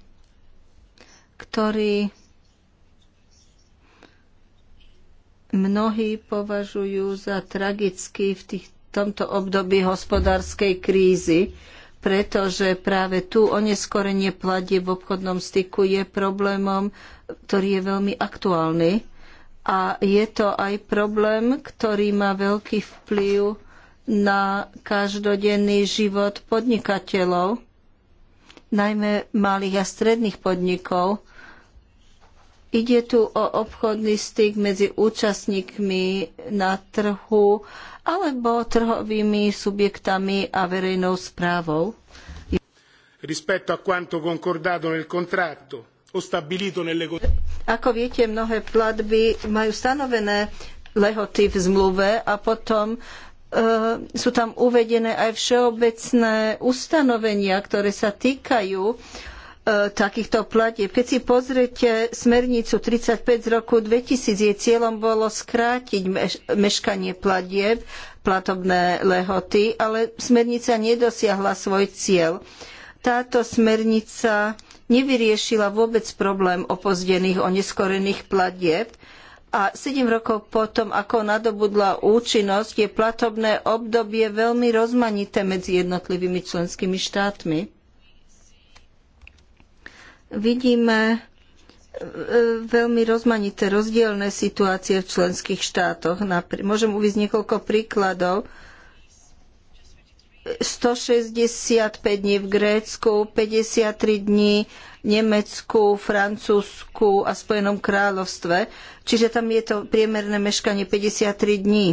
[SPEAKER 3] ktorý mnohí považujú za tragický v tých, tomto období hospodárskej krízy, pretože práve tu oneskorenie platie v obchodnom styku je problémom, ktorý je veľmi aktuálny. A je to aj problém, ktorý má veľký vplyv na každodenný život podnikateľov najmä malých a stredných podnikov. Ide tu o obchodný styk medzi účastníkmi na trhu alebo trhovými subjektami a verejnou správou.
[SPEAKER 2] Rispetto a quanto concordato
[SPEAKER 4] nel contratto o stabilito nelle
[SPEAKER 3] Ako viete, mnohé platby majú stanovené lehoty v zmluve a potom E, sú tam uvedené aj všeobecné ustanovenia, ktoré sa týkajú e, takýchto platieb. Keď si pozriete smernicu 35 z roku 2000, jej cieľom bolo skrátiť meškanie platieb, platobné lehoty, ale smernica nedosiahla svoj cieľ. Táto smernica nevyriešila vôbec problém opozdených, oneskorených platieb, a 7 rokov potom, ako nadobudla účinnosť, je platobné obdobie veľmi rozmanité medzi jednotlivými členskými štátmi. Vidíme e, veľmi rozmanité rozdielne situácie v členských štátoch. Môžem uvieť niekoľko príkladov. 165 dní v Grécku, 53 dní v Nemecku, Francúzsku a Spojenom kráľovstve. Čiže tam je to priemerné meškanie 53 dní.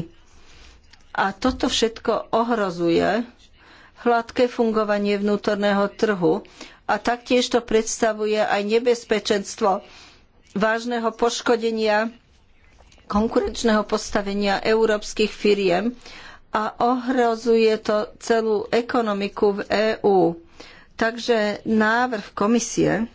[SPEAKER 3] A toto všetko ohrozuje hladké fungovanie vnútorného trhu a taktiež to predstavuje aj nebezpečenstvo vážneho poškodenia konkurenčného postavenia európskych firiem, a ohrozuje to celú ekonomiku v EÚ. Takže návrh komisie,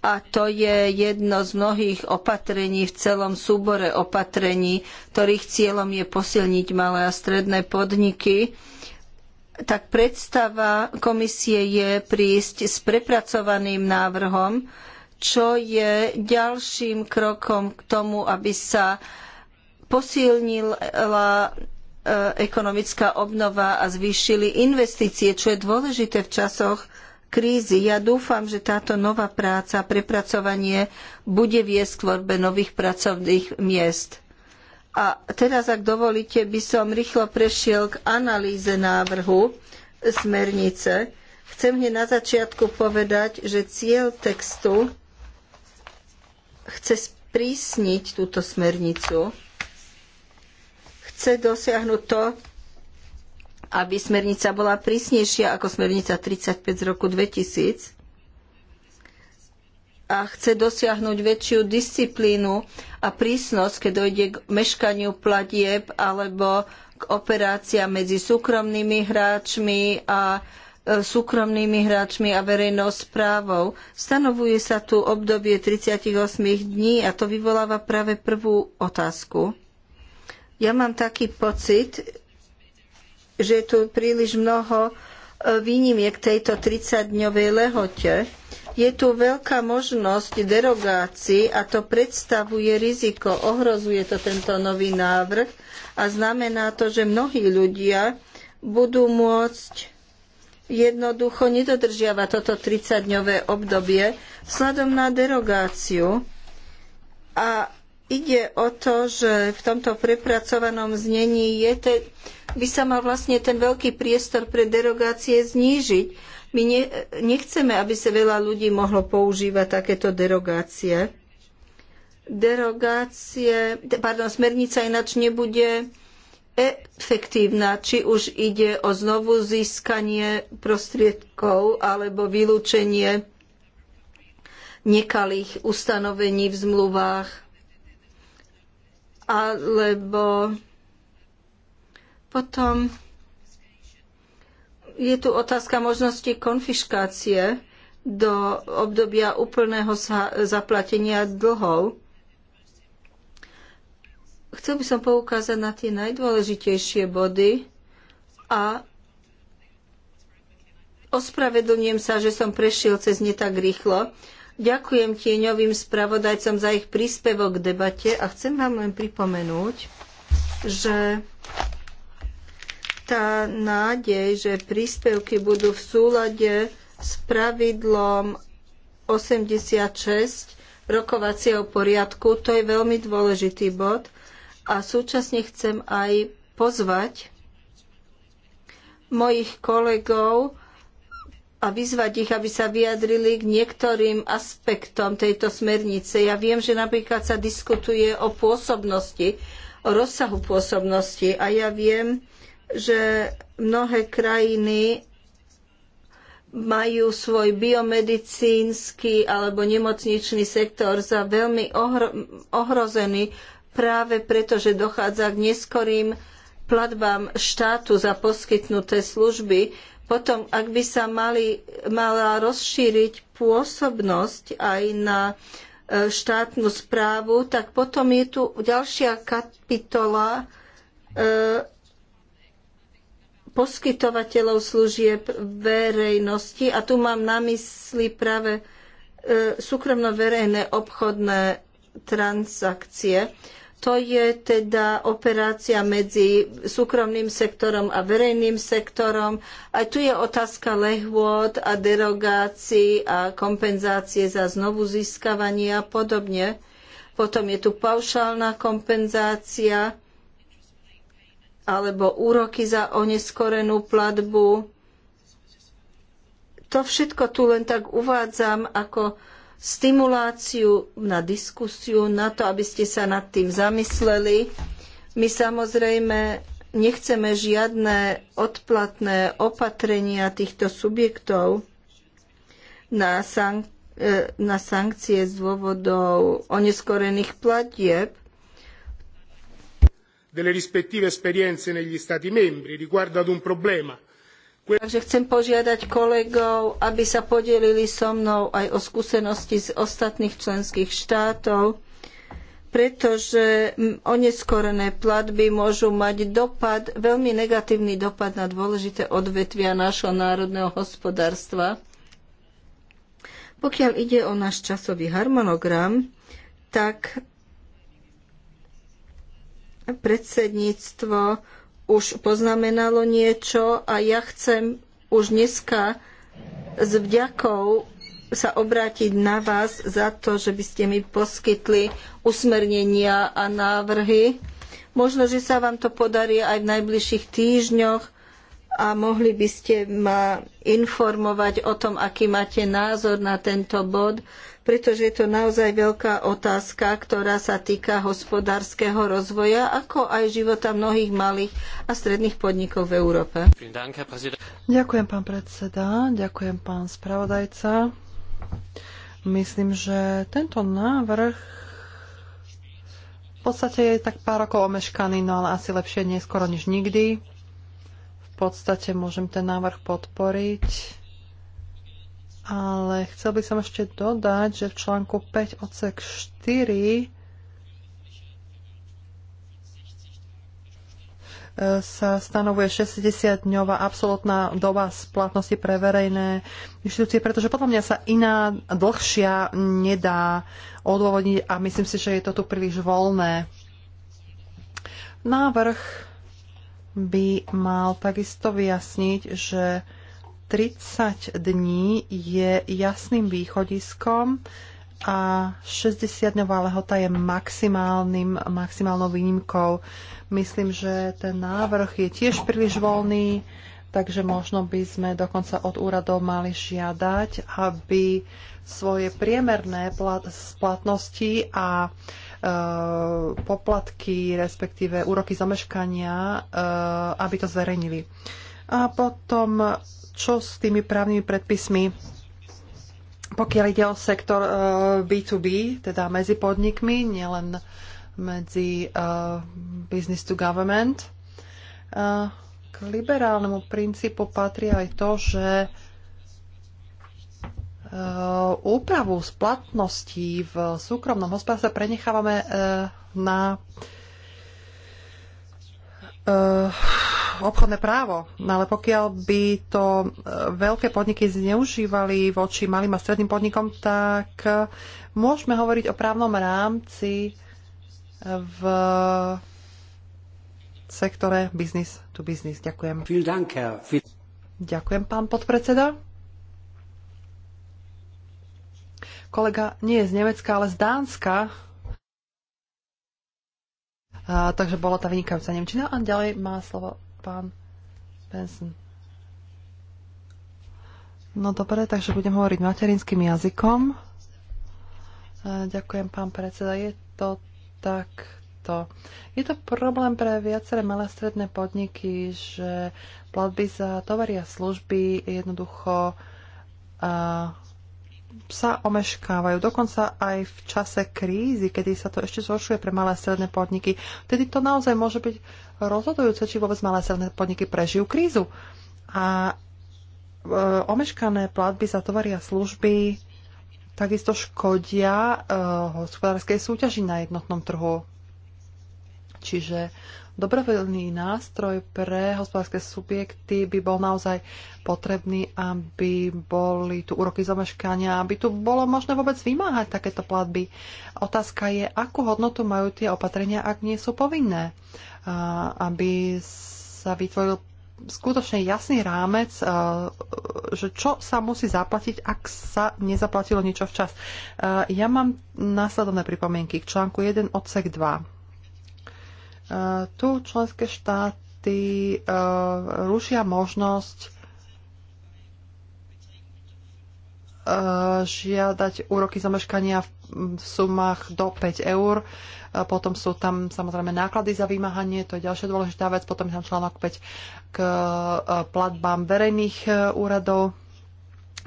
[SPEAKER 3] a to je jedno z mnohých opatrení v celom súbore opatrení, ktorých cieľom je posilniť malé a stredné podniky, tak predstava komisie je prísť s prepracovaným návrhom, čo je ďalším krokom k tomu, aby sa posilnila e, ekonomická obnova a zvýšili investície, čo je dôležité v časoch krízy. Ja dúfam, že táto nová práca, prepracovanie bude viesť k tvorbe nových pracovných miest. A teraz, ak dovolíte, by som rýchlo prešiel k analýze návrhu smernice. Chcem hneď na začiatku povedať, že cieľ textu chce sprísniť túto smernicu chce dosiahnuť to, aby smernica bola prísnejšia ako smernica 35 z roku 2000 a chce dosiahnuť väčšiu disciplínu a prísnosť, keď dojde k meškaniu platieb alebo k operáciám medzi súkromnými hráčmi a e, súkromnými hráčmi a verejnou správou. Stanovuje sa tu obdobie 38 dní a to vyvoláva práve prvú otázku. Ja mám taký pocit, že je tu príliš mnoho e, výnimiek tejto 30-dňovej lehote. Je tu veľká možnosť derogácií a to predstavuje riziko, ohrozuje to tento nový návrh a znamená to, že mnohí ľudia budú môcť jednoducho nedodržiavať toto 30-dňové obdobie vzhľadom na derogáciu. A Ide o to, že v tomto prepracovanom znení je te, by sa mal vlastne ten veľký priestor pre derogácie znížiť. My ne, nechceme, aby sa veľa ľudí mohlo používať takéto derogácie. Derogácie, pardon, smernica ináč nebude efektívna, či už ide o znovu získanie prostriedkov alebo vylúčenie nekalých ustanovení v zmluvách alebo potom je tu otázka možnosti konfiškácie do obdobia úplného zaplatenia dlhov. Chcel by som poukázať na tie najdôležitejšie body a ospravedlňujem sa, že som prešiel cez ne tak rýchlo. Ďakujem tieňovým spravodajcom za ich príspevok k debate a chcem vám len pripomenúť, že tá nádej, že príspevky budú v súlade s pravidlom 86 rokovacieho poriadku, to je veľmi dôležitý bod a súčasne chcem aj pozvať mojich kolegov, a vyzvať ich, aby sa vyjadrili k niektorým aspektom tejto smernice. Ja viem, že napríklad sa diskutuje o pôsobnosti, o rozsahu pôsobnosti a ja viem, že mnohé krajiny majú svoj biomedicínsky alebo nemocničný sektor za veľmi ohrozený práve preto, že dochádza k neskorým platbám štátu za poskytnuté služby. Potom, ak by sa mali, mala rozšíriť pôsobnosť aj na e, štátnu správu, tak potom je tu ďalšia kapitola e, poskytovateľov služieb verejnosti a tu mám na mysli práve e, súkromno-verejné obchodné transakcie. E, to je teda operácia medzi súkromným sektorom a verejným sektorom. A tu je otázka lehôd a derogácií a kompenzácie za znovu získavanie a podobne. Potom je tu paušálna kompenzácia alebo úroky za oneskorenú platbu. To všetko tu len tak uvádzam ako stimuláciu na diskusiu, na to, aby ste sa nad tým zamysleli. My samozrejme nechceme žiadne odplatné opatrenia týchto subjektov na, sank- e, na sankcie z dôvodov oneskorených platieb, delle rispettive esperienze negli Stati membri riguardo ad un problema Takže chcem požiadať kolegov, aby sa podelili so mnou aj o skúsenosti z ostatných členských štátov, pretože oneskorené platby môžu mať dopad, veľmi negatívny dopad na dôležité odvetvia nášho národného hospodárstva. Pokiaľ ide o náš časový harmonogram, tak predsedníctvo už poznamenalo niečo a ja chcem už dneska s vďakou sa obrátiť na vás za to, že by ste mi poskytli usmernenia a návrhy. Možno, že sa vám to podarí aj v najbližších týždňoch a mohli by ste ma informovať o tom, aký máte názor na tento bod, pretože je to naozaj veľká otázka, ktorá sa týka hospodárskeho rozvoja, ako aj života mnohých malých a stredných podnikov v Európe.
[SPEAKER 4] Ďakujem, pán predseda, ďakujem, pán spravodajca. Myslím, že tento návrh v podstate je tak pár rokov omeškaný, no ale asi lepšie neskoro než nikdy podstate môžem ten návrh podporiť, ale chcel by som ešte dodať, že v článku 5 odsek 4 e, sa stanovuje 60-dňová absolútna doba splatnosti pre verejné inštitúcie, pretože podľa mňa sa iná dlhšia nedá odôvodniť a myslím si, že je to tu príliš voľné. Návrh by mal takisto vyjasniť, že 30 dní je jasným východiskom a 60-dňová lehota je maximálnym, maximálnou výnimkou. Myslím, že ten návrh je tiež príliš voľný, takže možno by sme dokonca od úradov mali žiadať, aby svoje priemerné plat- splatnosti a Eh, poplatky, respektíve úroky zameškania, eh, aby to zverejnili. A potom, čo s tými právnymi predpismi, pokiaľ ide o sektor B2B, eh, teda medzi podnikmi, nielen medzi business to government, k liberálnemu princípu patrí aj to, že Eh, úpravu splatností v súkromnom hospodárstve prenechávame eh, na eh, obchodné právo. No ale pokiaľ by to veľké podniky zneužívali voči malým a stredným podnikom, tak môžeme hovoriť o právnom rámci v sektore business to business. Ďakujem. Ďakujem, pán podpredseda. kolega nie je z Nemecka, ale z Dánska. A, takže bola tá vynikajúca Nemčina. A ďalej má slovo pán Benson. No dobre, takže budem hovoriť
[SPEAKER 1] materinským
[SPEAKER 4] jazykom. A, ďakujem, pán predseda. Je to takto. Je to problém pre viaceré malé stredné podniky, že platby za tovary a služby jednoducho uh, sa omeškávajú, dokonca aj v čase krízy, kedy sa to ešte zhoršuje pre malé a stredné podniky. Vtedy to naozaj môže byť rozhodujúce, či vôbec malé a stredné podniky prežijú krízu. A e, omeškané platby za tovary a služby takisto škodia e, hospodárskej súťaži na jednotnom trhu. Čiže dobrovoľný nástroj pre hospodárske subjekty by bol naozaj potrebný, aby boli tu úroky zameškania, aby tu bolo možné vôbec vymáhať takéto platby. Otázka je, akú hodnotu majú tie opatrenia, ak nie sú povinné, aby sa vytvoril skutočne jasný rámec, že čo sa musí zaplatiť, ak sa nezaplatilo niečo včas. Ja mám následovné pripomienky k článku 1 odsek 2 tu členské štáty e, rušia možnosť e, žiadať úroky zameškania v sumách do 5 eur. E, potom sú tam samozrejme náklady za vymáhanie, to je ďalšia dôležitá vec. Potom je tam článok 5 k platbám verejných úradov.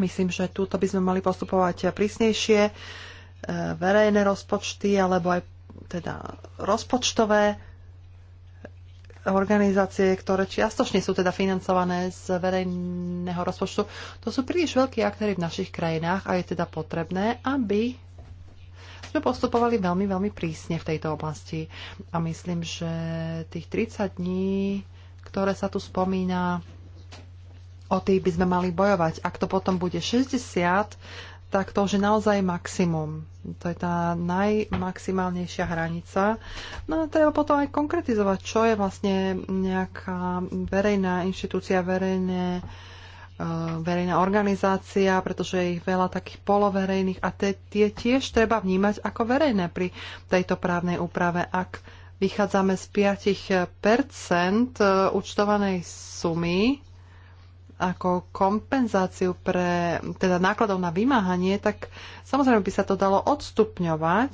[SPEAKER 4] Myslím, že túto by sme mali postupovať prísnejšie. Verejné rozpočty alebo aj teda rozpočtové organizácie, ktoré čiastočne sú teda financované z verejného rozpočtu, to sú príliš veľkí aktéry v našich krajinách a je teda potrebné, aby sme postupovali veľmi, veľmi prísne v tejto oblasti. A myslím, že tých 30 dní, ktoré sa tu spomína, o tých by sme mali bojovať. Ak to potom bude 60, tak to už je naozaj maximum. To je tá najmaximálnejšia hranica. No a treba potom aj konkretizovať, čo je vlastne nejaká verejná inštitúcia, verejné, e, verejná organizácia, pretože je ich veľa takých poloverejných a te, tie tiež treba vnímať ako verejné pri tejto právnej úprave. Ak vychádzame z 5% e, účtovanej sumy, ako kompenzáciu pre teda nákladov na vymáhanie, tak samozrejme by sa to dalo odstupňovať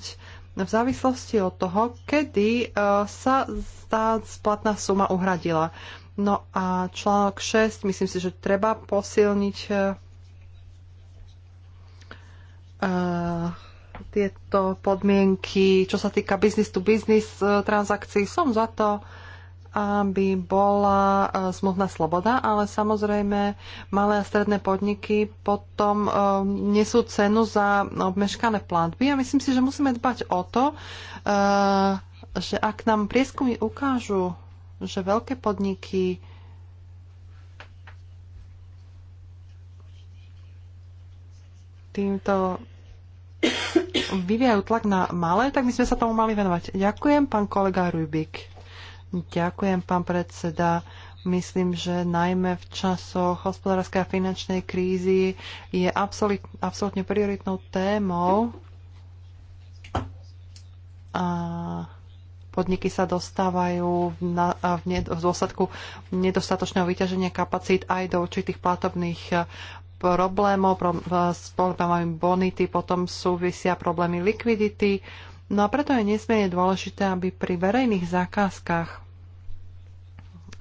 [SPEAKER 4] v závislosti od toho, kedy e, sa tá splatná suma uhradila. No a článok 6, myslím si, že treba posilniť e, e, tieto podmienky, čo sa týka business to business transakcií. Som za to, aby bola e, smluvná sloboda, ale samozrejme malé a stredné podniky potom e, nesú cenu za obmeškané platby a myslím si, že musíme dbať o to, e, že ak nám prieskumy ukážu, že veľké podniky týmto vyvíjajú tlak na malé, tak my sme sa tomu mali venovať. Ďakujem, pán kolega Rubik. Ďakujem, pán predseda. Myslím, že najmä v časoch hospodárskej a finančnej krízy je absolútne prioritnou témou a podniky sa dostávajú na, v, ned, v dôsledku nedostatočného vyťaženia kapacít aj do určitých platobných problémov, pro, s problémami bonity, potom súvisia problémy likvidity, No a preto je nesmierne dôležité, aby pri verejných zákazkách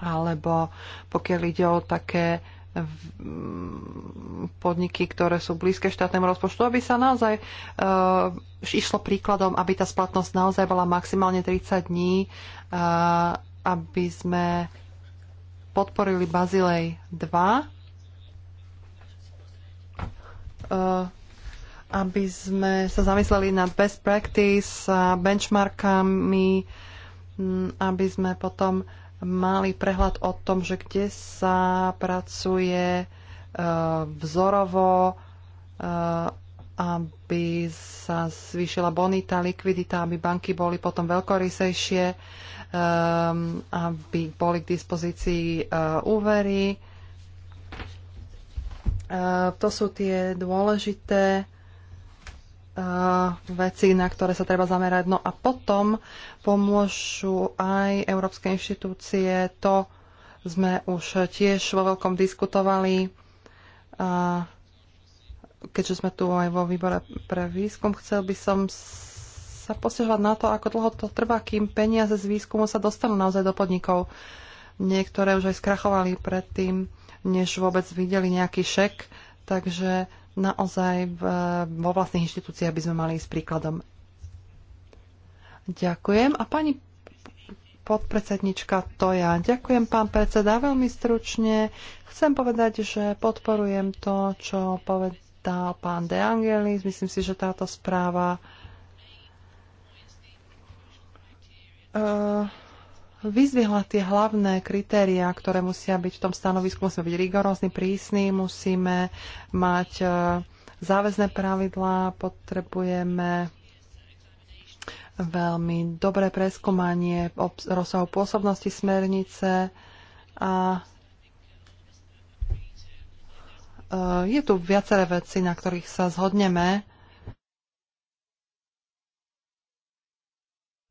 [SPEAKER 4] alebo pokiaľ ide o také mm, podniky, ktoré sú blízke štátnemu rozpočtu, aby sa naozaj uh, išlo príkladom, aby tá splatnosť naozaj bola maximálne 30 dní, uh, aby sme podporili Bazilej 2. Uh, e, aby sme sa zamysleli nad best practice a benchmarkami, aby sme potom mali prehľad o tom, že kde sa pracuje e, vzorovo, e, aby sa zvýšila bonita, likvidita, aby banky boli potom veľkorysejšie, e, aby boli k dispozícii úvery. To sú tie dôležité veci, na ktoré sa treba zamerať. No a potom pomôžu aj európske inštitúcie. To sme už tiež vo veľkom diskutovali. keďže sme tu aj vo výbore pre výskum, chcel by som sa posiahovať na to, ako dlho to trvá, kým peniaze z výskumu sa dostanú naozaj do podnikov. Niektoré už aj skrachovali predtým, než vôbec videli nejaký šek, takže naozaj v, vo vlastných inštitúciách by sme mali ísť príkladom. Ďakujem. A pani podpredsednička Toja. Ďakujem, pán predseda, veľmi stručne. Chcem povedať, že podporujem to, čo povedal pán De Angelis. Myslím si, že táto správa uh, vyzvihla tie hlavné kritériá, ktoré musia byť v tom stanovisku. Musíme byť rigorózni, prísni, musíme mať e, záväzné pravidlá, potrebujeme veľmi dobré preskúmanie rozsahu pôsobnosti smernice a e, je tu viaceré veci, na ktorých sa zhodneme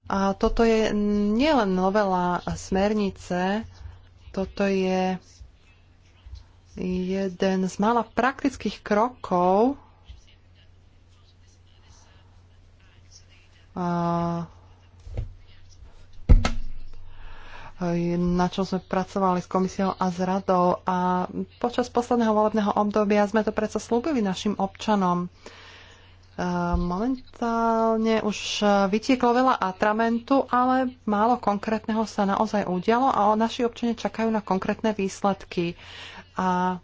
[SPEAKER 4] A toto je nielen novela smernice, toto je jeden z mála praktických krokov, na čom sme pracovali s komisiou a s radou. A počas posledného volebného obdobia sme to predsa slúbili našim občanom. Momentálne už e, vytieklo veľa atramentu, ale málo konkrétneho sa naozaj udialo a naši občania čakajú na konkrétne výsledky. A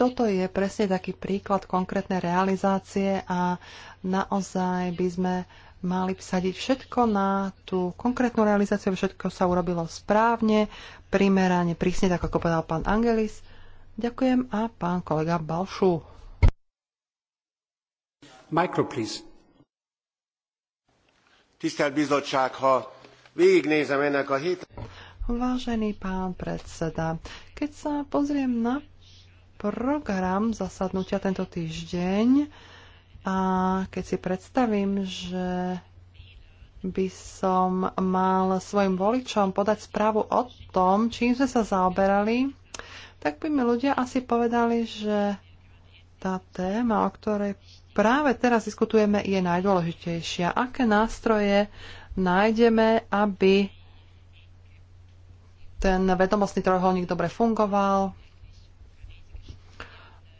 [SPEAKER 4] toto je presne taký príklad konkrétnej realizácie a naozaj by sme mali vsadiť všetko na tú konkrétnu realizáciu, všetko sa urobilo správne, primerane, prísne, tak ako povedal pán Angelis. Ďakujem a pán kolega Balšu.
[SPEAKER 1] Tisztelt bizottság,
[SPEAKER 2] ha végignézem ennek a hét...
[SPEAKER 4] Vážený pán predseda, keď sa pozriem na program zasadnutia tento týždeň a keď si predstavím, že by som mal svojim voličom podať správu o tom, čím sme sa zaoberali, tak by mi ľudia asi povedali, že tá téma, o ktorej práve teraz diskutujeme, je najdôležitejšia. Aké nástroje nájdeme, aby ten vedomostný trojuholník dobre fungoval,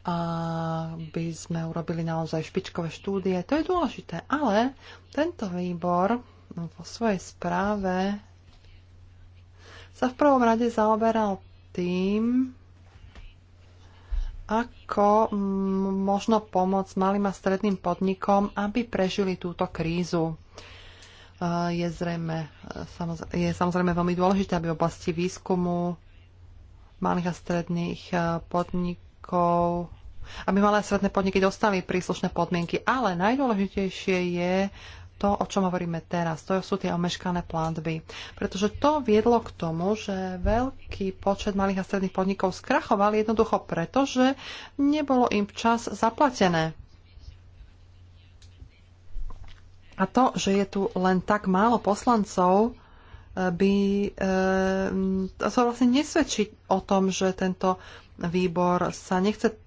[SPEAKER 4] aby sme urobili naozaj špičkové štúdie. To je dôležité, ale tento výbor vo svojej správe sa v prvom rade zaoberal tým, ako možno pomôcť malým a stredným podnikom, aby prežili túto krízu. E, je, zrejme, e, je samozrejme veľmi dôležité, aby v oblasti výskumu malých a stredných e, podnikov, aby malé a stredné podniky dostali príslušné podmienky. Ale najdôležitejšie je, to, o čom hovoríme teraz. To sú tie omeškané plátby. Pretože to viedlo k tomu, že veľký počet malých a stredných podnikov skrachoval jednoducho preto, že nebolo im čas zaplatené. A to, že je tu len tak málo poslancov, e, by e, to sa vlastne nesvedčí o tom, že tento výbor sa nechce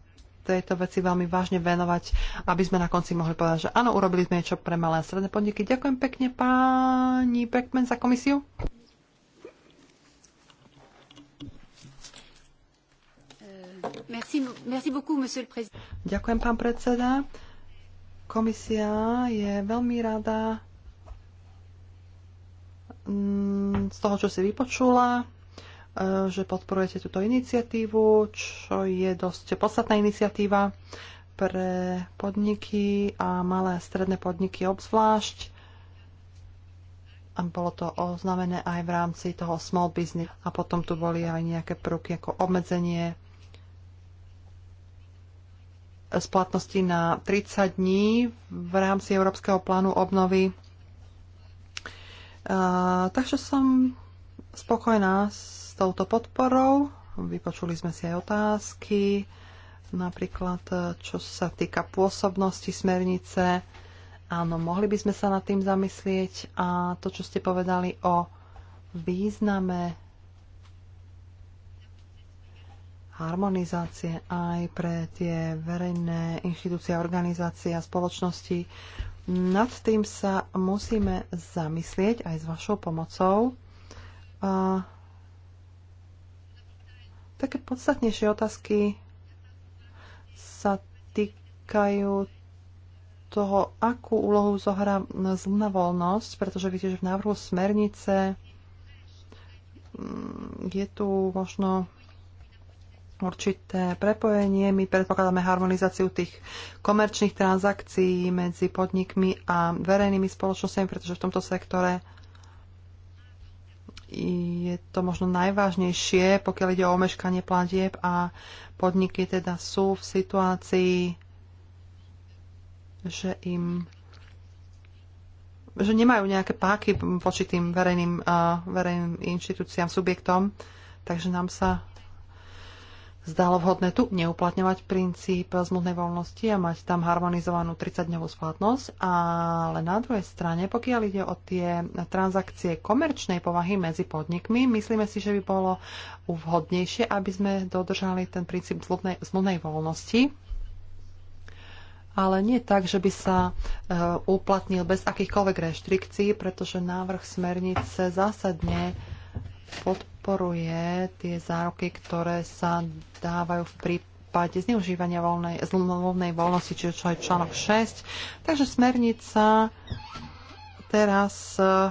[SPEAKER 4] tejto veci veľmi vážne venovať, aby sme na konci mohli povedať, že áno, urobili sme niečo pre malé a stredné podniky. Ďakujem pekne pani Beckman za komisiu.
[SPEAKER 2] Eh, merci, merci beaucoup,
[SPEAKER 4] Ďakujem, pán predseda. Komisia je veľmi rada mm, z toho, čo si vypočula E, že podporujete túto iniciatívu, čo je dosť podstatná iniciatíva pre podniky a malé a stredné podniky obzvlášť. A bolo to oznámené aj v rámci toho small business. A potom tu boli aj nejaké prvky ako obmedzenie splatnosti na 30 dní v rámci Európskeho plánu obnovy. Uh, takže som spokojná s touto podporou. Vypočuli sme si aj otázky, napríklad čo sa týka pôsobnosti smernice. Áno, mohli by sme sa nad tým zamyslieť a to, čo ste povedali o význame harmonizácie aj pre tie verejné inštitúcie, organizácie a spoločnosti. Nad tým sa musíme zamyslieť aj s vašou pomocou. Uh, Také podstatnejšie otázky sa týkajú toho, akú úlohu zohrá zlná voľnosť, pretože viete, že v návrhu smernice mm, je tu možno určité prepojenie. My predpokladáme harmonizáciu tých komerčných transakcií medzi podnikmi a verejnými spoločnosťami, pretože v tomto sektore je to možno najvážnejšie, pokiaľ ide o omeškanie platieb a podniky teda sú v situácii, že im že nemajú nejaké páky voči tým verejným, uh, verejným inštitúciám, subjektom, takže nám sa zdalo vhodné tu neuplatňovať princíp zmluvnej voľnosti a mať tam harmonizovanú 30-dňovú splatnosť, ale na druhej strane, pokiaľ ide o tie transakcie komerčnej povahy medzi podnikmi, myslíme si, že by bolo vhodnejšie, aby sme dodržali ten princíp zmluvnej, zmluvnej voľnosti, ale nie tak, že by sa e, uplatnil bez akýchkoľvek reštrikcií, pretože návrh smernice zásadne podporuje podporuje tie zároky, ktoré sa dávajú v prípade zneužívania voľnej, voľnej voľnosti, čiže čo je článok 6. Takže smernica teraz eh,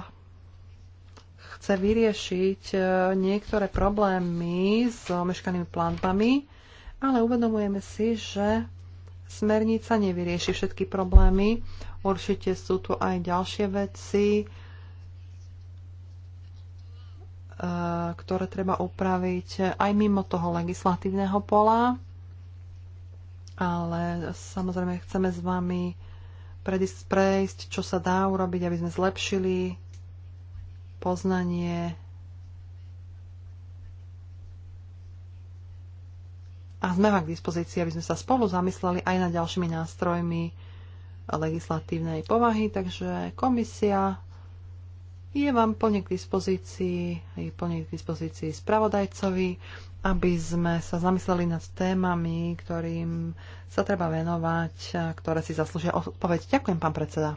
[SPEAKER 4] chce vyriešiť eh, niektoré problémy s omeškanými plantami, ale uvedomujeme si, že smernica nevyrieši všetky problémy. Určite sú tu aj ďalšie veci, Eh, ktoré treba upraviť aj mimo toho legislatívneho pola. Ale samozrejme chceme s vami prejsť, čo sa dá urobiť, aby sme zlepšili poznanie a sme vám k dispozícii, aby sme sa spolu zamysleli aj nad ďalšími nástrojmi legislatívnej povahy, takže komisia je vám plne k dispozícii, je plne k dispozícii spravodajcovi, aby sme sa zamysleli nad témami, ktorým sa treba venovať, a ktoré si zaslúžia odpoveď. Ďakujem, pán predseda.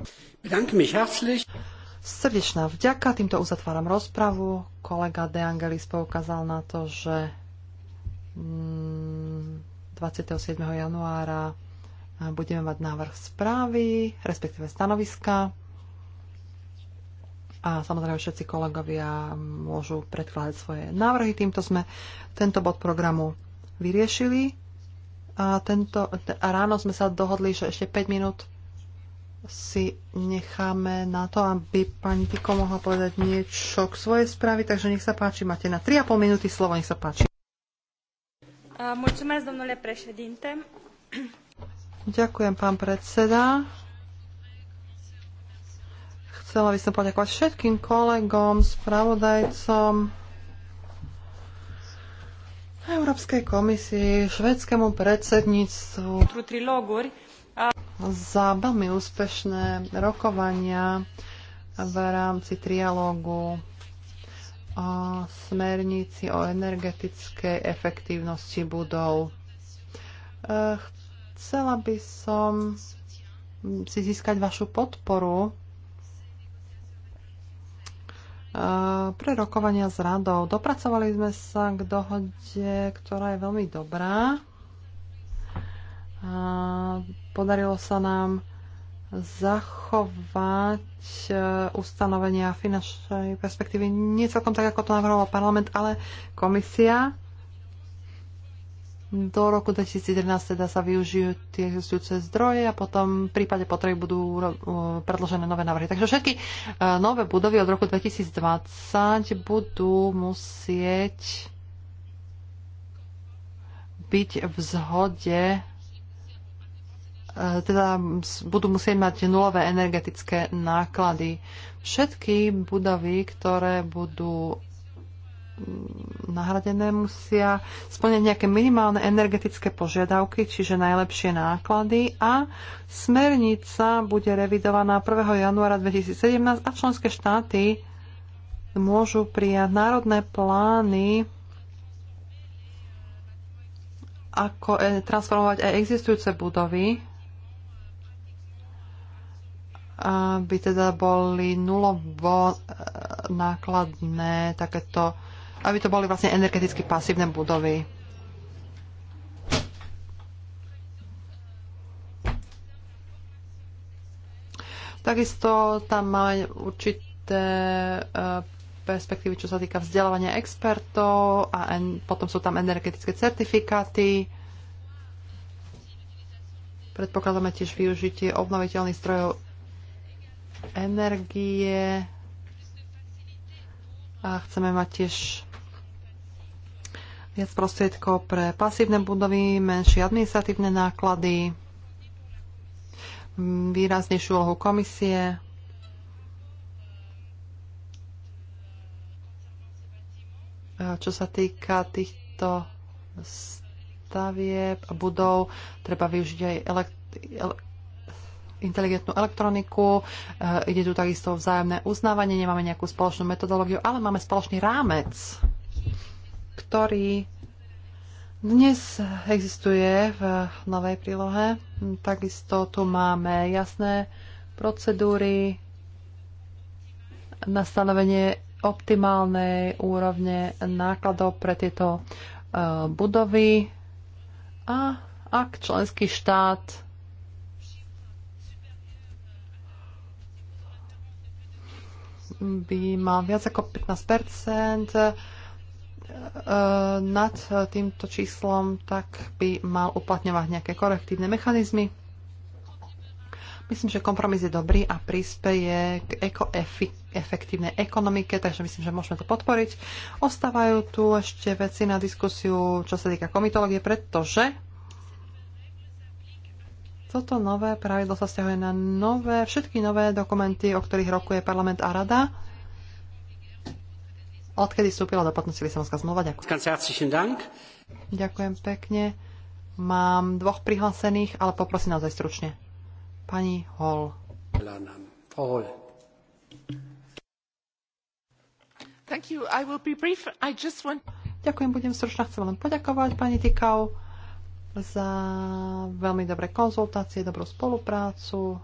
[SPEAKER 4] Srdečná vďaka, týmto uzatváram rozpravu. Kolega De Angelis poukázal na to, že 27. Mm, januára budeme mať návrh správy, respektíve stanoviska a samozrejme všetci kolegovia môžu predkladať svoje návrhy. Týmto sme tento bod programu vyriešili a, tento, a ráno sme sa dohodli, že ešte 5 minút si necháme na to, aby pani Tiko mohla povedať niečo k svojej správy. takže nech sa páči, máte na 3,5 minúty slovo, nech sa páči. Ďakujem, pán predseda. Chcela by som poďakovať všetkým kolegom, spravodajcom Európskej komisii, švedskému predsedníctvu za veľmi úspešné rokovania v rámci trialógu o smernici o energetickej efektívnosti budov. Chcela by som si získať vašu podporu Eh, pre rokovania s radou. Dopracovali sme sa k dohode, ktorá je veľmi dobrá. Podarilo sa nám zachovať eh, ustanovenia finančnej perspektívy nie celkom tak, ako to navrhoval parlament, ale komisia do roku 2011 teda sa využijú tie existujúce zdroje a potom v prípade potreby budú predložené nové návrhy. Takže všetky e, nové budovy od roku 2020 budú musieť byť v zhode e, teda budú musieť mať nulové energetické náklady. Všetky budovy, ktoré budú nahradené, musia splňať nejaké minimálne energetické požiadavky, čiže najlepšie náklady a smernica bude revidovaná 1. januára 2017 a členské štáty môžu prijať národné plány ako e, transformovať aj existujúce budovy, aby teda boli nulovo e, nákladné takéto aby to boli vlastne energeticky pasívne budovy. Takisto tam máme určité eh, perspektívy, čo sa týka vzdelávania expertov a en, potom sú tam energetické certifikáty. Predpokladáme tiež využitie obnoviteľných strojov energie a chceme mať tiež viac prostriedkov pre pasívne budovy, menšie administratívne náklady, výraznejšiu úlohu komisie. Čo sa týka týchto stavieb a budov, treba využiť aj elekt- inteligentnú elektroniku, e, ide tu takisto vzájomné uznávanie, nemáme nejakú spoločnú metodológiu, ale máme spoločný rámec ktorý dnes existuje v novej prílohe. Takisto tu máme jasné procedúry na stanovenie optimálnej úrovne nákladov pre tieto e, budovy a ak členský štát by mal viac ako 15 nad eh, týmto číslom, tak by mal uplatňovať nejaké korektívne mechanizmy. Myslím, že kompromis je dobrý a prispieje k efektívnej ekonomike, takže myslím, že môžeme to podporiť. Ostávajú tu ešte veci na diskusiu, čo sa týka komitológie, pretože toto nové pravidlo sa stiahuje na nové, všetky nové dokumenty, o ktorých rokuje parlament a rada odkedy vstúpila do platnosti Lisabonská zmluva. Ďakujem. Ďakujem pekne. Mám dvoch prihlásených, ale poprosím naozaj stručne. Pani Hall.
[SPEAKER 1] Hall. Want...
[SPEAKER 4] Ďakujem, budem stručná. Chcem len poďakovať pani Tikau za veľmi dobré konzultácie, dobrú spoluprácu,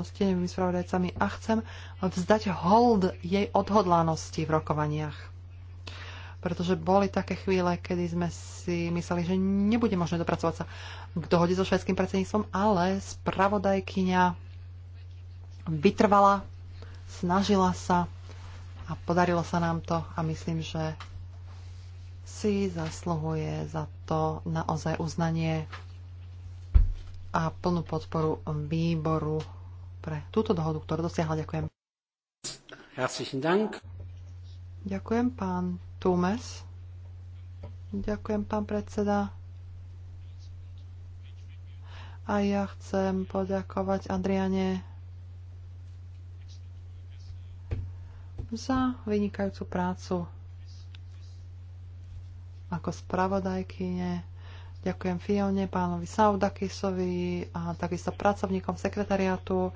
[SPEAKER 4] s tieňovými spravodajcami a chcem vzdať hold jej odhodlanosti v rokovaniach. Pretože boli také chvíle, kedy sme si mysleli, že nebude možné dopracovať sa k dohode so švedským predsedníctvom, ale spravodajkyňa vytrvala, snažila sa a podarilo sa nám to a myslím, že si zasluhuje za to naozaj uznanie a plnú podporu výboru pre túto dohodu, ktorú dosiahla. Ďakujem.
[SPEAKER 1] Herzlichen Dank.
[SPEAKER 4] Ďakujem, pán Tumes. Ďakujem, pán predseda. A ja chcem poďakovať Adriane za vynikajúcu prácu ako spravodajkyne Ďakujem Fione, pánovi Saudakisovi a takisto pracovníkom sekretariátu.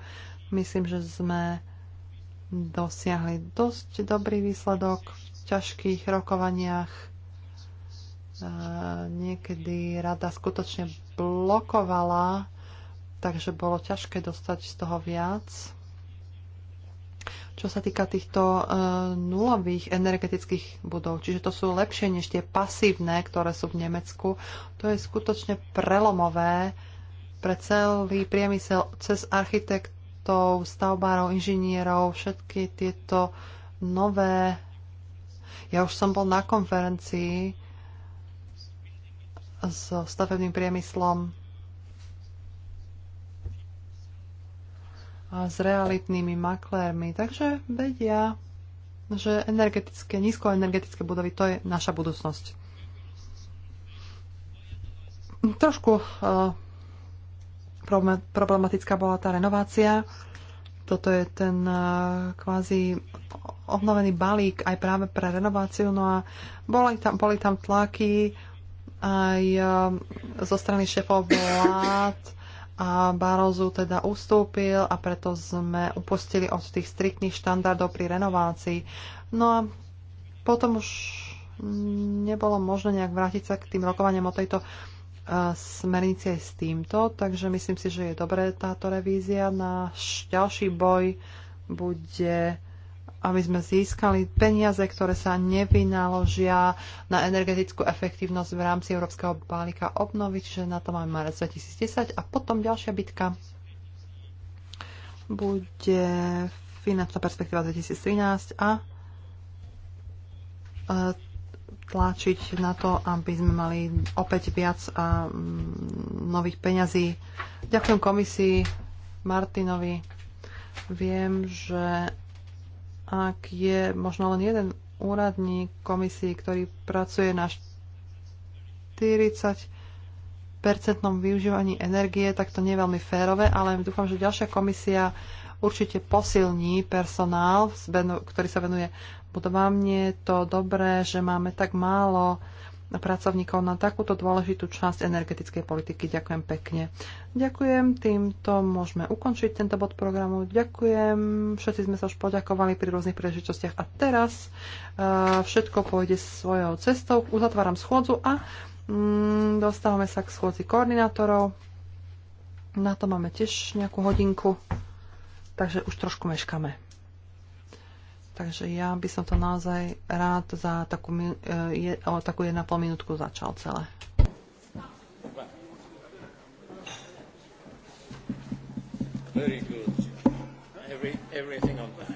[SPEAKER 4] Myslím, že sme dosiahli dosť dobrý výsledok v ťažkých rokovaniach. E, niekedy rada skutočne blokovala, takže bolo ťažké dostať z toho viac čo sa týka týchto uh, nulových energetických budov. Čiže to sú lepšie než tie pasívne, ktoré sú v Nemecku. To je skutočne prelomové pre celý priemysel cez architektov, stavbárov, inžinierov, všetky tieto nové. Ja už som bol na konferencii so stavebným priemyslom a s realitnými maklérmi. Takže vedia, že energetické, nízkoenergetické budovy to je naša budúcnosť. Trošku uh, problematická bola tá renovácia. Toto je ten uh, kvázi obnovený balík aj práve pre renováciu. No a boli tam, boli tam tlaky aj uh, zo strany šéfov vlád, a Barozu teda ustúpil a preto sme upustili od tých striktných štandardov pri renovácii. No a potom už nebolo možné nejak vrátiť sa k tým rokovaniam o tejto e, smernici aj s týmto, takže myslím si, že je dobré táto revízia. Náš ďalší boj bude aby sme získali peniaze, ktoré sa nevynaložia na energetickú efektívnosť v rámci Európskeho balíka obnoviť, že na to máme marec 2010 a potom ďalšia bitka bude finančná perspektíva 2013 a e, tlačiť na to, aby sme mali opäť viac a, nových peňazí. Ďakujem komisii, Martinovi. Viem, že ak je možno len jeden úradník komisii, ktorý pracuje na 40 percentnom využívaní energie, tak to nie je veľmi férové, ale dúfam, že ďalšia komisia určite posilní personál, ktorý sa venuje budovám. Nie je to dobré, že máme tak málo pracovníkov na takúto dôležitú časť energetickej politiky. Ďakujem pekne. Ďakujem, týmto môžeme ukončiť tento bod programu. Ďakujem, všetci sme sa už poďakovali pri rôznych príležitostiach a teraz uh, všetko pôjde svojou cestou. Uzatváram schôdzu a mm, dostávame sa k schôdzi koordinátorov. Na to máme tiež nejakú hodinku, takže už trošku meškame. Takže ja by som to naozaj rád za takú, e, je, o takú 1,5 minútku začal celé.
[SPEAKER 3] Very good. Every, everything on that.